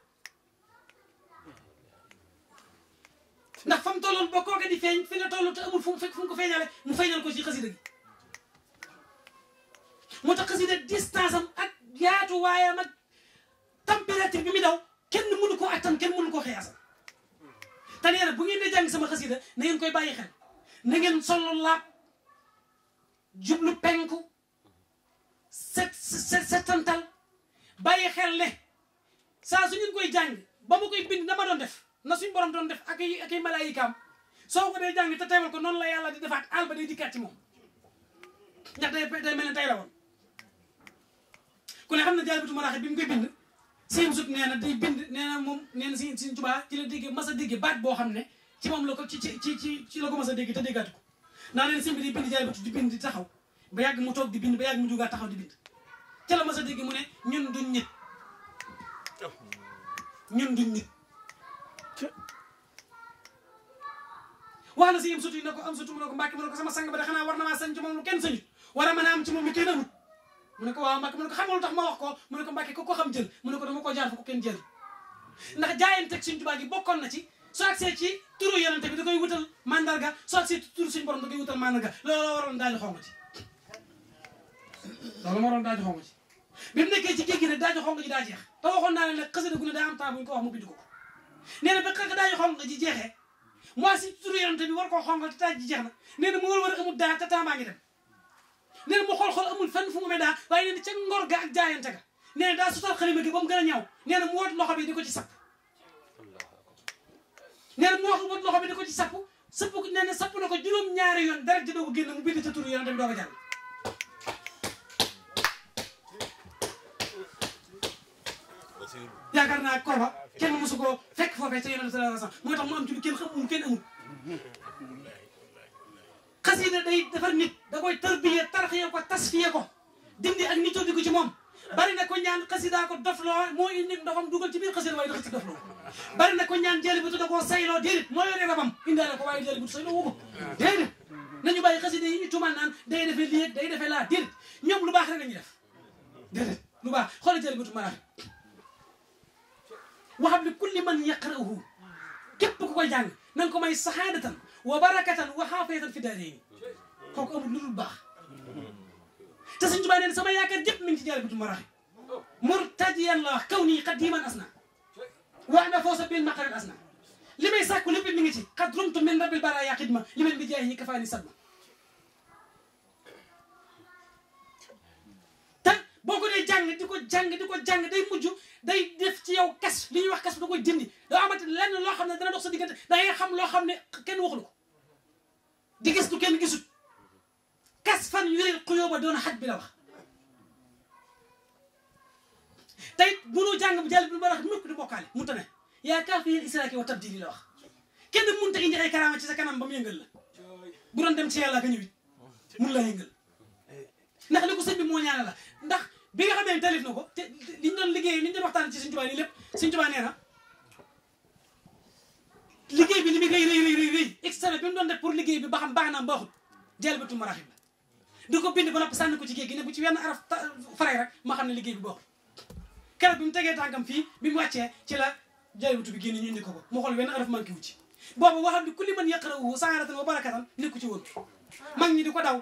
ndax fa mu tolloon ba di feeñ fi la toll te amul fu mu fekk fu mu ko feeñale mu feeñal ko ci xasida gi moo tax xasida distance ak yaatu waayam ak température bi muy daw kenn mënu koo attan kenn mënu ko xeyaasal te bu ngeen di jàng sama xasida na ngeen koy bàyyi xel na ngeen solo laab jublu penku set set setantal bàyyi xel ne saa su ngeen koy jàng ba ma koy bind na ma doon def na suñ borom doon def ak ay ak ay malaayikaam soo ko dee jàng te teewal ko noonu la yàlla di defaat àll ba day dikkaat ci moom ndax day day mel ne tey la ku ne xam ne jaay bitu maraax bi mu koy bind nee na day bind nee na moom nee si suñ tubaa ci la déggee mas a déggee baat boo xam ne ci moom la ko ci ci ci ci la ko mas a déggee te déggaatu ko ndax nee na sëñ bi day bind jaay bitu di bind di taxaw ba yàgg mu toog di bind ba yàgg mu jógaat taxaw di bind ca la mas sa déggee mu ne ñun duñ nit ñun duñ nit wax na si yem sutu na ko am sutu mu ko mbàkk mu ne ko sama sang ba de xanaa war na maa sañ ci kenn sañut war a mën a am ci moom xam nga ma wax ko mu ko mbàkk ko ko xam jël mu ne ko dama ko jaar fu ko kenn jël ndax jaayanteeg suñ tubaab gi bokkoon na ci soo agsee ci turu yonente bi da koy wutal mandarga soo agsee ci turu suñ borom da koy wutal mandarga looloo waroon daal di xonq ci loolu moo waroon daal di xonq ci bi mu nekkee ci géej gi nag daal di ji daa jeex te naa ne nag xasida gu ne daa am temps bu ñu ko wax mu bind ko nee na ba xëy jeexee mooy si turu yonante bi war ko xongal te taaj ji jeex na nee na mu war war amul daa te temps baa ngi dem nee mu xool-xool amul fenn fu daa waaye nee na ca ga ak jaayante ga nee na daa sutal xalima gi ba gën a ñaaw nee na mu wot loxo bi di ko ci sapp nee na mu wax wot loxo bi ko ci sapp sëpp nee na sapp na ko juróom-ñaari yoon dara ji doogu génn mu bind ca turu yonante ko jàll yaakaar naa koba kenn mosu koo fekk foofee ca yonent sallallahu alayhi wasallam mooy tax mu am ci lu kenn xamul kenn amul xasida day defar nit da koy tarbiye tarxiye ko tasfiye ko dindi ak nitoo dugg ci moom bari na ko ñaan xasida ko dofloo moo indi ndofam dugal ci biir xasida waaye dafa ci dofloo ko ñaan jëlibutu da koo sayloo déedéet moo yore rabam indaale ko waaye jëlibutu sayloo wu ko déedéet nañu bàyyi xasida yi ñu tumal day defee lii day defee laa déedéet ñoom lu baax rek la ñuy def déedéet lu baax xoolal jëlibutu maraax waxam ne kulli man yaqra'uhu képp ku koy jàng na nga ko may saxaadatan wa barakatan wa xaafiyatan fi daareeni kooku amul lu dul baax te Sëñ Tuubaa nee sama yaakaar jëpp mi ngi ci jaare bi du ma raxe murtadiyan la wax kaw nii qadiman asna wax na foo sa biir maqaran asna li may sàkku lépp mi ngi ci xad rumtu min rabbil bara ya xidma li mel bi jaay yi kafaani sadma boo ko dee jàng di ko jàng di ko jàng day mujj day def ci yow kas li ñuy wax kas da ko dindi da amati lenn loo xam ne dana dox sa diggante da ngay xam loo xam ne kenn waxul ko di gis lu kenn gisut kas fan yuril xuyóoba doon xaj bi la wax jàng bu jàll bi ba wax mukk di bokkaale mu tane yaa kaa fi yéen israaki wa tabdili la wax kenn mënut a indi ay karaama ci sa kanam ba mu yëngal la bu doon dem ci yàlla ka ñëwit mun la yëngal ndax li ko sëñ bi moo la ndax bi nga xam ne talif na ko te liñ doon liggéey liñ doon waxtaan ci Sëñ lépp Sëñ Tuubaa nee liggéey bi li muy rëy rëy rëy rëy extra bi mu de pour liggéey bi ba xam baax na baaxut jalbatu maraxib la di ko bind ba nopp sànni ko ci géej gi ne bu ci wenn araf faray rek ma xam ne liggéey bi baaxut keroog bi mu tegee tànkam fii bi mu wàccee ci la jalbatu bi génn ñu indi ko ko mu xool wenn araf manqué wu ci boobu waxam bi kulli man yaqra'uhu saaratan wa barakatan nekku ci woon mag ñi di ko daw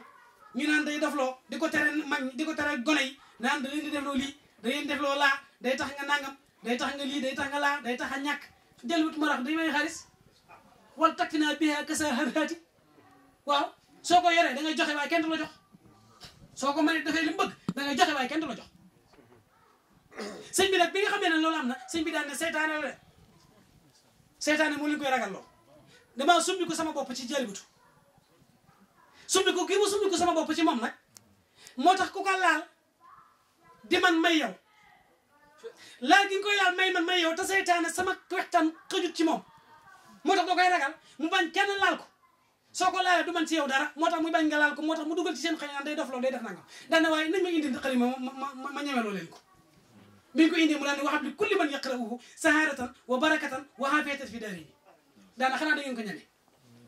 ñu naan day dofloo di ko tere mag ñi di ko tere gone yi naan da leen di def loo lii da laa day tax nga nangam day tax nga lii day tax nga laa day tax a ñàkk jalwut marax day di xaalis wal takki naa bihaa kasa xarxaati waaw soo ko yoree da ngay joxe waaye kenn du jox soo ko mënee dafay da ngay joxe waaye kenn du la jox sëñ bi bi nga xam ne loolu am na sëñ bi daan ne seytaane la de moo leen koy ragal loo damaa sumbi ko sama bopp ci jalwut sumbi ko kii mu sumbi ko sama bopp ci moom nag moo tax ku ko laal di man may yow laal gi ko koy laal may man may yow te seytaane sama wextaan xëjut ci moom moo tax da koy ragal mu bañ kenn laal ko soo ko laalee du man ci yow dara moo tax mu bañ nga laal ko moo tax mu dugal ci seen xëy naan day dof loolu def nangam daana waaye nañ ma indi xalima ma ma ma ñemeloo leen ko bi ñu ko indi mu daan ne waxab li kulli man yaqra'uhu saharatan wa barakatan wa hafiyatan fi dari daana xanaa da ngeen ko ñeme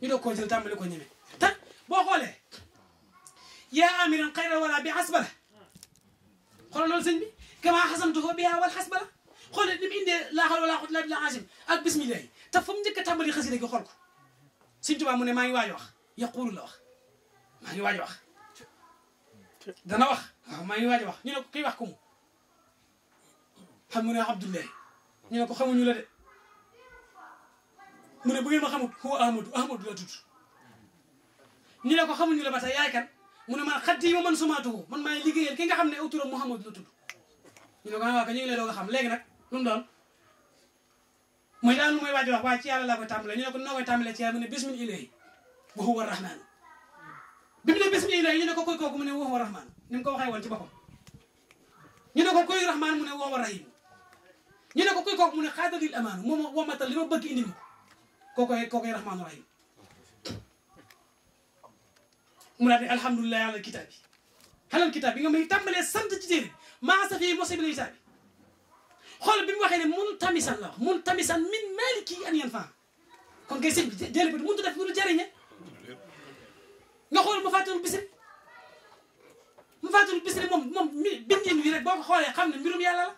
ñu doog continuer tàmbali ko ñeme te boo xoolee yaa amiran xayra bi asbala xoolal loolu sëñ bi kamaa xasamtuhu biyaa wal xasbala xool ni mu indee laa xawla wala quwwata illa billaahi azim ak bismillah yi te fa mu njëkk a tàmbali xasida gi ko sëñ Tuubaa mu ne maa ngi waaj wax yaquulu la wax maa ngi waaj wax dana wax maa ngi waaj wax ñu ne ko kiy wax ko mu ne Abdullahi ñu ne ko xamuñu la de mu ne bu ngeen ma xamut ko Ahmadu Ahmadu la tudd ñu ne ko xamuñu la ba tey yaay kan mu ne man xaj yi ma man sumaatuhu man maay liggéeyal ki nga xam ne aw turam Muhammad la tudd ñu ne ko ah, waa ko ñu doog a xam léegi nag lu mu doon mooy daan ah, lu mooy waaj wax waaye ci yàlla laa koy tàmbalee ñu ne ko noo koy tàmbalee ci yàlla mu ne bismil ilahi wa huwa rahmaan bi mu ne bismil ilahi ñu ne ko koy kooku mu ne wa huwa rahmaan ni mu ko ko koy mu ne wa huwa ko koy kooku mu ne xaadalil li ma bëgg indi ma ko kookoy kookoy rahim mu daal ne alhamdulilah alal kitaab yi alal kitaab bi nga may tàmbalee sant ci téere maa sa fi mosa bi yi xool bi mu waxee ne mun la wax mun tamisan min maliki an yan faa kon kay sëñ bi jëlee bi mënut a def lu jëriñe nga xool mu fàttali bisir mu fàttali bisir moom moom bindin wi rek boo ko xoolee xam ne mbirum yàlla la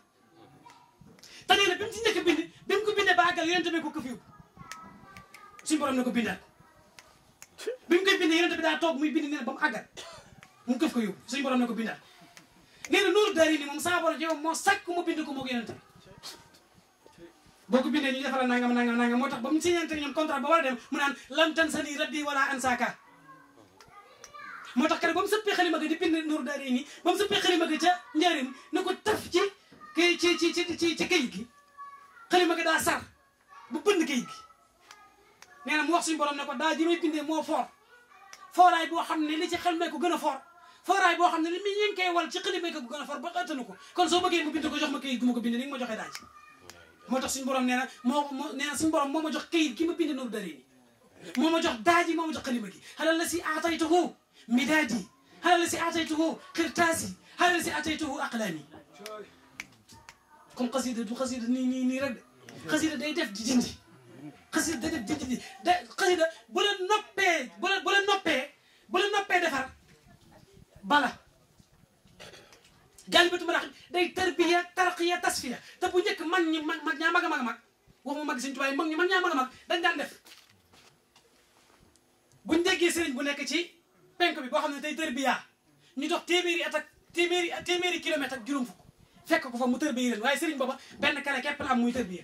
te nee na bi mu ci njëkk bind bi mu ko bindee ba àggal yonente bi ko bi mu koy bindee yonent bi daa toog muy bind neen ba mu àggal mu këf ko yóbbu suñu borom ne ko bindaat nee na Nuuru Daarayni moom saa borom ci moom moo sàkk mu bind ko moog yonent bi boo ko bindee ñu defal nangam nangam nangam moo tax ba mu signé ñoom contrat ba war a dem mu naan lan tan sani raddi wala moo tax kare ba mu sëppee xalima ga di bind Nuuru Daarayni ba mu sëppee xalima ga ca njaarim na ko ci ci ci ci ci gi xalima ga daa sar bu bënd kayit gi nee na mu wax suñu ne ko daa ji may bindee moo boo xam ne li ci xel mee ko gën a foor fooraay boo xam ne li muy ñu ngi koy wal ci xalima ko gën a foor ba ëttanu ko kon soo bëggee mu bind ko ni nga ma joxee daaj moo tax suñu borom nee na moo nee na suñu borom moo ma jox këyit gi ma bind noonu dari ni moo ma jox daaji moo ma jox xalima gi xalal la si aataytuhu midaadi xalal la si aataytuhu xirtaasi xalal la si aataytuhu aqlaami kon xasida du xasida nii day def di dindi xasida da def jijji ji da xasida bu la noppee bu la bu la noppee bu la noppee defar bala jàlibatu ma day tarbiya tarqiya tasfiya te bu njëkk mag ñi mag mag ñaa mag a mag a mag waxuma mag Sëriñ Tuubaa mag ñi mag mag dañ daan def buñ déggee sëriñ bu nekk ci penk bi boo xam ne tey tarbiya ñu dox téeméeri at ak téeméeri téeméeri kilomètre ak juróom fukk fekk ko fa mu tarbiya ren waaye sëriñ booba benn kare képp la muy tarbiya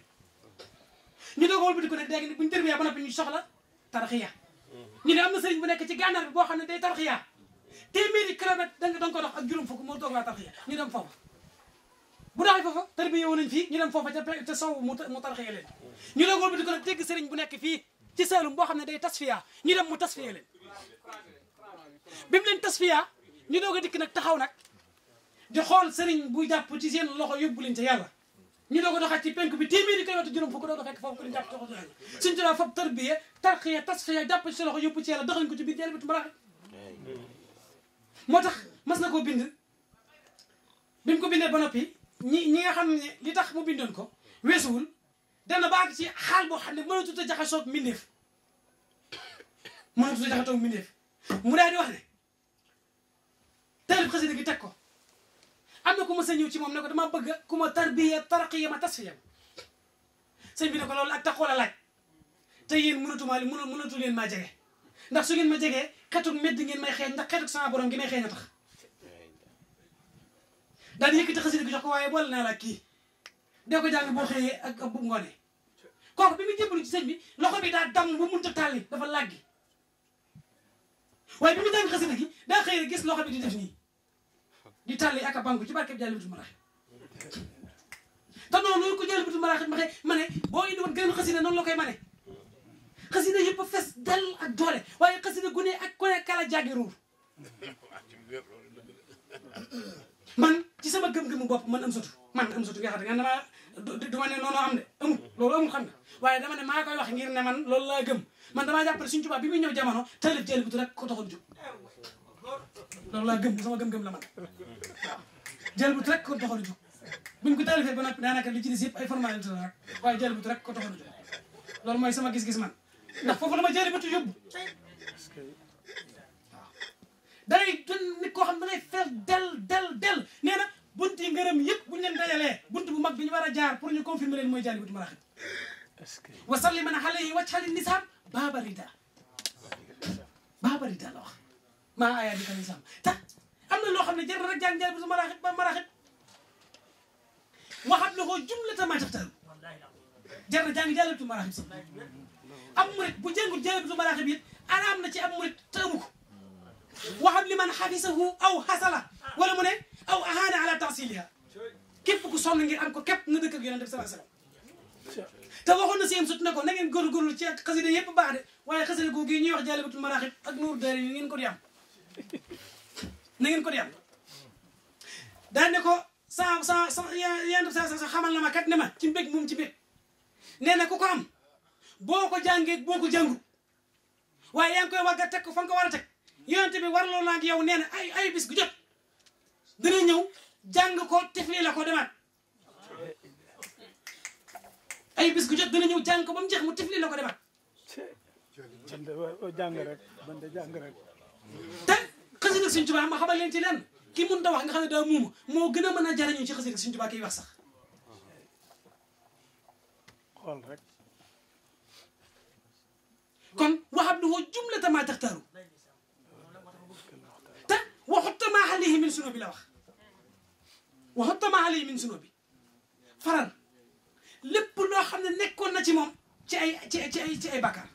ñu doog di ko nag léegi buñu tërbiya ba noppi ñu soxla tarxiya ñu ne am na sëriñ bu nekk ci gànnaar bi boo xam ne day tarxiya téeméeri kilomètre danga danga ko dox ak juróom fukk moo doog ñu dem foofa bu doxee foofa tërbiya woon nañ fii ñu dem foofa te sow mu tarxiya leen ñu doog bu nekk fii ci Saalum boo xam ne day tasfiya ñu dem mu tasfiya leen bi mu leen tasfiya ñu doog a dikk nag taxaw nag di xool sëriñ bu jàpp ci seen loxo yóbbu leen ca yàlla ñu doog a doxal ci penk bi téeméeri kilomètre juróom fukk doog a fekk foofu ko di jàpp ci loxo joxe suñ tolaa fab tarbiya tarxiya tasfiya jàpp ci sa loxo yóbbu ci yàlla doxañ ko ci biir jël bi tumbaraaxe moo tax mas na koo bind bi mu ko bindee ba noppi ñi ñi nga xam ne li tax mu bindoon ko weesuwul dana baag ci xaal boo xam ne mënatut a jaxasoo ak mbindeef mënatut a jaxasoo ak mbindeef mu daal di wax ne taalib xasida gi teg ko am na ko ma sa ñëw ci moom ne ko damaa bëgg ku ma tarbiya tarqiya ma tasfiya ma sëñ bi ne ko loolu ak taxoo la laaj te yéen mënatuma mënatu leen maa jege ndax su ngeen ma jegee xetuk medd ngeen may xeeñ ndax xetuk sama borom gi may xeeñ a tax daan yëkkati xasida gi jox waaye boole naa la kii dee ko jàng boo xëyee ak bu ngoonee kooku bi mu jébbalu ci sëñ bi loxo bi daa dam bu munta tàlli dafa làggi waaye bi muy jàng xasida gi daa xëy gis loxo bi di def nii di tàlli ak a banku ci barkeb Jaalibatul Maraaxib te noonu ko Jaalibatul Maraaxib ma ma ne boo indi woon gën xasida noonu la koy mane xasida yëpp a fes dal ak doole waaye xasida gu ne ak ku ne kala jàggi ruur man ci sama gëm-gëmu bopp man am sotu man am sotu nga xam ne nga dama du ma noonu am de amul loolu amul xam nga waaye dama ne maa koy wax ngir ne man loolu laa gëm man damaa jàpp ne suñ tubaab bi muy ñëw jamono taalib Jaalibatul rek ko taxoon jóg loolu laa gëm sama gëm-gëm la man waaw jël but rek ko doxalu jóg buñ ko taalifee ba noppi daanaka li ci des yëpp ay formalité la rek waaye jël but ko doxalu jóg loolu mooy sama gis-gis man ndax foofu la ma jël but yóbbu waaw day doon nit koo xam ne day fel del del del nee na bunti gërëm yëpp buñ leen dajalee bunt bu mag bi ñu war a jaar pour ñu confirmer leen mooy jël but maraaxit yi man alayhi wajhali nisaab baabarida baabarida la wax maa ayaa di kan sam tax am na loo xam ne jar na rek jàng jàng bi su maraaxit ba maraaxit waxat la ko jumlata maa taxtal jar na jàng jàllab tu maraaxit si am murit bu jàngul jàllab tu maraaxit it araam na ci am murit te amu ko waxam li man xafisahu aw xasala wala mu ne aw ahaana ala taasiliha képp ku sonn ngir am ko képp nga dëkk ak yonent bi sallallahu alayhi wasallam te waxoon na si yéen sut ne ko na ngeen góorgóorlu ci xasida yëpp baax de waaye xasida googu yi ñuy wax jàllabatul maraaxib ak nuur daari yi ngeen ko di am na ngeen ko di am daan ne ko sa sa sa yenn sa sa xamal na ma kat ne ma ci mbég moom ci mbég nee na ku ko am boo ko jàngee boo ko jàngu waaye yaa ngi koy war nga teg ko fa nga ko war a teg yonent bi warloo naa ak yow nee na ay ay bis gu jot dina ñëw jàng ko tefli la ko demaat ay bis gu jot dina ñëw jàng ko ba mu jeex mu tefli la ko demaat. jàng rek man de jàng rek. te xasida Sëñ Tuubaa ma xamal leen ci lenn ki mun ta wax nga xam ne daa muuma moo gën a mën a jariñu ci xasida Sëñ Tuubaa kiy wax sax xool rek kon waxab lu woo jumlata maa taxtaaru te waxut tamaa alayhi min sunu bi la wax waxut tamaa alayhi min sunu bi faral lépp loo xam ne nekkoon na ci moom ci ay ci ay ci ay bàkkaar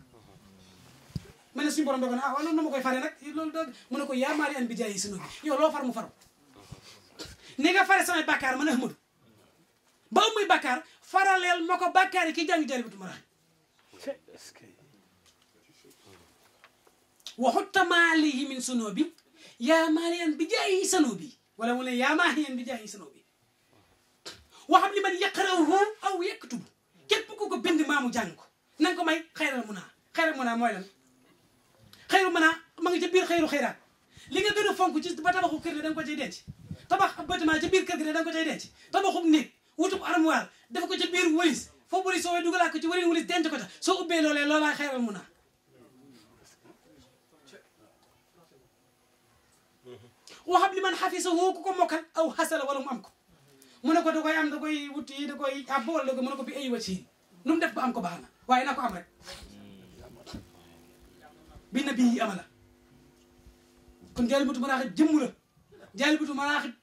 ma ne suñu borom dogal na ah waaw noonu na ma koy nag loolu da ko yaa maari an bi jaay sunu yow loo far mu faru ni nga fare samay bàkkaar man Ahmadu ba muy bàkkaar faraleel ma ko bàkkaar yi ki bi yaa maari an bi jaay sanoo bi wala mu ne yaa maari an bi jaay sanoo bi waxam li man yaqrahu aw yaktubu képp ku ko bind maamu jàng ko na ko may xayral mu naa xayral lan xëyru mën a ma ngi ca biir xëyru xëyraat li nga gën a fonk ci ba tabaxu kër gi da nga ko cay denc tabax ab bâtiment ca biir kër gi ne da ko cay denc tabaxub néeg wutub def ko ca biir wëlis foofu wëlis soo dugalaat ko ci wërin wëlis denc ko ca soo ubbee loolee loolaa xëyral mën a waxam li man xafisahu ku ko mokkal aw xasala wala mu am ko mu ne ko da koy am da koy wut yi da koy àbb wala da ko mu ne ko bi ay wacc yi nu mu def ba am ko baax na waaye naa ko am rek bi nabi yi amala kon jaalibatu maraaxit jëmm la jaalibatu maraaxit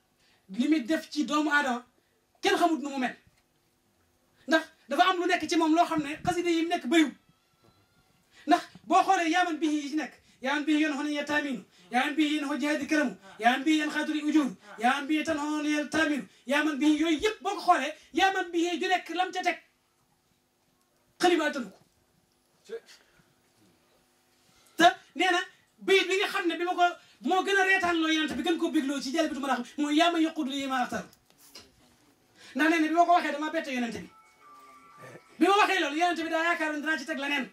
li muy def ci doomu aadama kenn xamut nu mu mel ndax dafa am lu nekk ci moom loo xam ne xasida yi nekk bëriwul ndax boo xoolee yaaman bi yi ci nekk yaaman bi yoon xone ya taaminu yaaman bi yéen xo jihaadi këramu yaaman bi yéen xaaturi ujur yaaman bi tan xon ya taaminu yaaman bi yooyu yëpp boo ko xoolee yaaman bi ju nekk lam ca teg xëlimaa tënku nee na bayit bi nga xam ne bi ma ko moo gën a reetaan loo yonent bi gën koo bégloo ci jël bi du mën a xam mooy yaa li ma axtar ndax nee na bi ma ko waxee dama bette yonent bi bi ma waxee loolu bi daa yaakaar ne dinaa teg leneen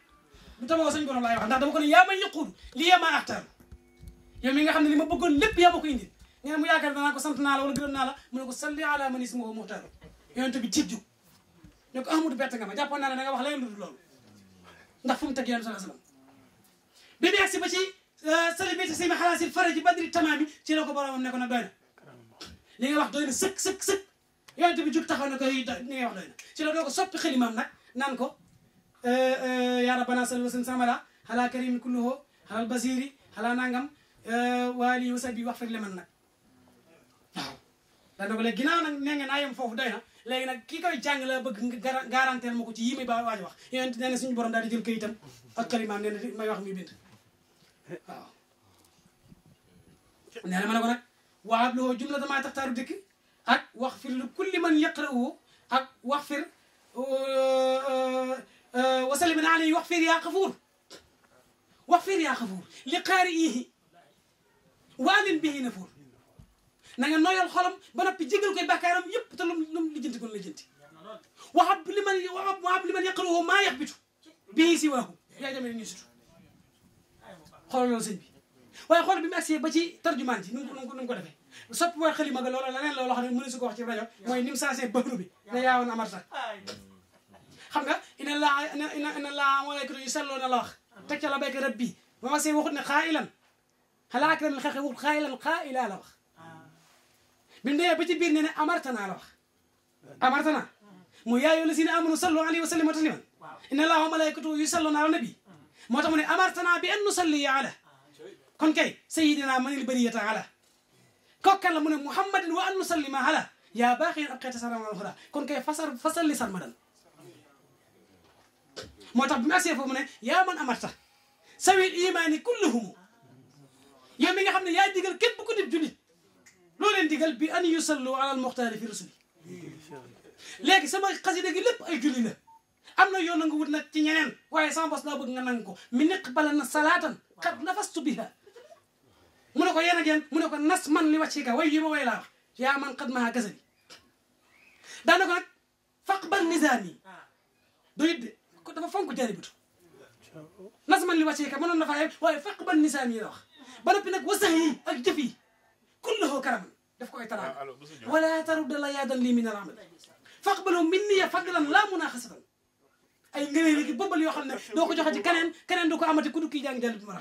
bu taboo sañ borom laay wax ndax dama ko ne yaa ma yëquud li yema mi nga xam ne li ma bëggoon lépp yaa ma ko indi nee na mu yaakaar danaa ko sant naa la wala gërëm naa la mu ne ko salli ala man ismuhu muxtar bi jiit ju ne ko ahmadu bett nga ma jàppoon naa ne da nga wax leneen lu dul loolu ndax fu mu teg yonent sallallahu alayhi bi mu agsi ba ci sali bi si xalaasil faraji badri tamaami ci la ko boromam ne ko na doy na li nga wax doy na sëkk sëkk sëkk yonent bi jug taxaw na ko li nga wax doy ci la doo ko soppi xëlimaam naan ko euh, euh, yaa rabbana sal wasan samala xalaa karim kulluhoo xalal basiri xalaa nangam euh, waali wasa bi wax fekk leman nag waaw dana ko léegi ginnaaw nag nee nga naa na yi na suñu borom daal di jël këyitam ak xëlimaam nee may wax muy bind waaw nee na ma ne ko nag waxab loo jumla damaa taxtaaru dëkk ak wax fir lu kulli man yaqra'u ak wax fir uh, uh, uh, wasalimin alayhi wax fir yaa xafuur wax fir yaa xafuur li qaari'ihi waanin bihi nafuur na nga nooyal xolam ba noppi jégal koy bàkkaaram yëpp te lum lum lijjanti kon lijjanti waxab li man waxab waxab li man yaqra'u maa yaxbitu bihi siwaahu yaa jamee ñu sutu xoolal loolu sëñ bi xool bi mu agsee ba ci tarjumaan ji nu mu ko nu mu ko defee soppi mooy xalima ga loola leneen loolu xam ne mënu wax ci rajo mooy ni mu changé bëru bi ne yaawoon amar sax xam nga ina laa ina laa malaykatu yu selloo na la wax teg ca la béykat rab bii ba ma see waxut ne xaa ilan xalaa kiram xexe waxut xaa ilan xaa la wax bi mu demee ba ci biir ne ne amartanaa la wax amartanaa mu yaayoo la si ne amanu sallu moo tax mu ne amartana bi an nusalli ala kon kay sayidina manil bariyata ala kokkan la mu ne muhammadin wa an nusallima ala yaa baaxin ab xeeta saram alxura kon kay fasar fasal li sarmadan moo tax bi mu agsee foofu mu ne yaa man amarta sawil imaani kulluhumu yow mi nga xam ne yaa digal képp ku dib julit loo leen digal bi an yusallu ala almuxtaari fi rusuli léegi sama xasida gi lépp ay julli la am na yoo nga wut na ci ñeneen waaye sama bos laa bëgg nga nangu ko mi nekk bala na salaatan xat nafastu biha mu ne ko yéen ak yéen mu ne ko nas man li wàcci ka way yi ma way laa wax yaa man xat maa gasali daana ko nag faq bal nisaane yi ah. du it de ko dafa fonk jaaributu nas man li wàcci na faa waaye faq bal nisaane yi wax ba noppi nag wasax yi ak jëf yi kullahu karaman daf koy taraanga ah, wala tarudda la yaadan lii min al amal faqbalu minni fadlan laa munaaxasatan ay ngëneel ki bëbbal yoo xam ne doo ko joxe ci keneen keneen du ko amati ku du kii jàng jàll bi ma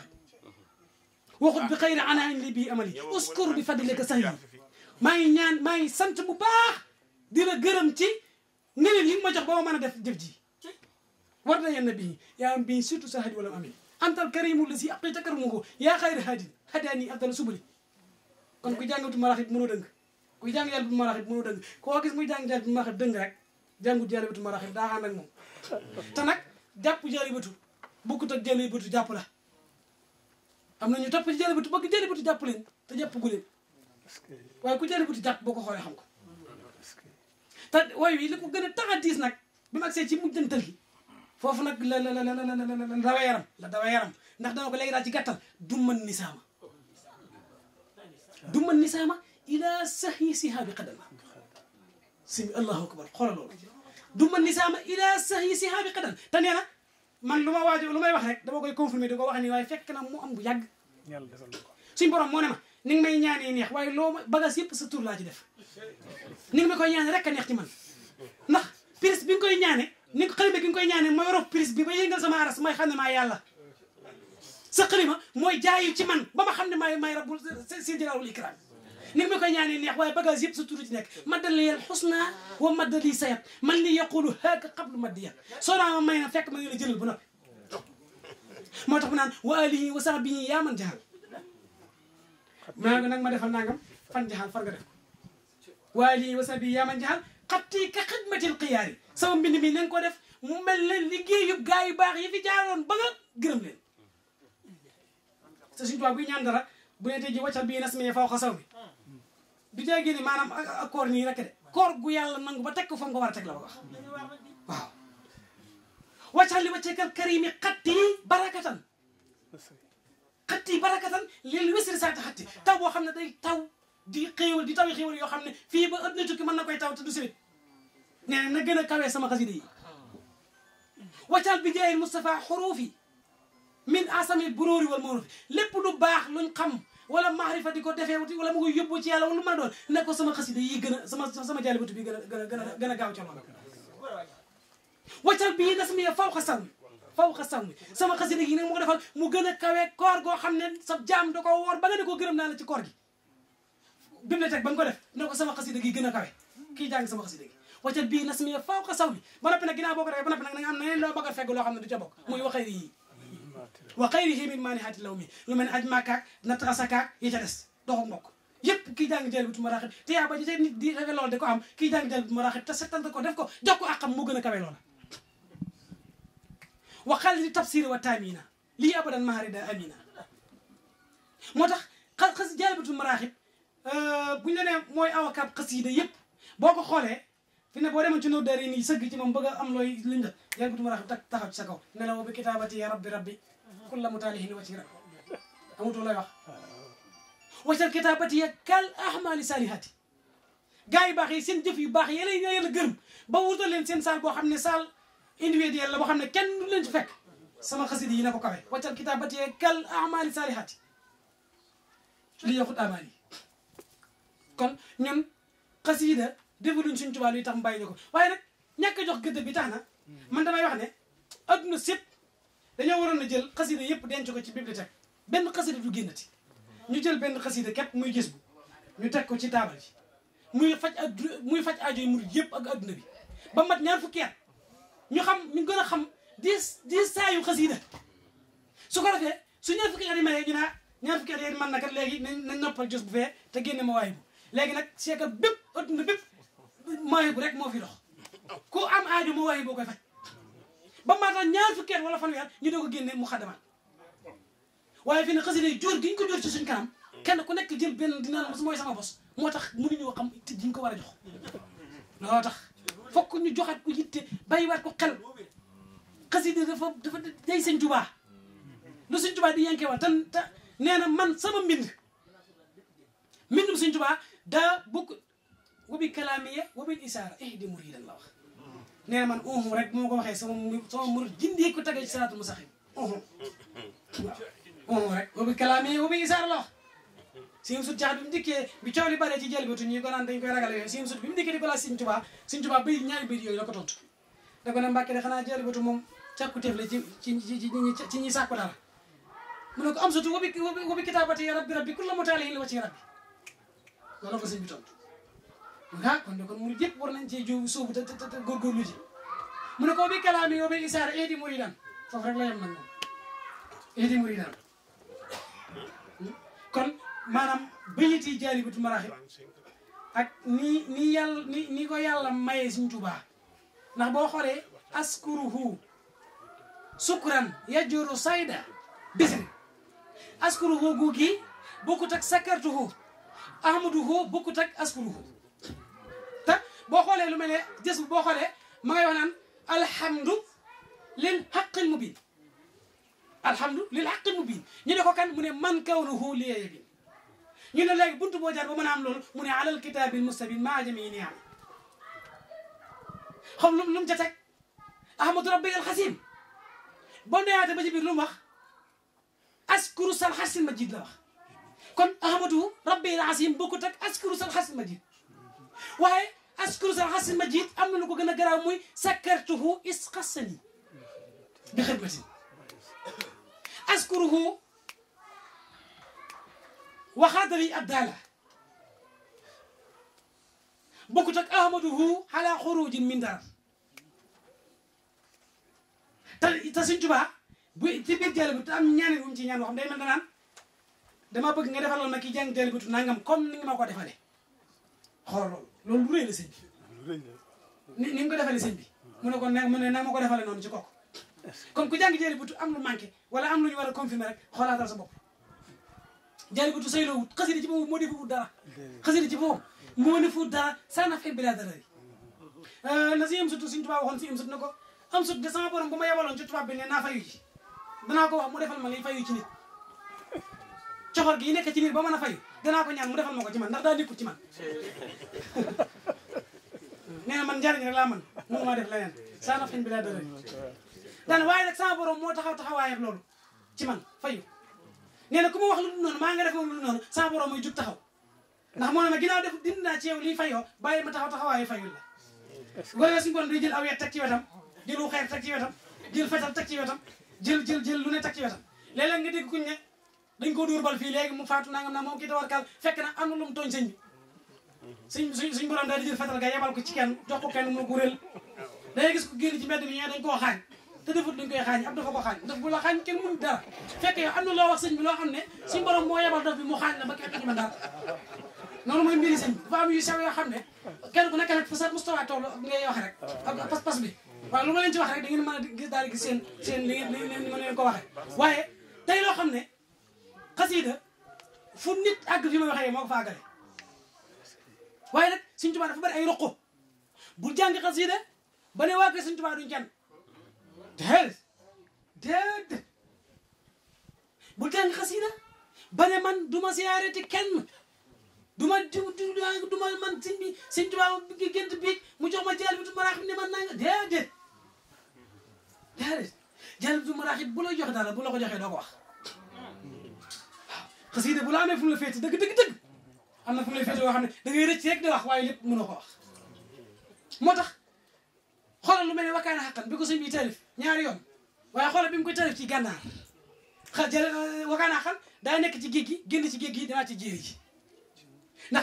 waxut bi xëy na ana añ li bii amali uskur bi fadlika sax yi maa ngi ñaan maa ngi sant bu baax di la gërëm ci ngëneel yi ma jox ba ma mën a def jëf ji war na yenn bii yaa am bii surtout sa hadi wala am amee antal karimu la si aqi ta karamu ko yaa xayri haadi hadaani abdala subali kon ku jàngatu maraxib mënoo dëng ku jàng jàll bi maraxib mënoo dëng koo gis muy jàng jàll bi maraxib dëng rek jàngut jàll bi maraxib ak moom te nag jàpp jëli bëtu bukkut ak jëli bëtu jàpp la am na ñu topp ci jëli bëtu bëgg jëli jàpp leen te jàpp gu leen waaye ku jëli bëtu jàpp boo ko xoolee xam ko ta wooy wi li ko gën a tax a nag bi mu agsee ci mujjantal gi foofu nag la la la la la dawa yaram la dawa yaram ndax dama ko léegi daal ci gàttal du mën nisaama du mën nisaama ilaa sax yi si haabi xadama simi allahu akbar xoola loolu du ma nisaama ila sax yi si xaabi xadan te nee na man lu ma waajo lu may wax rek dama koy confirmer di ko wax ni waaye fekk na mu am bu yàgg suñ borom moo ne ma ni nga may ñaanee neex waaye loo ma bagage yëpp sa tur laa ci def ni nga ma koy ñaane rek a neex ci man ndax prise bi nga koy ñaane ni nga xalima gi nga koy ñaane mooy rof prise bi ba yëngal sama aras may xam ne maa yàlla sa xalima mooy jaayu ci man ba ma xam ne maay maay rabbul si jëlawul ikram ni nga ma koy ñaanee neex waaye bagage yëpp turu ci nekk maddal yel xusna wa maddali sayat man li yaqulu haaka xablu maddiya soo naa ma may na fekk ma ngi la jëlal bu noppi moo tax mu naan wa alihi wa sahbihi yaa man jaxal maa ngi nag ma defal nangam fan jaxal far nga def ko wa alihi wa sahbihi yaa man jaxal xatti ka xidmatil xiyaar yi sama mbind mi na ko def mu mel ne liggéey yëpp yu baax yi fi jaaroon ba nga gërëm leen te suñu tubaab buy ñaan dara bu ne tey ji waccal bii nas mee faw xasaw mi du jaagee ni maanaam ak koor nii rek de koor gu yàlla nangu ba teg ko fa nga ko war a teg la wax waaw waccax li wacceekal karimi xatti barakatan xatti barakatan lil wisri saati xatti taw boo xam ne day taw di xéewal di taw yi xéewal yoo xam ne fii ba ëpp tukki mën na koy taw te du sewit ne na na gën a kawee sama xasida yi waccal bi jaayil Moustapha xuruufi min asami buróori wal maruufi lépp lu baax luñ xam wala maarifa di ko defee wuti wala mu koy yóbbu ci yàlla wala lu ma doon ne ko sama xasida yi gën a sama sama jaalibatu bi gën a gën a gën a a gaaw ca loolu waccal bii das mi fawxa salmi fawxa salmi sama xasida yi nag mu ko defal mu gën a kawee koor goo xam ne sa jaam da ko woor ba nga ne ko gërëm naa la ci koor gi bibliothèque ba nga ko def ne ko sama xasida gi gën a kawe kii jàng sama xasida gi waccal bii nas mi fawxa salmi ba noppi nag ginnaaw boo ko defee ba noppi nag loo bëgg a fegg loo xam ne du ca muy waxee yi wa xayrihi min maanihaati law mi lu mel ne aj màkkaak natrasa kaak yi ca des doxu mbokk yëpp kii jàng jël bitu maraaxib te yaa ba jite nit di refe lool di ko am kii jàng jël bitu maraaxib te ko def ko jox ko àqam moo gën a kawe loola wa xalidi tafsiri wa taamina lii abadan maharida amina moo tax xa xas jël bitu maraaxib euh, bu ñu la nee mooy awakaab xasida yëpp boo ko xoolee fi ne boo demoon ci noor dari nii sëgg ci moom bëgg am looy liñ la jël bitu maraaxib taxaw sa kaw nelaw bi kitaabati ya rabbi rabbi kun la mu taalihin wacira amutu lay wax wacal kitaabati ya kal ahmali salihati gars baax yi seen jëf yu baax yéena yàlla gërëm ba wutal leen seen saal boo xam ne saal individuel la boo xam ne kenn du leen ci fekk sama xasida yi na ko kawe waccal kitaabati ya kal ahmali salihati li yoxut amaal yi kon ñun xasida defaluñ suñ tubaab yi tax mu ñu ko waaye nag ñàkk jox gëdd bi tax na man damay wax ne adduna sépp dañoo waroon a jël xasida yëpp denc ko ci bibliothèque benn xasida du génnati ñu jël benn xasida képp muy gis bu ñu teg ko ci taabal ji muy faj ad muy faj aajo yi murid ak adduna bi ba mat ñaar fukki at ñu xam ñu gën a xam dix dix saa yu xasida su ko defee su ñaar fukki at yi maye ñu naa ah, ñaar fukki at yi man na kat léegi nañ nañ noppal jos bu fee te génne ma waaye bu léegi nag seekal bépp adduna bépp maaye bu rek moo fi dox ko am aajo ma waaye boo koy faj ba maanaam ñaar fukki at wala fanweer ñu doog a génne mu xadamaat waaye fi ne xasida yi jóor gi ñu ko jóor ci suñ kanam kenn ku nekk jël benn dinaan mos mooy sama bos moo tax mënuñoo xam itte ji ñu ko war a jox looloo tax fokk ñu joxaat ko bay waat ko xel xasida dafa dafa day sëñ Tuubaa lu sëñ Tuubaa di yenkee wa tan te nee na man sama mbind mbindum sëñ Tuubaa daa bokk wabi kalaamiya wabil isaara ihdi muridan la wax nee man uhum rek moo ko waxee sama sama murid jindee ko tegee ci salaatul mustaqiim uhum waaw uhum rek boobu kalaam yi boobu isaar la wax sim bi mu dikkee bi coow li bare ci bi tu ñi ko naan dañ koy ragal yooyu sim sut bi mu dikkee di balaa Sëñ Tuubaa Sëñ Tuubaa la ko tontu da ko ne Mbàkke de xanaa jël bi la ci ci ci ñi ko am sutu wabi wabi kitaabati ya rabbi rabbi kulla mutaali yi li wa rabbi loolu ko sëñ bi tontu ah kon de kon wor yëpp war nañ cee jiw sóobu te te te mu ne ko bi kalaami yow bi isaar eedi muridan foofu rek la yem nag moom eedi muridan hmm? kon maanaam bayit yi jaalibatul maraaxib ak nii nii yàlla ni ni ko yàlla mayee suñ tubaa ndax boo xoolee askuruhu sukran yajuru sayda bisri askuruhu guugi bokkut ak sakartuhu ahmaduhu bokkut ak askuruhu boo xoolee lu mel ne jës bu boo xoolee ma ngay wax naan alhamdu lil haqqil mubin alhamdu lil haqqil mubin ñu ne ko kan mu ne man kawnuhu li yabin ñu ne léegi buntu boo jaar ba mën a am loolu mu ne alal kitaabil mustabin maa jami ni am xam lu lu mu ca teg ahmadu rabbi al xasim boo neyaate ba ci biir lu mu wax askuru sal xasin majid la wax kon ahmadu rabbi al xasim bokkut ak askuru sal xasin majid waaye askuru sa xasin majid am na lu ko gën a garaaw muy sakkartuhu isqasani bi xidmatin askuruhu waxaadali abdaala bokkut ak ahmaduhu ala xurujin min dar te te suñ tubaa bu ci biir jële bi te am ñaanit ci ñaan boo xam day mel dama bëgg nga defaloon na ki jàng jële bi tu nangam comme ni nga ma defale xool loolu lu rëy la sëñ bi ni ni ko defalee sëñ bi mu ne ko ne mu ne ma ko defalee noonu ci kooku kon ku jàng jëli butu am lu manqué wala am lu ñu war a confirmer rek xoolaatal sa bopp jëli butu say loo wut xasida ci boobu moo di wut dara xasida ci boobu moo defu wut dara saa na fay bilaa dara yi la si am sut suñ tubaab waxoon si am sut na ko am sut de sama borom bu ma yebaloon ci tubaab bi ne naa fayu ji danaa ko wax mu defal ma lay fayu ci nit coxor gi nekk ci nit ba mën a fayu danaa ko ñaan mu defal ma ko ci man ndax daa nekkul ci man nee na man njariñ rek laa mën mënu maa def leneen saa naf bi laa dara daana waaye nag sama moo taxaw taxawaayam loolu ci man fayu nee na wax lu dul noonu maa nga def moom lu noonu sama borom mooy jug taxaw ndax moo ne ma ginnaaw def dindi naa ci yow lii fayoo bàyyi ma taxaw taxawaayu fayul la goyoo suñu borom day jël aw yet teg ci wetam jël wu xeer teg ci wetam jël fetal teg jël lu ne teg ci nga dégg kuñ ne dañ ko dóor bal fii léegi mu faatu nangam naa moom kii tawarkaal fekk na am na lu mu tooñ sëñ bi suñ suñ suñ borom daal di jël fetal ga yebal ko ci kenn jox ko kenn mu guréel dangay gis ko génn ci mbedd mi ñee dañ koo xaañ te defut dañ koy xaañ ab dafa ko xaañ daf bu la xaañ kenn mënu dara fekk yow am na loo wax sëñ bi loo xam ne suñ borom moo yebal daf bi mu xaañ la ba kenn ci mën dara noonu mooy mbiri sëñ bi dafa am yu sew yoo xam ne kenn ku nekk nag fa sa Moustapha toll ngay wax rek ak pas-pas bi waaw lu ma leen ci wax rek da ngeen mën a gis daal di gis seen seen li ngeen li ngeen mën leen ko waxee waaye tey loo xam ne xasiida fu nit àgg fi may waxee moo ko fa àggale waaye nag suñ tubaa dafa bari ay roqu bu jàng xasiida ba waa kër suñ tubaa kenn déedéet déedéet bu jàng xasiida ba man duma ma ti kenn ma du du ma man sëñ bi sëñ tubaa mu jox ma jaal bi du maraax bi ne man naa nga déedéet déedéet jaal bi du maraax bu la joxe dara bu ko joxee doo wax xasida bu laa ne fu mu la féete dëgg dëgg dëgg am na fu mu la féete yoo rek di wax waaye ko moo tax xoolal lu mel ne wakkaana xaqan bi ko sëñ bi taalif ñaari yoon waaye xoolal bi mu ko taalif ci gànnaar xa jël euh, wakkaana xaqan daa nekk ci géej gi génn ci géej gi demaat ci jéeri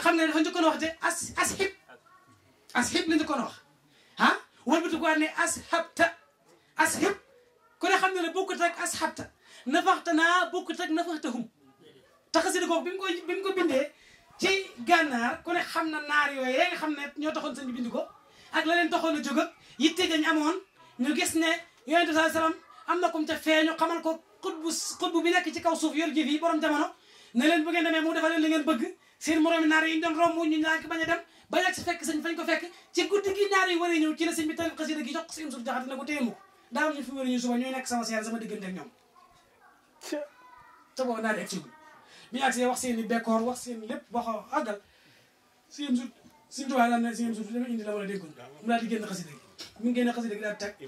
xam nga dafa njëkkoon wax te as as xib as xib la njëkkoon wax ah ko ne as xabta as xib ku ne xam ne ne bokkut ak as xabta nafaxta naa bokkut ak nafaxta hum tax xasida googu bi ko bi mu ko bindee ci gànnaar ku ne xam na naar yooyu nga xam ne ñoo taxoon sëñ bi bind ko ak la leen taxoon a jóg ak yitte gañ amoon ñu gis ne yonent bi na kum ca feeñu xamal ko xutbu xutbu bi nekk ci kaw suuf yor jëf yi borom jamono ne leen bu ngeen demee mu defal leen li ko fekk ci guddi gi yi waree ñëw ci la sëñ bi tan xasida gi jox seen sama seer ñoom te boobu naar yi ak bi ñu agsee wax seen i décor wax seen lépp wax a àggal sixième jour suñu tubaab daan ne sixième jour dama indi la wala si mu daal di génn xasida gi mu ngi génne xasida gi daal teg bi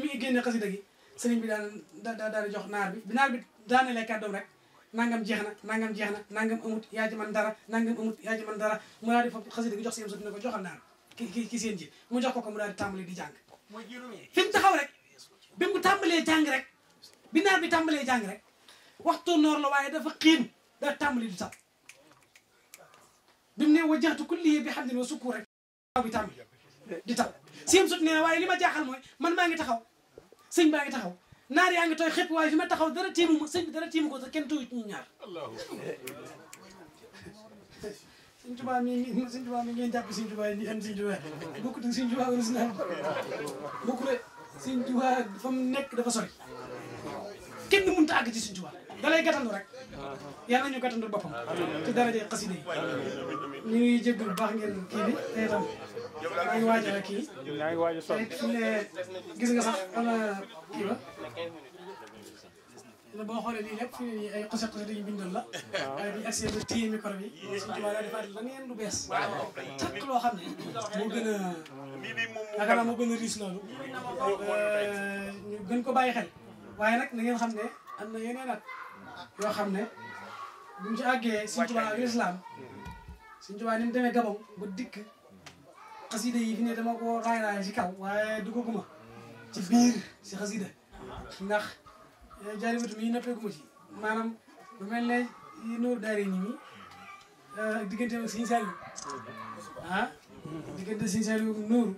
mu ngi génne xasida gi sëriñ bi daan da daal di jox bi bi naar bi rek nangam jeex na nangam jeex na nangam amut yaa man dara nangam amut man dara mu daal di fab xasida jox sixième jour ne ko joxal naar ki ki ki seen ji mu jox ko ko mu daal di tàmbali di jàng fi mu taxaw rek bi mu tàmbalee jàng rek bi naar bi tàmbalee jàng rek waxtu noor la waaye dafa xiin da tàmbali du sax bi mu ne wajaxtu kulli bi xam ne wa sukkur rek bi tàmbali di taw siim sut nee waaye li ma jaaxal mooy man maa ngi taxaw sëñ baa ngi taxaw naar yaa ngi tooy xëpp waaye fi ma taxaw dara tiimu ma sëñ ko te kenn tooyut ñu ñaar sëñ Tuubaa mi sëñ Tuubaa mi ngeen jàpp sëñ Tuubaa yi ni am sëñ Tuubaa bokku te sëñ fa mu nekk dafa sori kenn mënut a àgg ci sëñ dalay gàttandu rek yàlla nañu gàttandu boppam ci daraje xasida yi ñu ngi jégalu bu ngeen kii bi te itam maa ngi waajal ak kii te ne gis nga sax am kii ba ne boo xoolee lii lépp fii ay xose xose dañu bindal la waaye bi accès ba téye micro bi suñ ci wàllu defaat la ngeen du bees a yaakaar naa a ñu gën ko bàyyi xel waaye nag na ngeen xam ne am na yeneen at yoo xam ne buñ ci àggee Sëñ Tuubaa ak lislaam Sëñ ni mu demee ba dikk xasida yi fi ne dama ko raay raay ci kaw waaye duggaguma ci biir si xasida ndax eh, jaaribatu mi nappeeguma ci maanaam lu mel ne yi nóor daare ni mi eh, diggante ak Sëñ Saliou ah diggante Sëñ Saliou ak Nuuru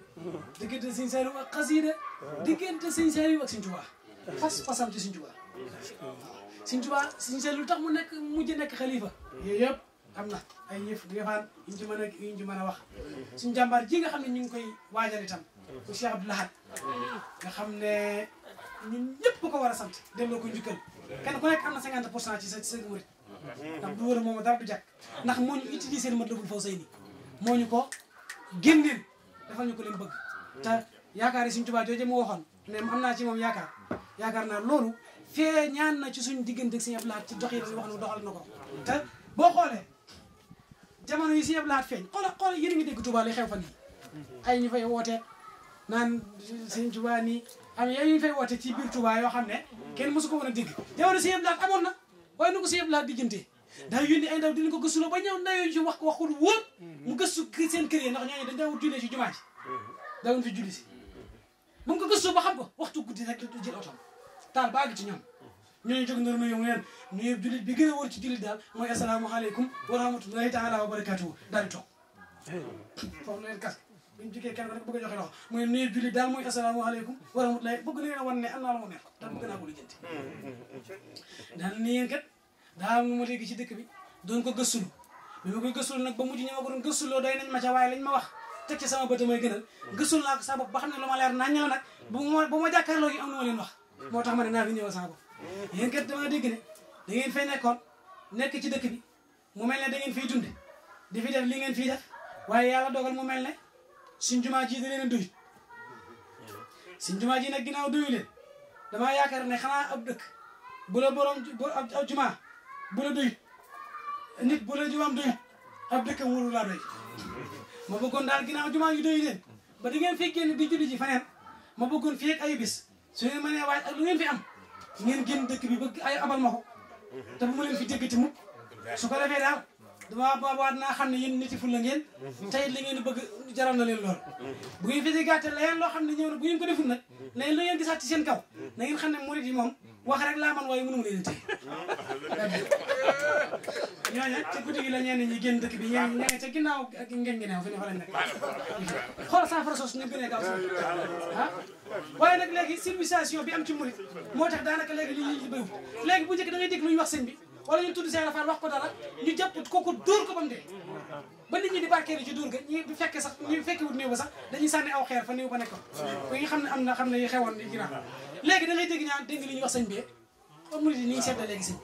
diggante Sëñ Saliou ak xasida diggante Sëñ Saliou ak Sëñ Tuubaa fas fasam ci Sëñ Tuubaa Sëñ Tuubaa Sëñ Seex lu tax mu nekk mujj nekk xalifa yooyu yëpp am na ay yëf yëfaan yuñ a yuñ ci mën a wax suñ jàmbaar ji nga xam ne ñu ngi koy waajal itam bu Cheikh Abdou nga xam ne ñun ñëpp ko war a sant delloo ko njukkal kenn ku nekk am na cinquante pour cent ci sa sa murit ndax du wër moom dara du jàkk ndax moo ñu seen mat lagul faw say ni moo ñu ko génneel defal ñu ko leen bëgg te yaakaar yi Sëñ Tuubaa jooje mu waxoon ne am naa ci moom yaakaar yaakaar naa loolu fee ñaan na ci suñu diggante Sëñ Abdu Lahat ci dox yi dañuy wax ne doxal na ko te boo xoolee jamono yi Sëñ Abdu Lahat feeñ xoola xoola yéen a ngi dégg Touba li xew yi ay ñu fay woote naan Sëñ Touba nii am yooyu ñu fay woote ci biir yoo xam ne kenn mosu ko mën a dégg jamono Sëñ Abdu Lahat amoon na waaye nu ko Sëñ Abdu Lahat diggante daa yónni ay ndaw dinañ ko gëstu ba ñëw ndayooñu ci wax waxul wóor mu gëstu seen kër yi ndax ñooñu dañ daawul ci jumaa ji daawul fi si mu ko gëstu ba xam ko waxtu guddi rek jël otom taal ba àgg ci ñoom ñooñu jóg ndar nuyu ngeen nuyu jullit bi gën a wóor ci jullit daal mooy asalaamaaleykum wa rahmatullahi a joxe loxo mu wa rahmatullahi bëgg a ma mer daal bëgg naa ko lijjanti daal ni yéen kat daa am ma bi doon ko gëstulu bi ma koy gëstulu nag ba mujj ñi ma ko doon gëstuloo doy nañ ma ca waaye lañ ma wax teg ci sama bët may gënal gëstul naa ko sa ba xam ne lu ma leer nañ la nag bu ma bu ma jàkkaarloo yi am na leen wax moo tax ma ne naa fi ñëwal sama bopp yéen kat damaa dégg ne da ngeen fay nekkoon nekk ci dëkk bi mu mel ne da ngeen fiy dunde di def li ngeen fiy def waaye yàlla dogal mu mel ne suñ jumaa ji da leen a doy ji nag ginnaaw doyu damaa yaakaar ne xanaa ab dëkk bu la borom ab jumaa bu la doyut nit bu la jumaam doyut ab dëkk wóolu laa doy ma bëggoon daal ginnaaw jumaa yu doyu leen ba di ngeen fi génn di julli ji faneen ma bëggoon fii ay bis su ngeen mënee waaj ak lu ngeen fi am ngeen génn dëkk bi bëgg ay amal ma ko te bu ma leen fi déggati mukk su ko defee daal dama boobaat naa xam ne yéen nit yi ful la ngeen tey li ngeen bëgg jaral na leen lool bu ngeen fi gàtte la yeen loo xam ne ñëw na bu ngeen ko deful nag na gisaat seen kaw na ngeen xam ne murit yi moom wax rek laa man waaye mënu ma leen tey ñooñu ci guddi gi la ñenn ñi génn dëkk bi ñenn ña nga ca ginnaaw ak ngeen ginnaaw fi ñu fa lañ nekk xool saafara sos ñu gënee gaaw sax ah waaye nag léegi civilisation bi am ci murit moo tax daanaka léegi li ñuy bëriwul léegi bu njëkk da ngay dégg lu ñu wax sëñ bi wala ñu tudd Cheikh Rafal wax ko dara ñu jàpp kooku dóor ko ba mu dee ba nit ñi di barkeelu ci dóor ga ñi bu fekkee sax ñu fekkewut néew ba sax dañuy sànni aw xeer fa néew ba nekkoon ko ñu xam ne am na xam ne xewoon ginnaaw léegi da dégg ñaan dégg li ñuy wax sëñ bi kon murid yi ni ñu sedd léegi sëñ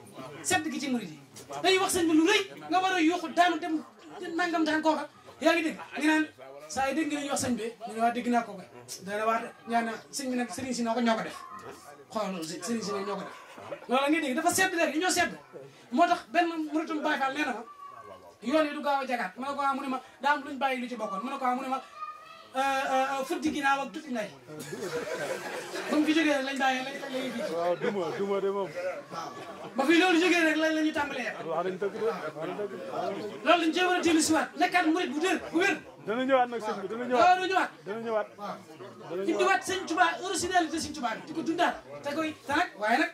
sedd gi ci murid yi dañuy wax sëñ bi lu rëy nga war a yuuxu daanu dem nangam daan kooka yaa ngi dégg ngi naan saa yi dégg li ñuy wax ñu naa kooka dana waar ñaan na sëñ bi nag sëriñ ko def xool loolu sëriñ si nag ñoo dafa sedd léegi ñoo sedd moo tax benn muritum Baay Faal nee na ma yoon yi du gaaw a jagaat mu ne ko mu ma daa am luñ lu ci bokkoon mu ne ko mu ma Euh, euh, euh, futti ginnaaw ak tuuti ndey. ba mu fi jógee rek lañ bàyyi lañ lañ lañ fi. duma duma ba fi loolu jógee rek lañ la ñu tàmbalee. wax nañ dëgg de wax nañ dëgg. loolu dañ cee a dellu si waat nekkaat murit bu dër bu wér. dana ñëwaat nag sëñ bi dana ñëwaat loolu ñëwaat. dana ñëwaat. dana ñëwaat indiwaat sëñ Tuubaa originalité sëñ Tuubaa bi di ko dundaat te koy te nag waaye nag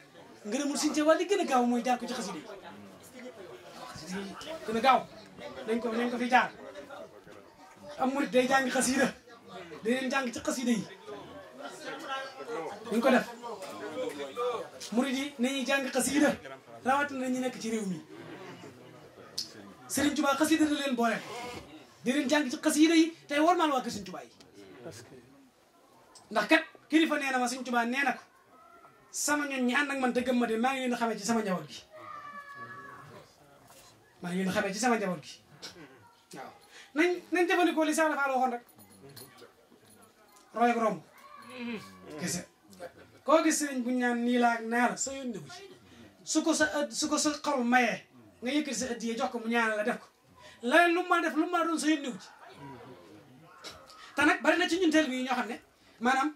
ngërëmul sëñ Tuubaa li gën a gaaw mooy jaar ko ci xasida yi gën a gaaw nañ ko nañ ko fi jaar am murit day jàng xasida di leen jàng ci xasida yi dañ ko def murid yi nañuy jàng xasida na ñu nekk ci réew mi Serigne Touba xasida na leen boole di leen ci xasida yi tey warmaal waa kër Serigne Touba yi ndax kat kilifa nee na ma Serigne Touba nee na sama ñoon ñi ànd ak man te gëm ma de maa ngi leen di xamee ci sama njaboot gi maa ngi leen di xamee ci sama njaboot gi waaw nañ li sax rek roy ak romb kese koo gis sëriñ bu ñu naan nii laa naa la sa yoon ne ci su ko sa su ko sa xaw mayee nga yëkkati sa addiya jox ko mu ñaanal la def ko la lu ma def lu ma doon sa yoon ne ko nag bari na ci ñun teel bi ñoo xam ne maanaam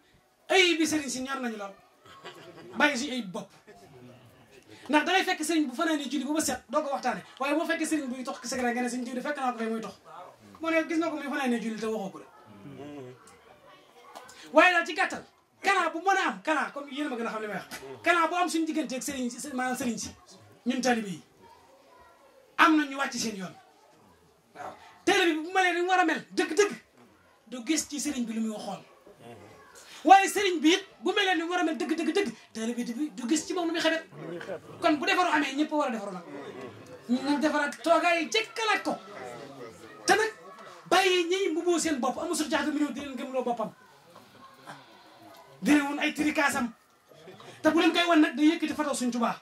ay bi sëriñ si ñor nañu lool bàyyi suñu ay bopp ndax dangay fekk sëriñ bu fanaan julli bu ba doo ko waxtaane waaye boo fekkee sëriñ buy tox ki sa gara nga fekk naa ko fay muy tox moo ne gis nga ko muy fanaan julli te waxoo ko de waaye daal ci gàttal kanaa bu mën a am kanaa comme yéen ma gën a xam li ma wax kanaa bu am suñu diggante ak sëriñ si maanaam sëriñ si ñun talibe yi am na ñu wàcc seen yoon waaw talibe bi bu melee ni war a mel dëgg-dëgg du gis ci sëriñ bi lu waaye sëriñ bi it bu melee ni mu war a mel dëgg dëgg dëgg talibe bi du gis ci moom lu muy xebet kon bu defaru amee ñëpp war a defaru nag ñu defaraat toogaay jëkkalaat ko te nag bàyyi ñi mbuboo seen bopp amusul jaxte mu ñëw di leen gëmloo boppam di leen ay tirikaasam te bu leen koy wan nag di day di photo suñ tubaa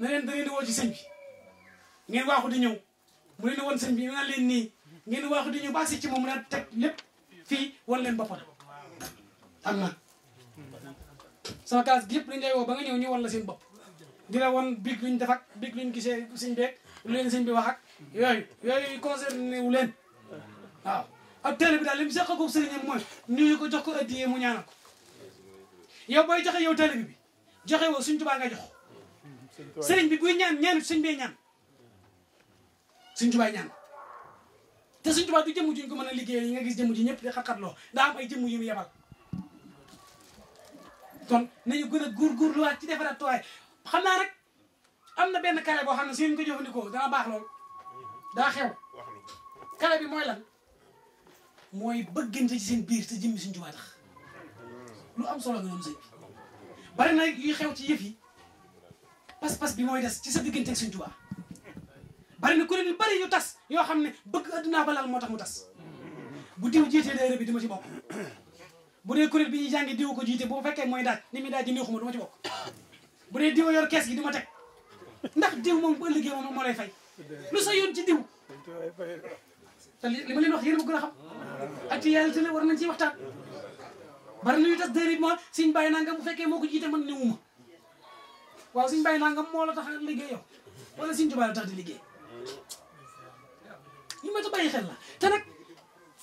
na leen da di woo ci sëñ bi ngeen waaxu di ñëw mu leen woon sëñ bi ñu naan leen nii ngeen waaxu di ñëw ba si ci moom naan teg lépp fii wan leen boppam am na. sama classe gi yëpp dañ lay woo ba nga ñëw ñëw wan la seen bopp di la wan big luñ def ak big luñ gisee sëñ beeg lu leen sëñ bi wax ak yooyu yooyu concerné wu leen waaw. ab télé bi daal li mu seqagum sëriñam mooy nuyu ko jox ko addiyee mu ñaanal ko. yow booy joxe yow taalibe bi joxe woo suñ tubaa nga jox sëriñ bi buy ñaan ñaanut suñ bee ñaan ñaan te suñ tubaa du jëmm juñ ko mën a liggéey yi nga gis jëmm ji ñëpp di xat-xatloo daa am ay jëmm yu mu yebal kon nañu gën a góorgóorluwaat ci defaraat tuwaay xam naa rek am na benn kare boo xam ne su ñu ko jëfandikoo baax lool daa xew kare bi mooy lan mooy bëggante ci seen biir te jëmmi suñ tubaa tax lu am solo nga ñoom sëñ bari na yuy xew ci yëf yi pas-pas bi mooy des ci sa digganteeg Sëñ Tuubaa bari na kuréel yu bari yu tas yoo xam ne bëgg addunaa ba lal moo tax mu tas bu diw jiitee daayira bi duma ci bokk bu dee kuréel bi ñuy jàngi diw ko jiite bu fekkee mooy daal ni mi daaj ji néexuma du ma ci bokk bu dee diw yor kees gi di ma teg ndax diw moom bu ëllëgee moom moo lay fay lu sa yoon ci diw te li ma ne wax yéen a ma a xam ak ci yàlla te waxtaan bari na ñu tas dëri ma suñ bàyyi nangam bu fekkee moo ko jiite man néewu ma waaw suñ bàyyi nangam nga la tax a liggéey yow wala suñ tubaab la tax di liggéey ñu ma ta bàyyi xel la te nag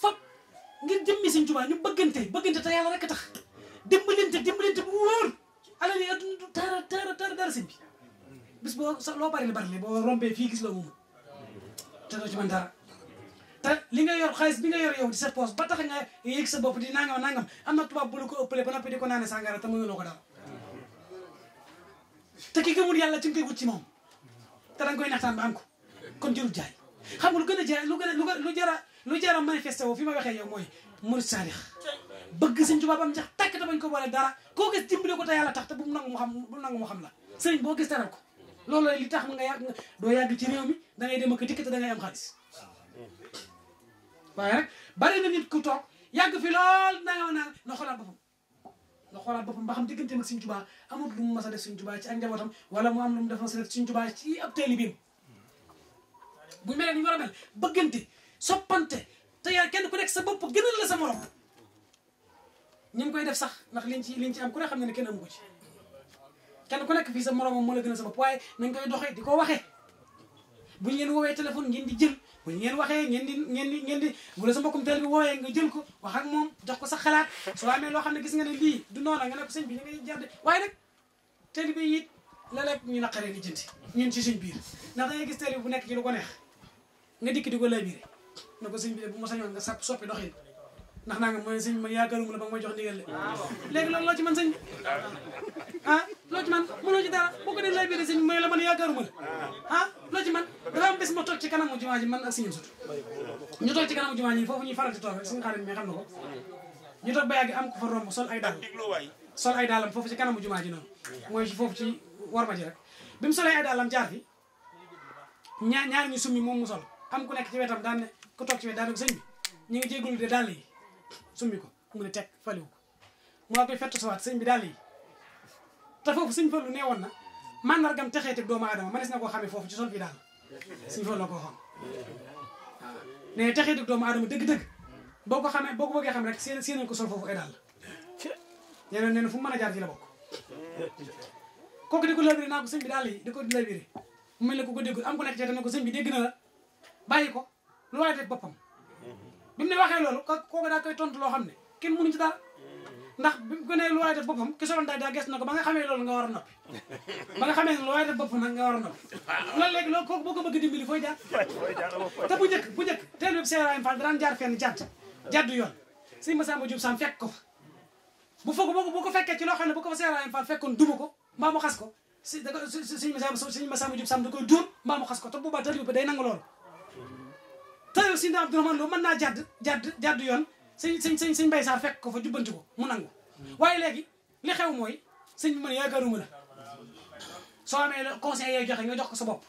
fab ngir jëmmi suñ tubaab ñu bëggante bëggante te yàlla rek tax dimbalante dimbalante bu wóor alal yi adduna du taara taara taara dara bi bis boo sax loo bari la bari la boo rombee fii gis la wumu te doo ci man dara te li nga yor xaalis bi nga yor yow di sa poos ba tax nga yëg sa bopp di nangam nangam am na tubaab bu la ko ëppale ba noppi di ko naane sàngara te mënuloo ko dara ki gëmul yàlla ci nga koy ci moom te danga koy naxtaan ba am ko kon jërul jaay xam nga lu a jaay lu gën a lu lu jara lu jara manifesté woo fi ma waxee yow mooy murid saadix bëgg sëñ tubaab am jax tàkk te bañ ko boole dara koo gis dimbale ko te tax te bu mu nangu xam bu mu nangu mu xam la sëriñ boo gis teral ko loolu li tax nga yàgg nga doo yàgg ci réew mi da ngay dem ak dikk da ngay am xaalis waaye rek bari na nit ku toog yàgg fi lool nanga naa na xoolaat boppam na xoolaat boppam ba xam digganteem ak Sëñ Tuubaa amul lu mu mas a def Sëñ Tuubaa wala mu am lu mu def mas def Sëñ Tuubaa ci ab taalibeem buñ mel ni ñu war a mel soppante te yaa kenn ku nekk sa bopp gënal la sa morom ñu koy def sax ndax liñ ci liñ ci am ku ne xam ne ne kenn amu ko ci kenn ku nekk fii sa moromam mu la gënal sa bopp waaye nañ koy doxee di ko waxee buñ leen woowee téléphone ngeen di jël bu ngeen waxee ngeen di ngeen di ngeen di bu la sa mbokkum teel bi nga jël ko wax ak moom jox ko sa xalaat soo amee loo xam ne gis nga ne lii du noona nga ne ko sëñ bi ñu ngay jarde waaye nag teel bi it léeg-léeg ñu naqaree li jënti ñun ci suñ biir ndax dangay gis bu nekk ci ko neex nga dikk di ko lay na ko sëñ bi bu ma sañoon nga sap soppi doxin ndax naa nga mooy sëñ ma yaakaaru mu la ba nga may jox ndigal le léegi loolu loo ci man sëñ bi ah loo ci man mënoo ci dara boo ko dee lay biire sëñ mooy la man yaakaaru mu la ah loo ci man dafa am bés ma toog ci kanamu jumaa ji man ak suñu sut ñu toog ci kanamu jumaa ji foofu ñuy faral di toog rek suñu na ko ñu toog ba yàgg am ko ci kanamu jumaa ji noonu mooy foofu ci war ma ji rek bi mu solee ay dàllam jaar fi ñaar ñaar ñu summi moom mu sol am ku nekk ci wetam daan ne ku toog ci wet daan ne ko sëñ bi ñu ngi jégalu de dàll yi summi ko mu ne teg faliwu ko mu waa koy fett sawaat sëñ bi dàll yi te foofu sëñ falu ne woon na mandargam texeetig doomu aadama mënees na koo xamee foofu ci sol bi daal suñu fa la ko xam waaw ne texeetig doomu aadama dëgg-dëgg boo ko xamee boo ko bëggee xam rek seen seen ko sol foofu ay daal la nee na fu mën a jaar ci la bokk kooku di ko labiré naa ko sëñ daal yi di ko labiré mu mel ne ko ko dégg am ko nekk ci ne ko sëñ bi dégg na la bàyyi ko lu waaye def boppam bi mu ne waxee loolu ko daa koy tontu loo xam ne kenn mënu ci daal ndax bi mu gënee lu waay def boppam ki soloon daa gis na ko ba nga loolu nga war a noppi ba nga xamee lu waay def boppam nga war a noppi loolu léegi loolu kooku boo ko te bu njëkk bu njëkk teel web seeraayam Fall ko fa bu boo ko fekkee ci loo xam ne bu ko fa seeraayam Fall fekkoon duma ko mbaa mu xas ko si da ko suñu Massamba suñu Massamba Diouf Sam da koy dóor mbaa xas ko te boobaa tëri bi day nangu loolu tëri si Abdourahmane Lo mën naa jadd jadd jaddu yoon sëñ sëñ sëñ sëñ Mbaye Sarr fekk ko fa jubbanti ko mu nangu waaye léegi li xew mooy sëñ bi ma ne yaakaaruma la soo amee conseil yooyu joxe nga jox ko sa bopp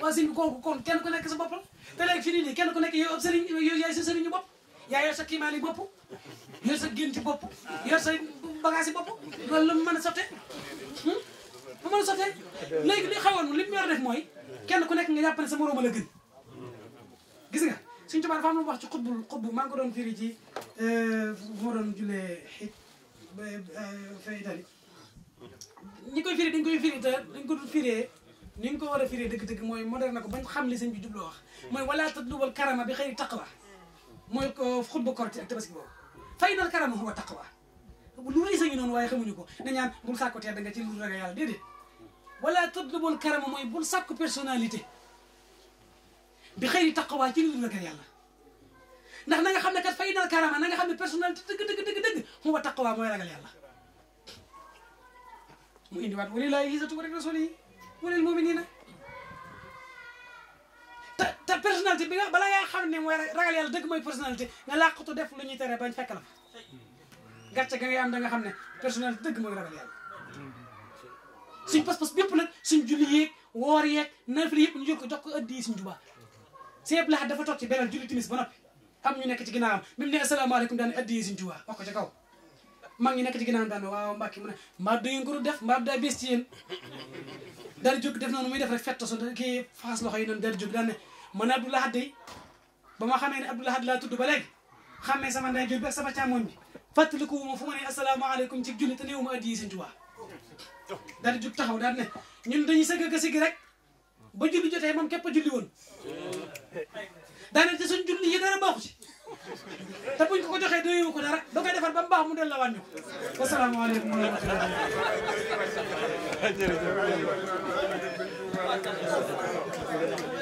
waaw sëñ bi kooku kon kenn ku nekk sa bopp la te kenn ku nekk yow ab sëriñ yow yaay sa sëriñu bopp yaa sa kiimaani bopp sa génti bopp yor sa bagage yi bopp loolu la mu a sottee hmm? mu mën a sottee léegi li xewoon li mu war def mooy kenn ku nekk nga jàpp ne sa moroom la gën gis nga suñu tubaab dafa am lu mu wax ci xutbu xutbu maa ngi ko doon firi ci euh, bu doon jullee xit euh, fa itali ñi koy firi dañ koy firi te dañ ko dul firee ni ñu ko war a firee dëgg-dëgg mooy moderne ko bañ xam li sëñ bi jubloo wax mooy wala tatlubal karama bi xëyri taqwa mooy xutbu korti ak tabaski boobu fay nal karama huwa taqwa lu rëy sañu noonu waaye xamuñu ko na ñaan bul sàkku tedd nga ci lu ragal yàlla déedéet wala tatlubal karama mooy bul sàkku personnalité bi xëy taqawaa ci li ragal yàlla ndax na nga xam ne kat fay nal karama na nga xam ne personnalité dëgg dëgg dëgg dëgg huwa taqawaa mooy ragal yàlla mu indiwaat walillaahi izzatu wa li rasuulihi wa lil mu'miniina te te bi nga bala ngaa xam ne mooy ragal yàlla dëgg mooy personnalité nga làqatu def lu ñuy tere bañ fekk la fa gàcce ga ngay am da nga xam ne personnalité dëgg mooy ragal yàlla suñ pas-pas bépp nag suñ julli yeeg woor yeeg nafila yëpp ñu jël ko jox ko yi suñ jubaa sëñ Abdou Lahad dafa toog ci beneen julli timis ba noppi am ñu nekk ci ginnaawam même ne asalaamaaleykum daan addiye suñ juwaa wax ko ca kaw mag ñi nekk ci ginnaawam daan waaw Mbàkke mu ne mbaa du ngeen ko def mbaa daa bees ci yéen daal jóg def noonu muy def rek fetta su kii faas loxo yi noonu ba ma xamee ne Abdou Lahad laa tudd ba léegi xamee sama nday jur bi ak bi fàttaliku ma fu ma ne ci julli te néew ma addiye suñ juwaa daal jóg taxaw daal ne ñun dañuy sëgg a sigi rek ba julli jotee moom képp a julli woon daanaka suñ julli yi a baaxu ci te buñ ko ko joxee ko dara da koy defar ba mu baax mu delloo wàññi ko wasalaamaaleykum wa rahmatulah.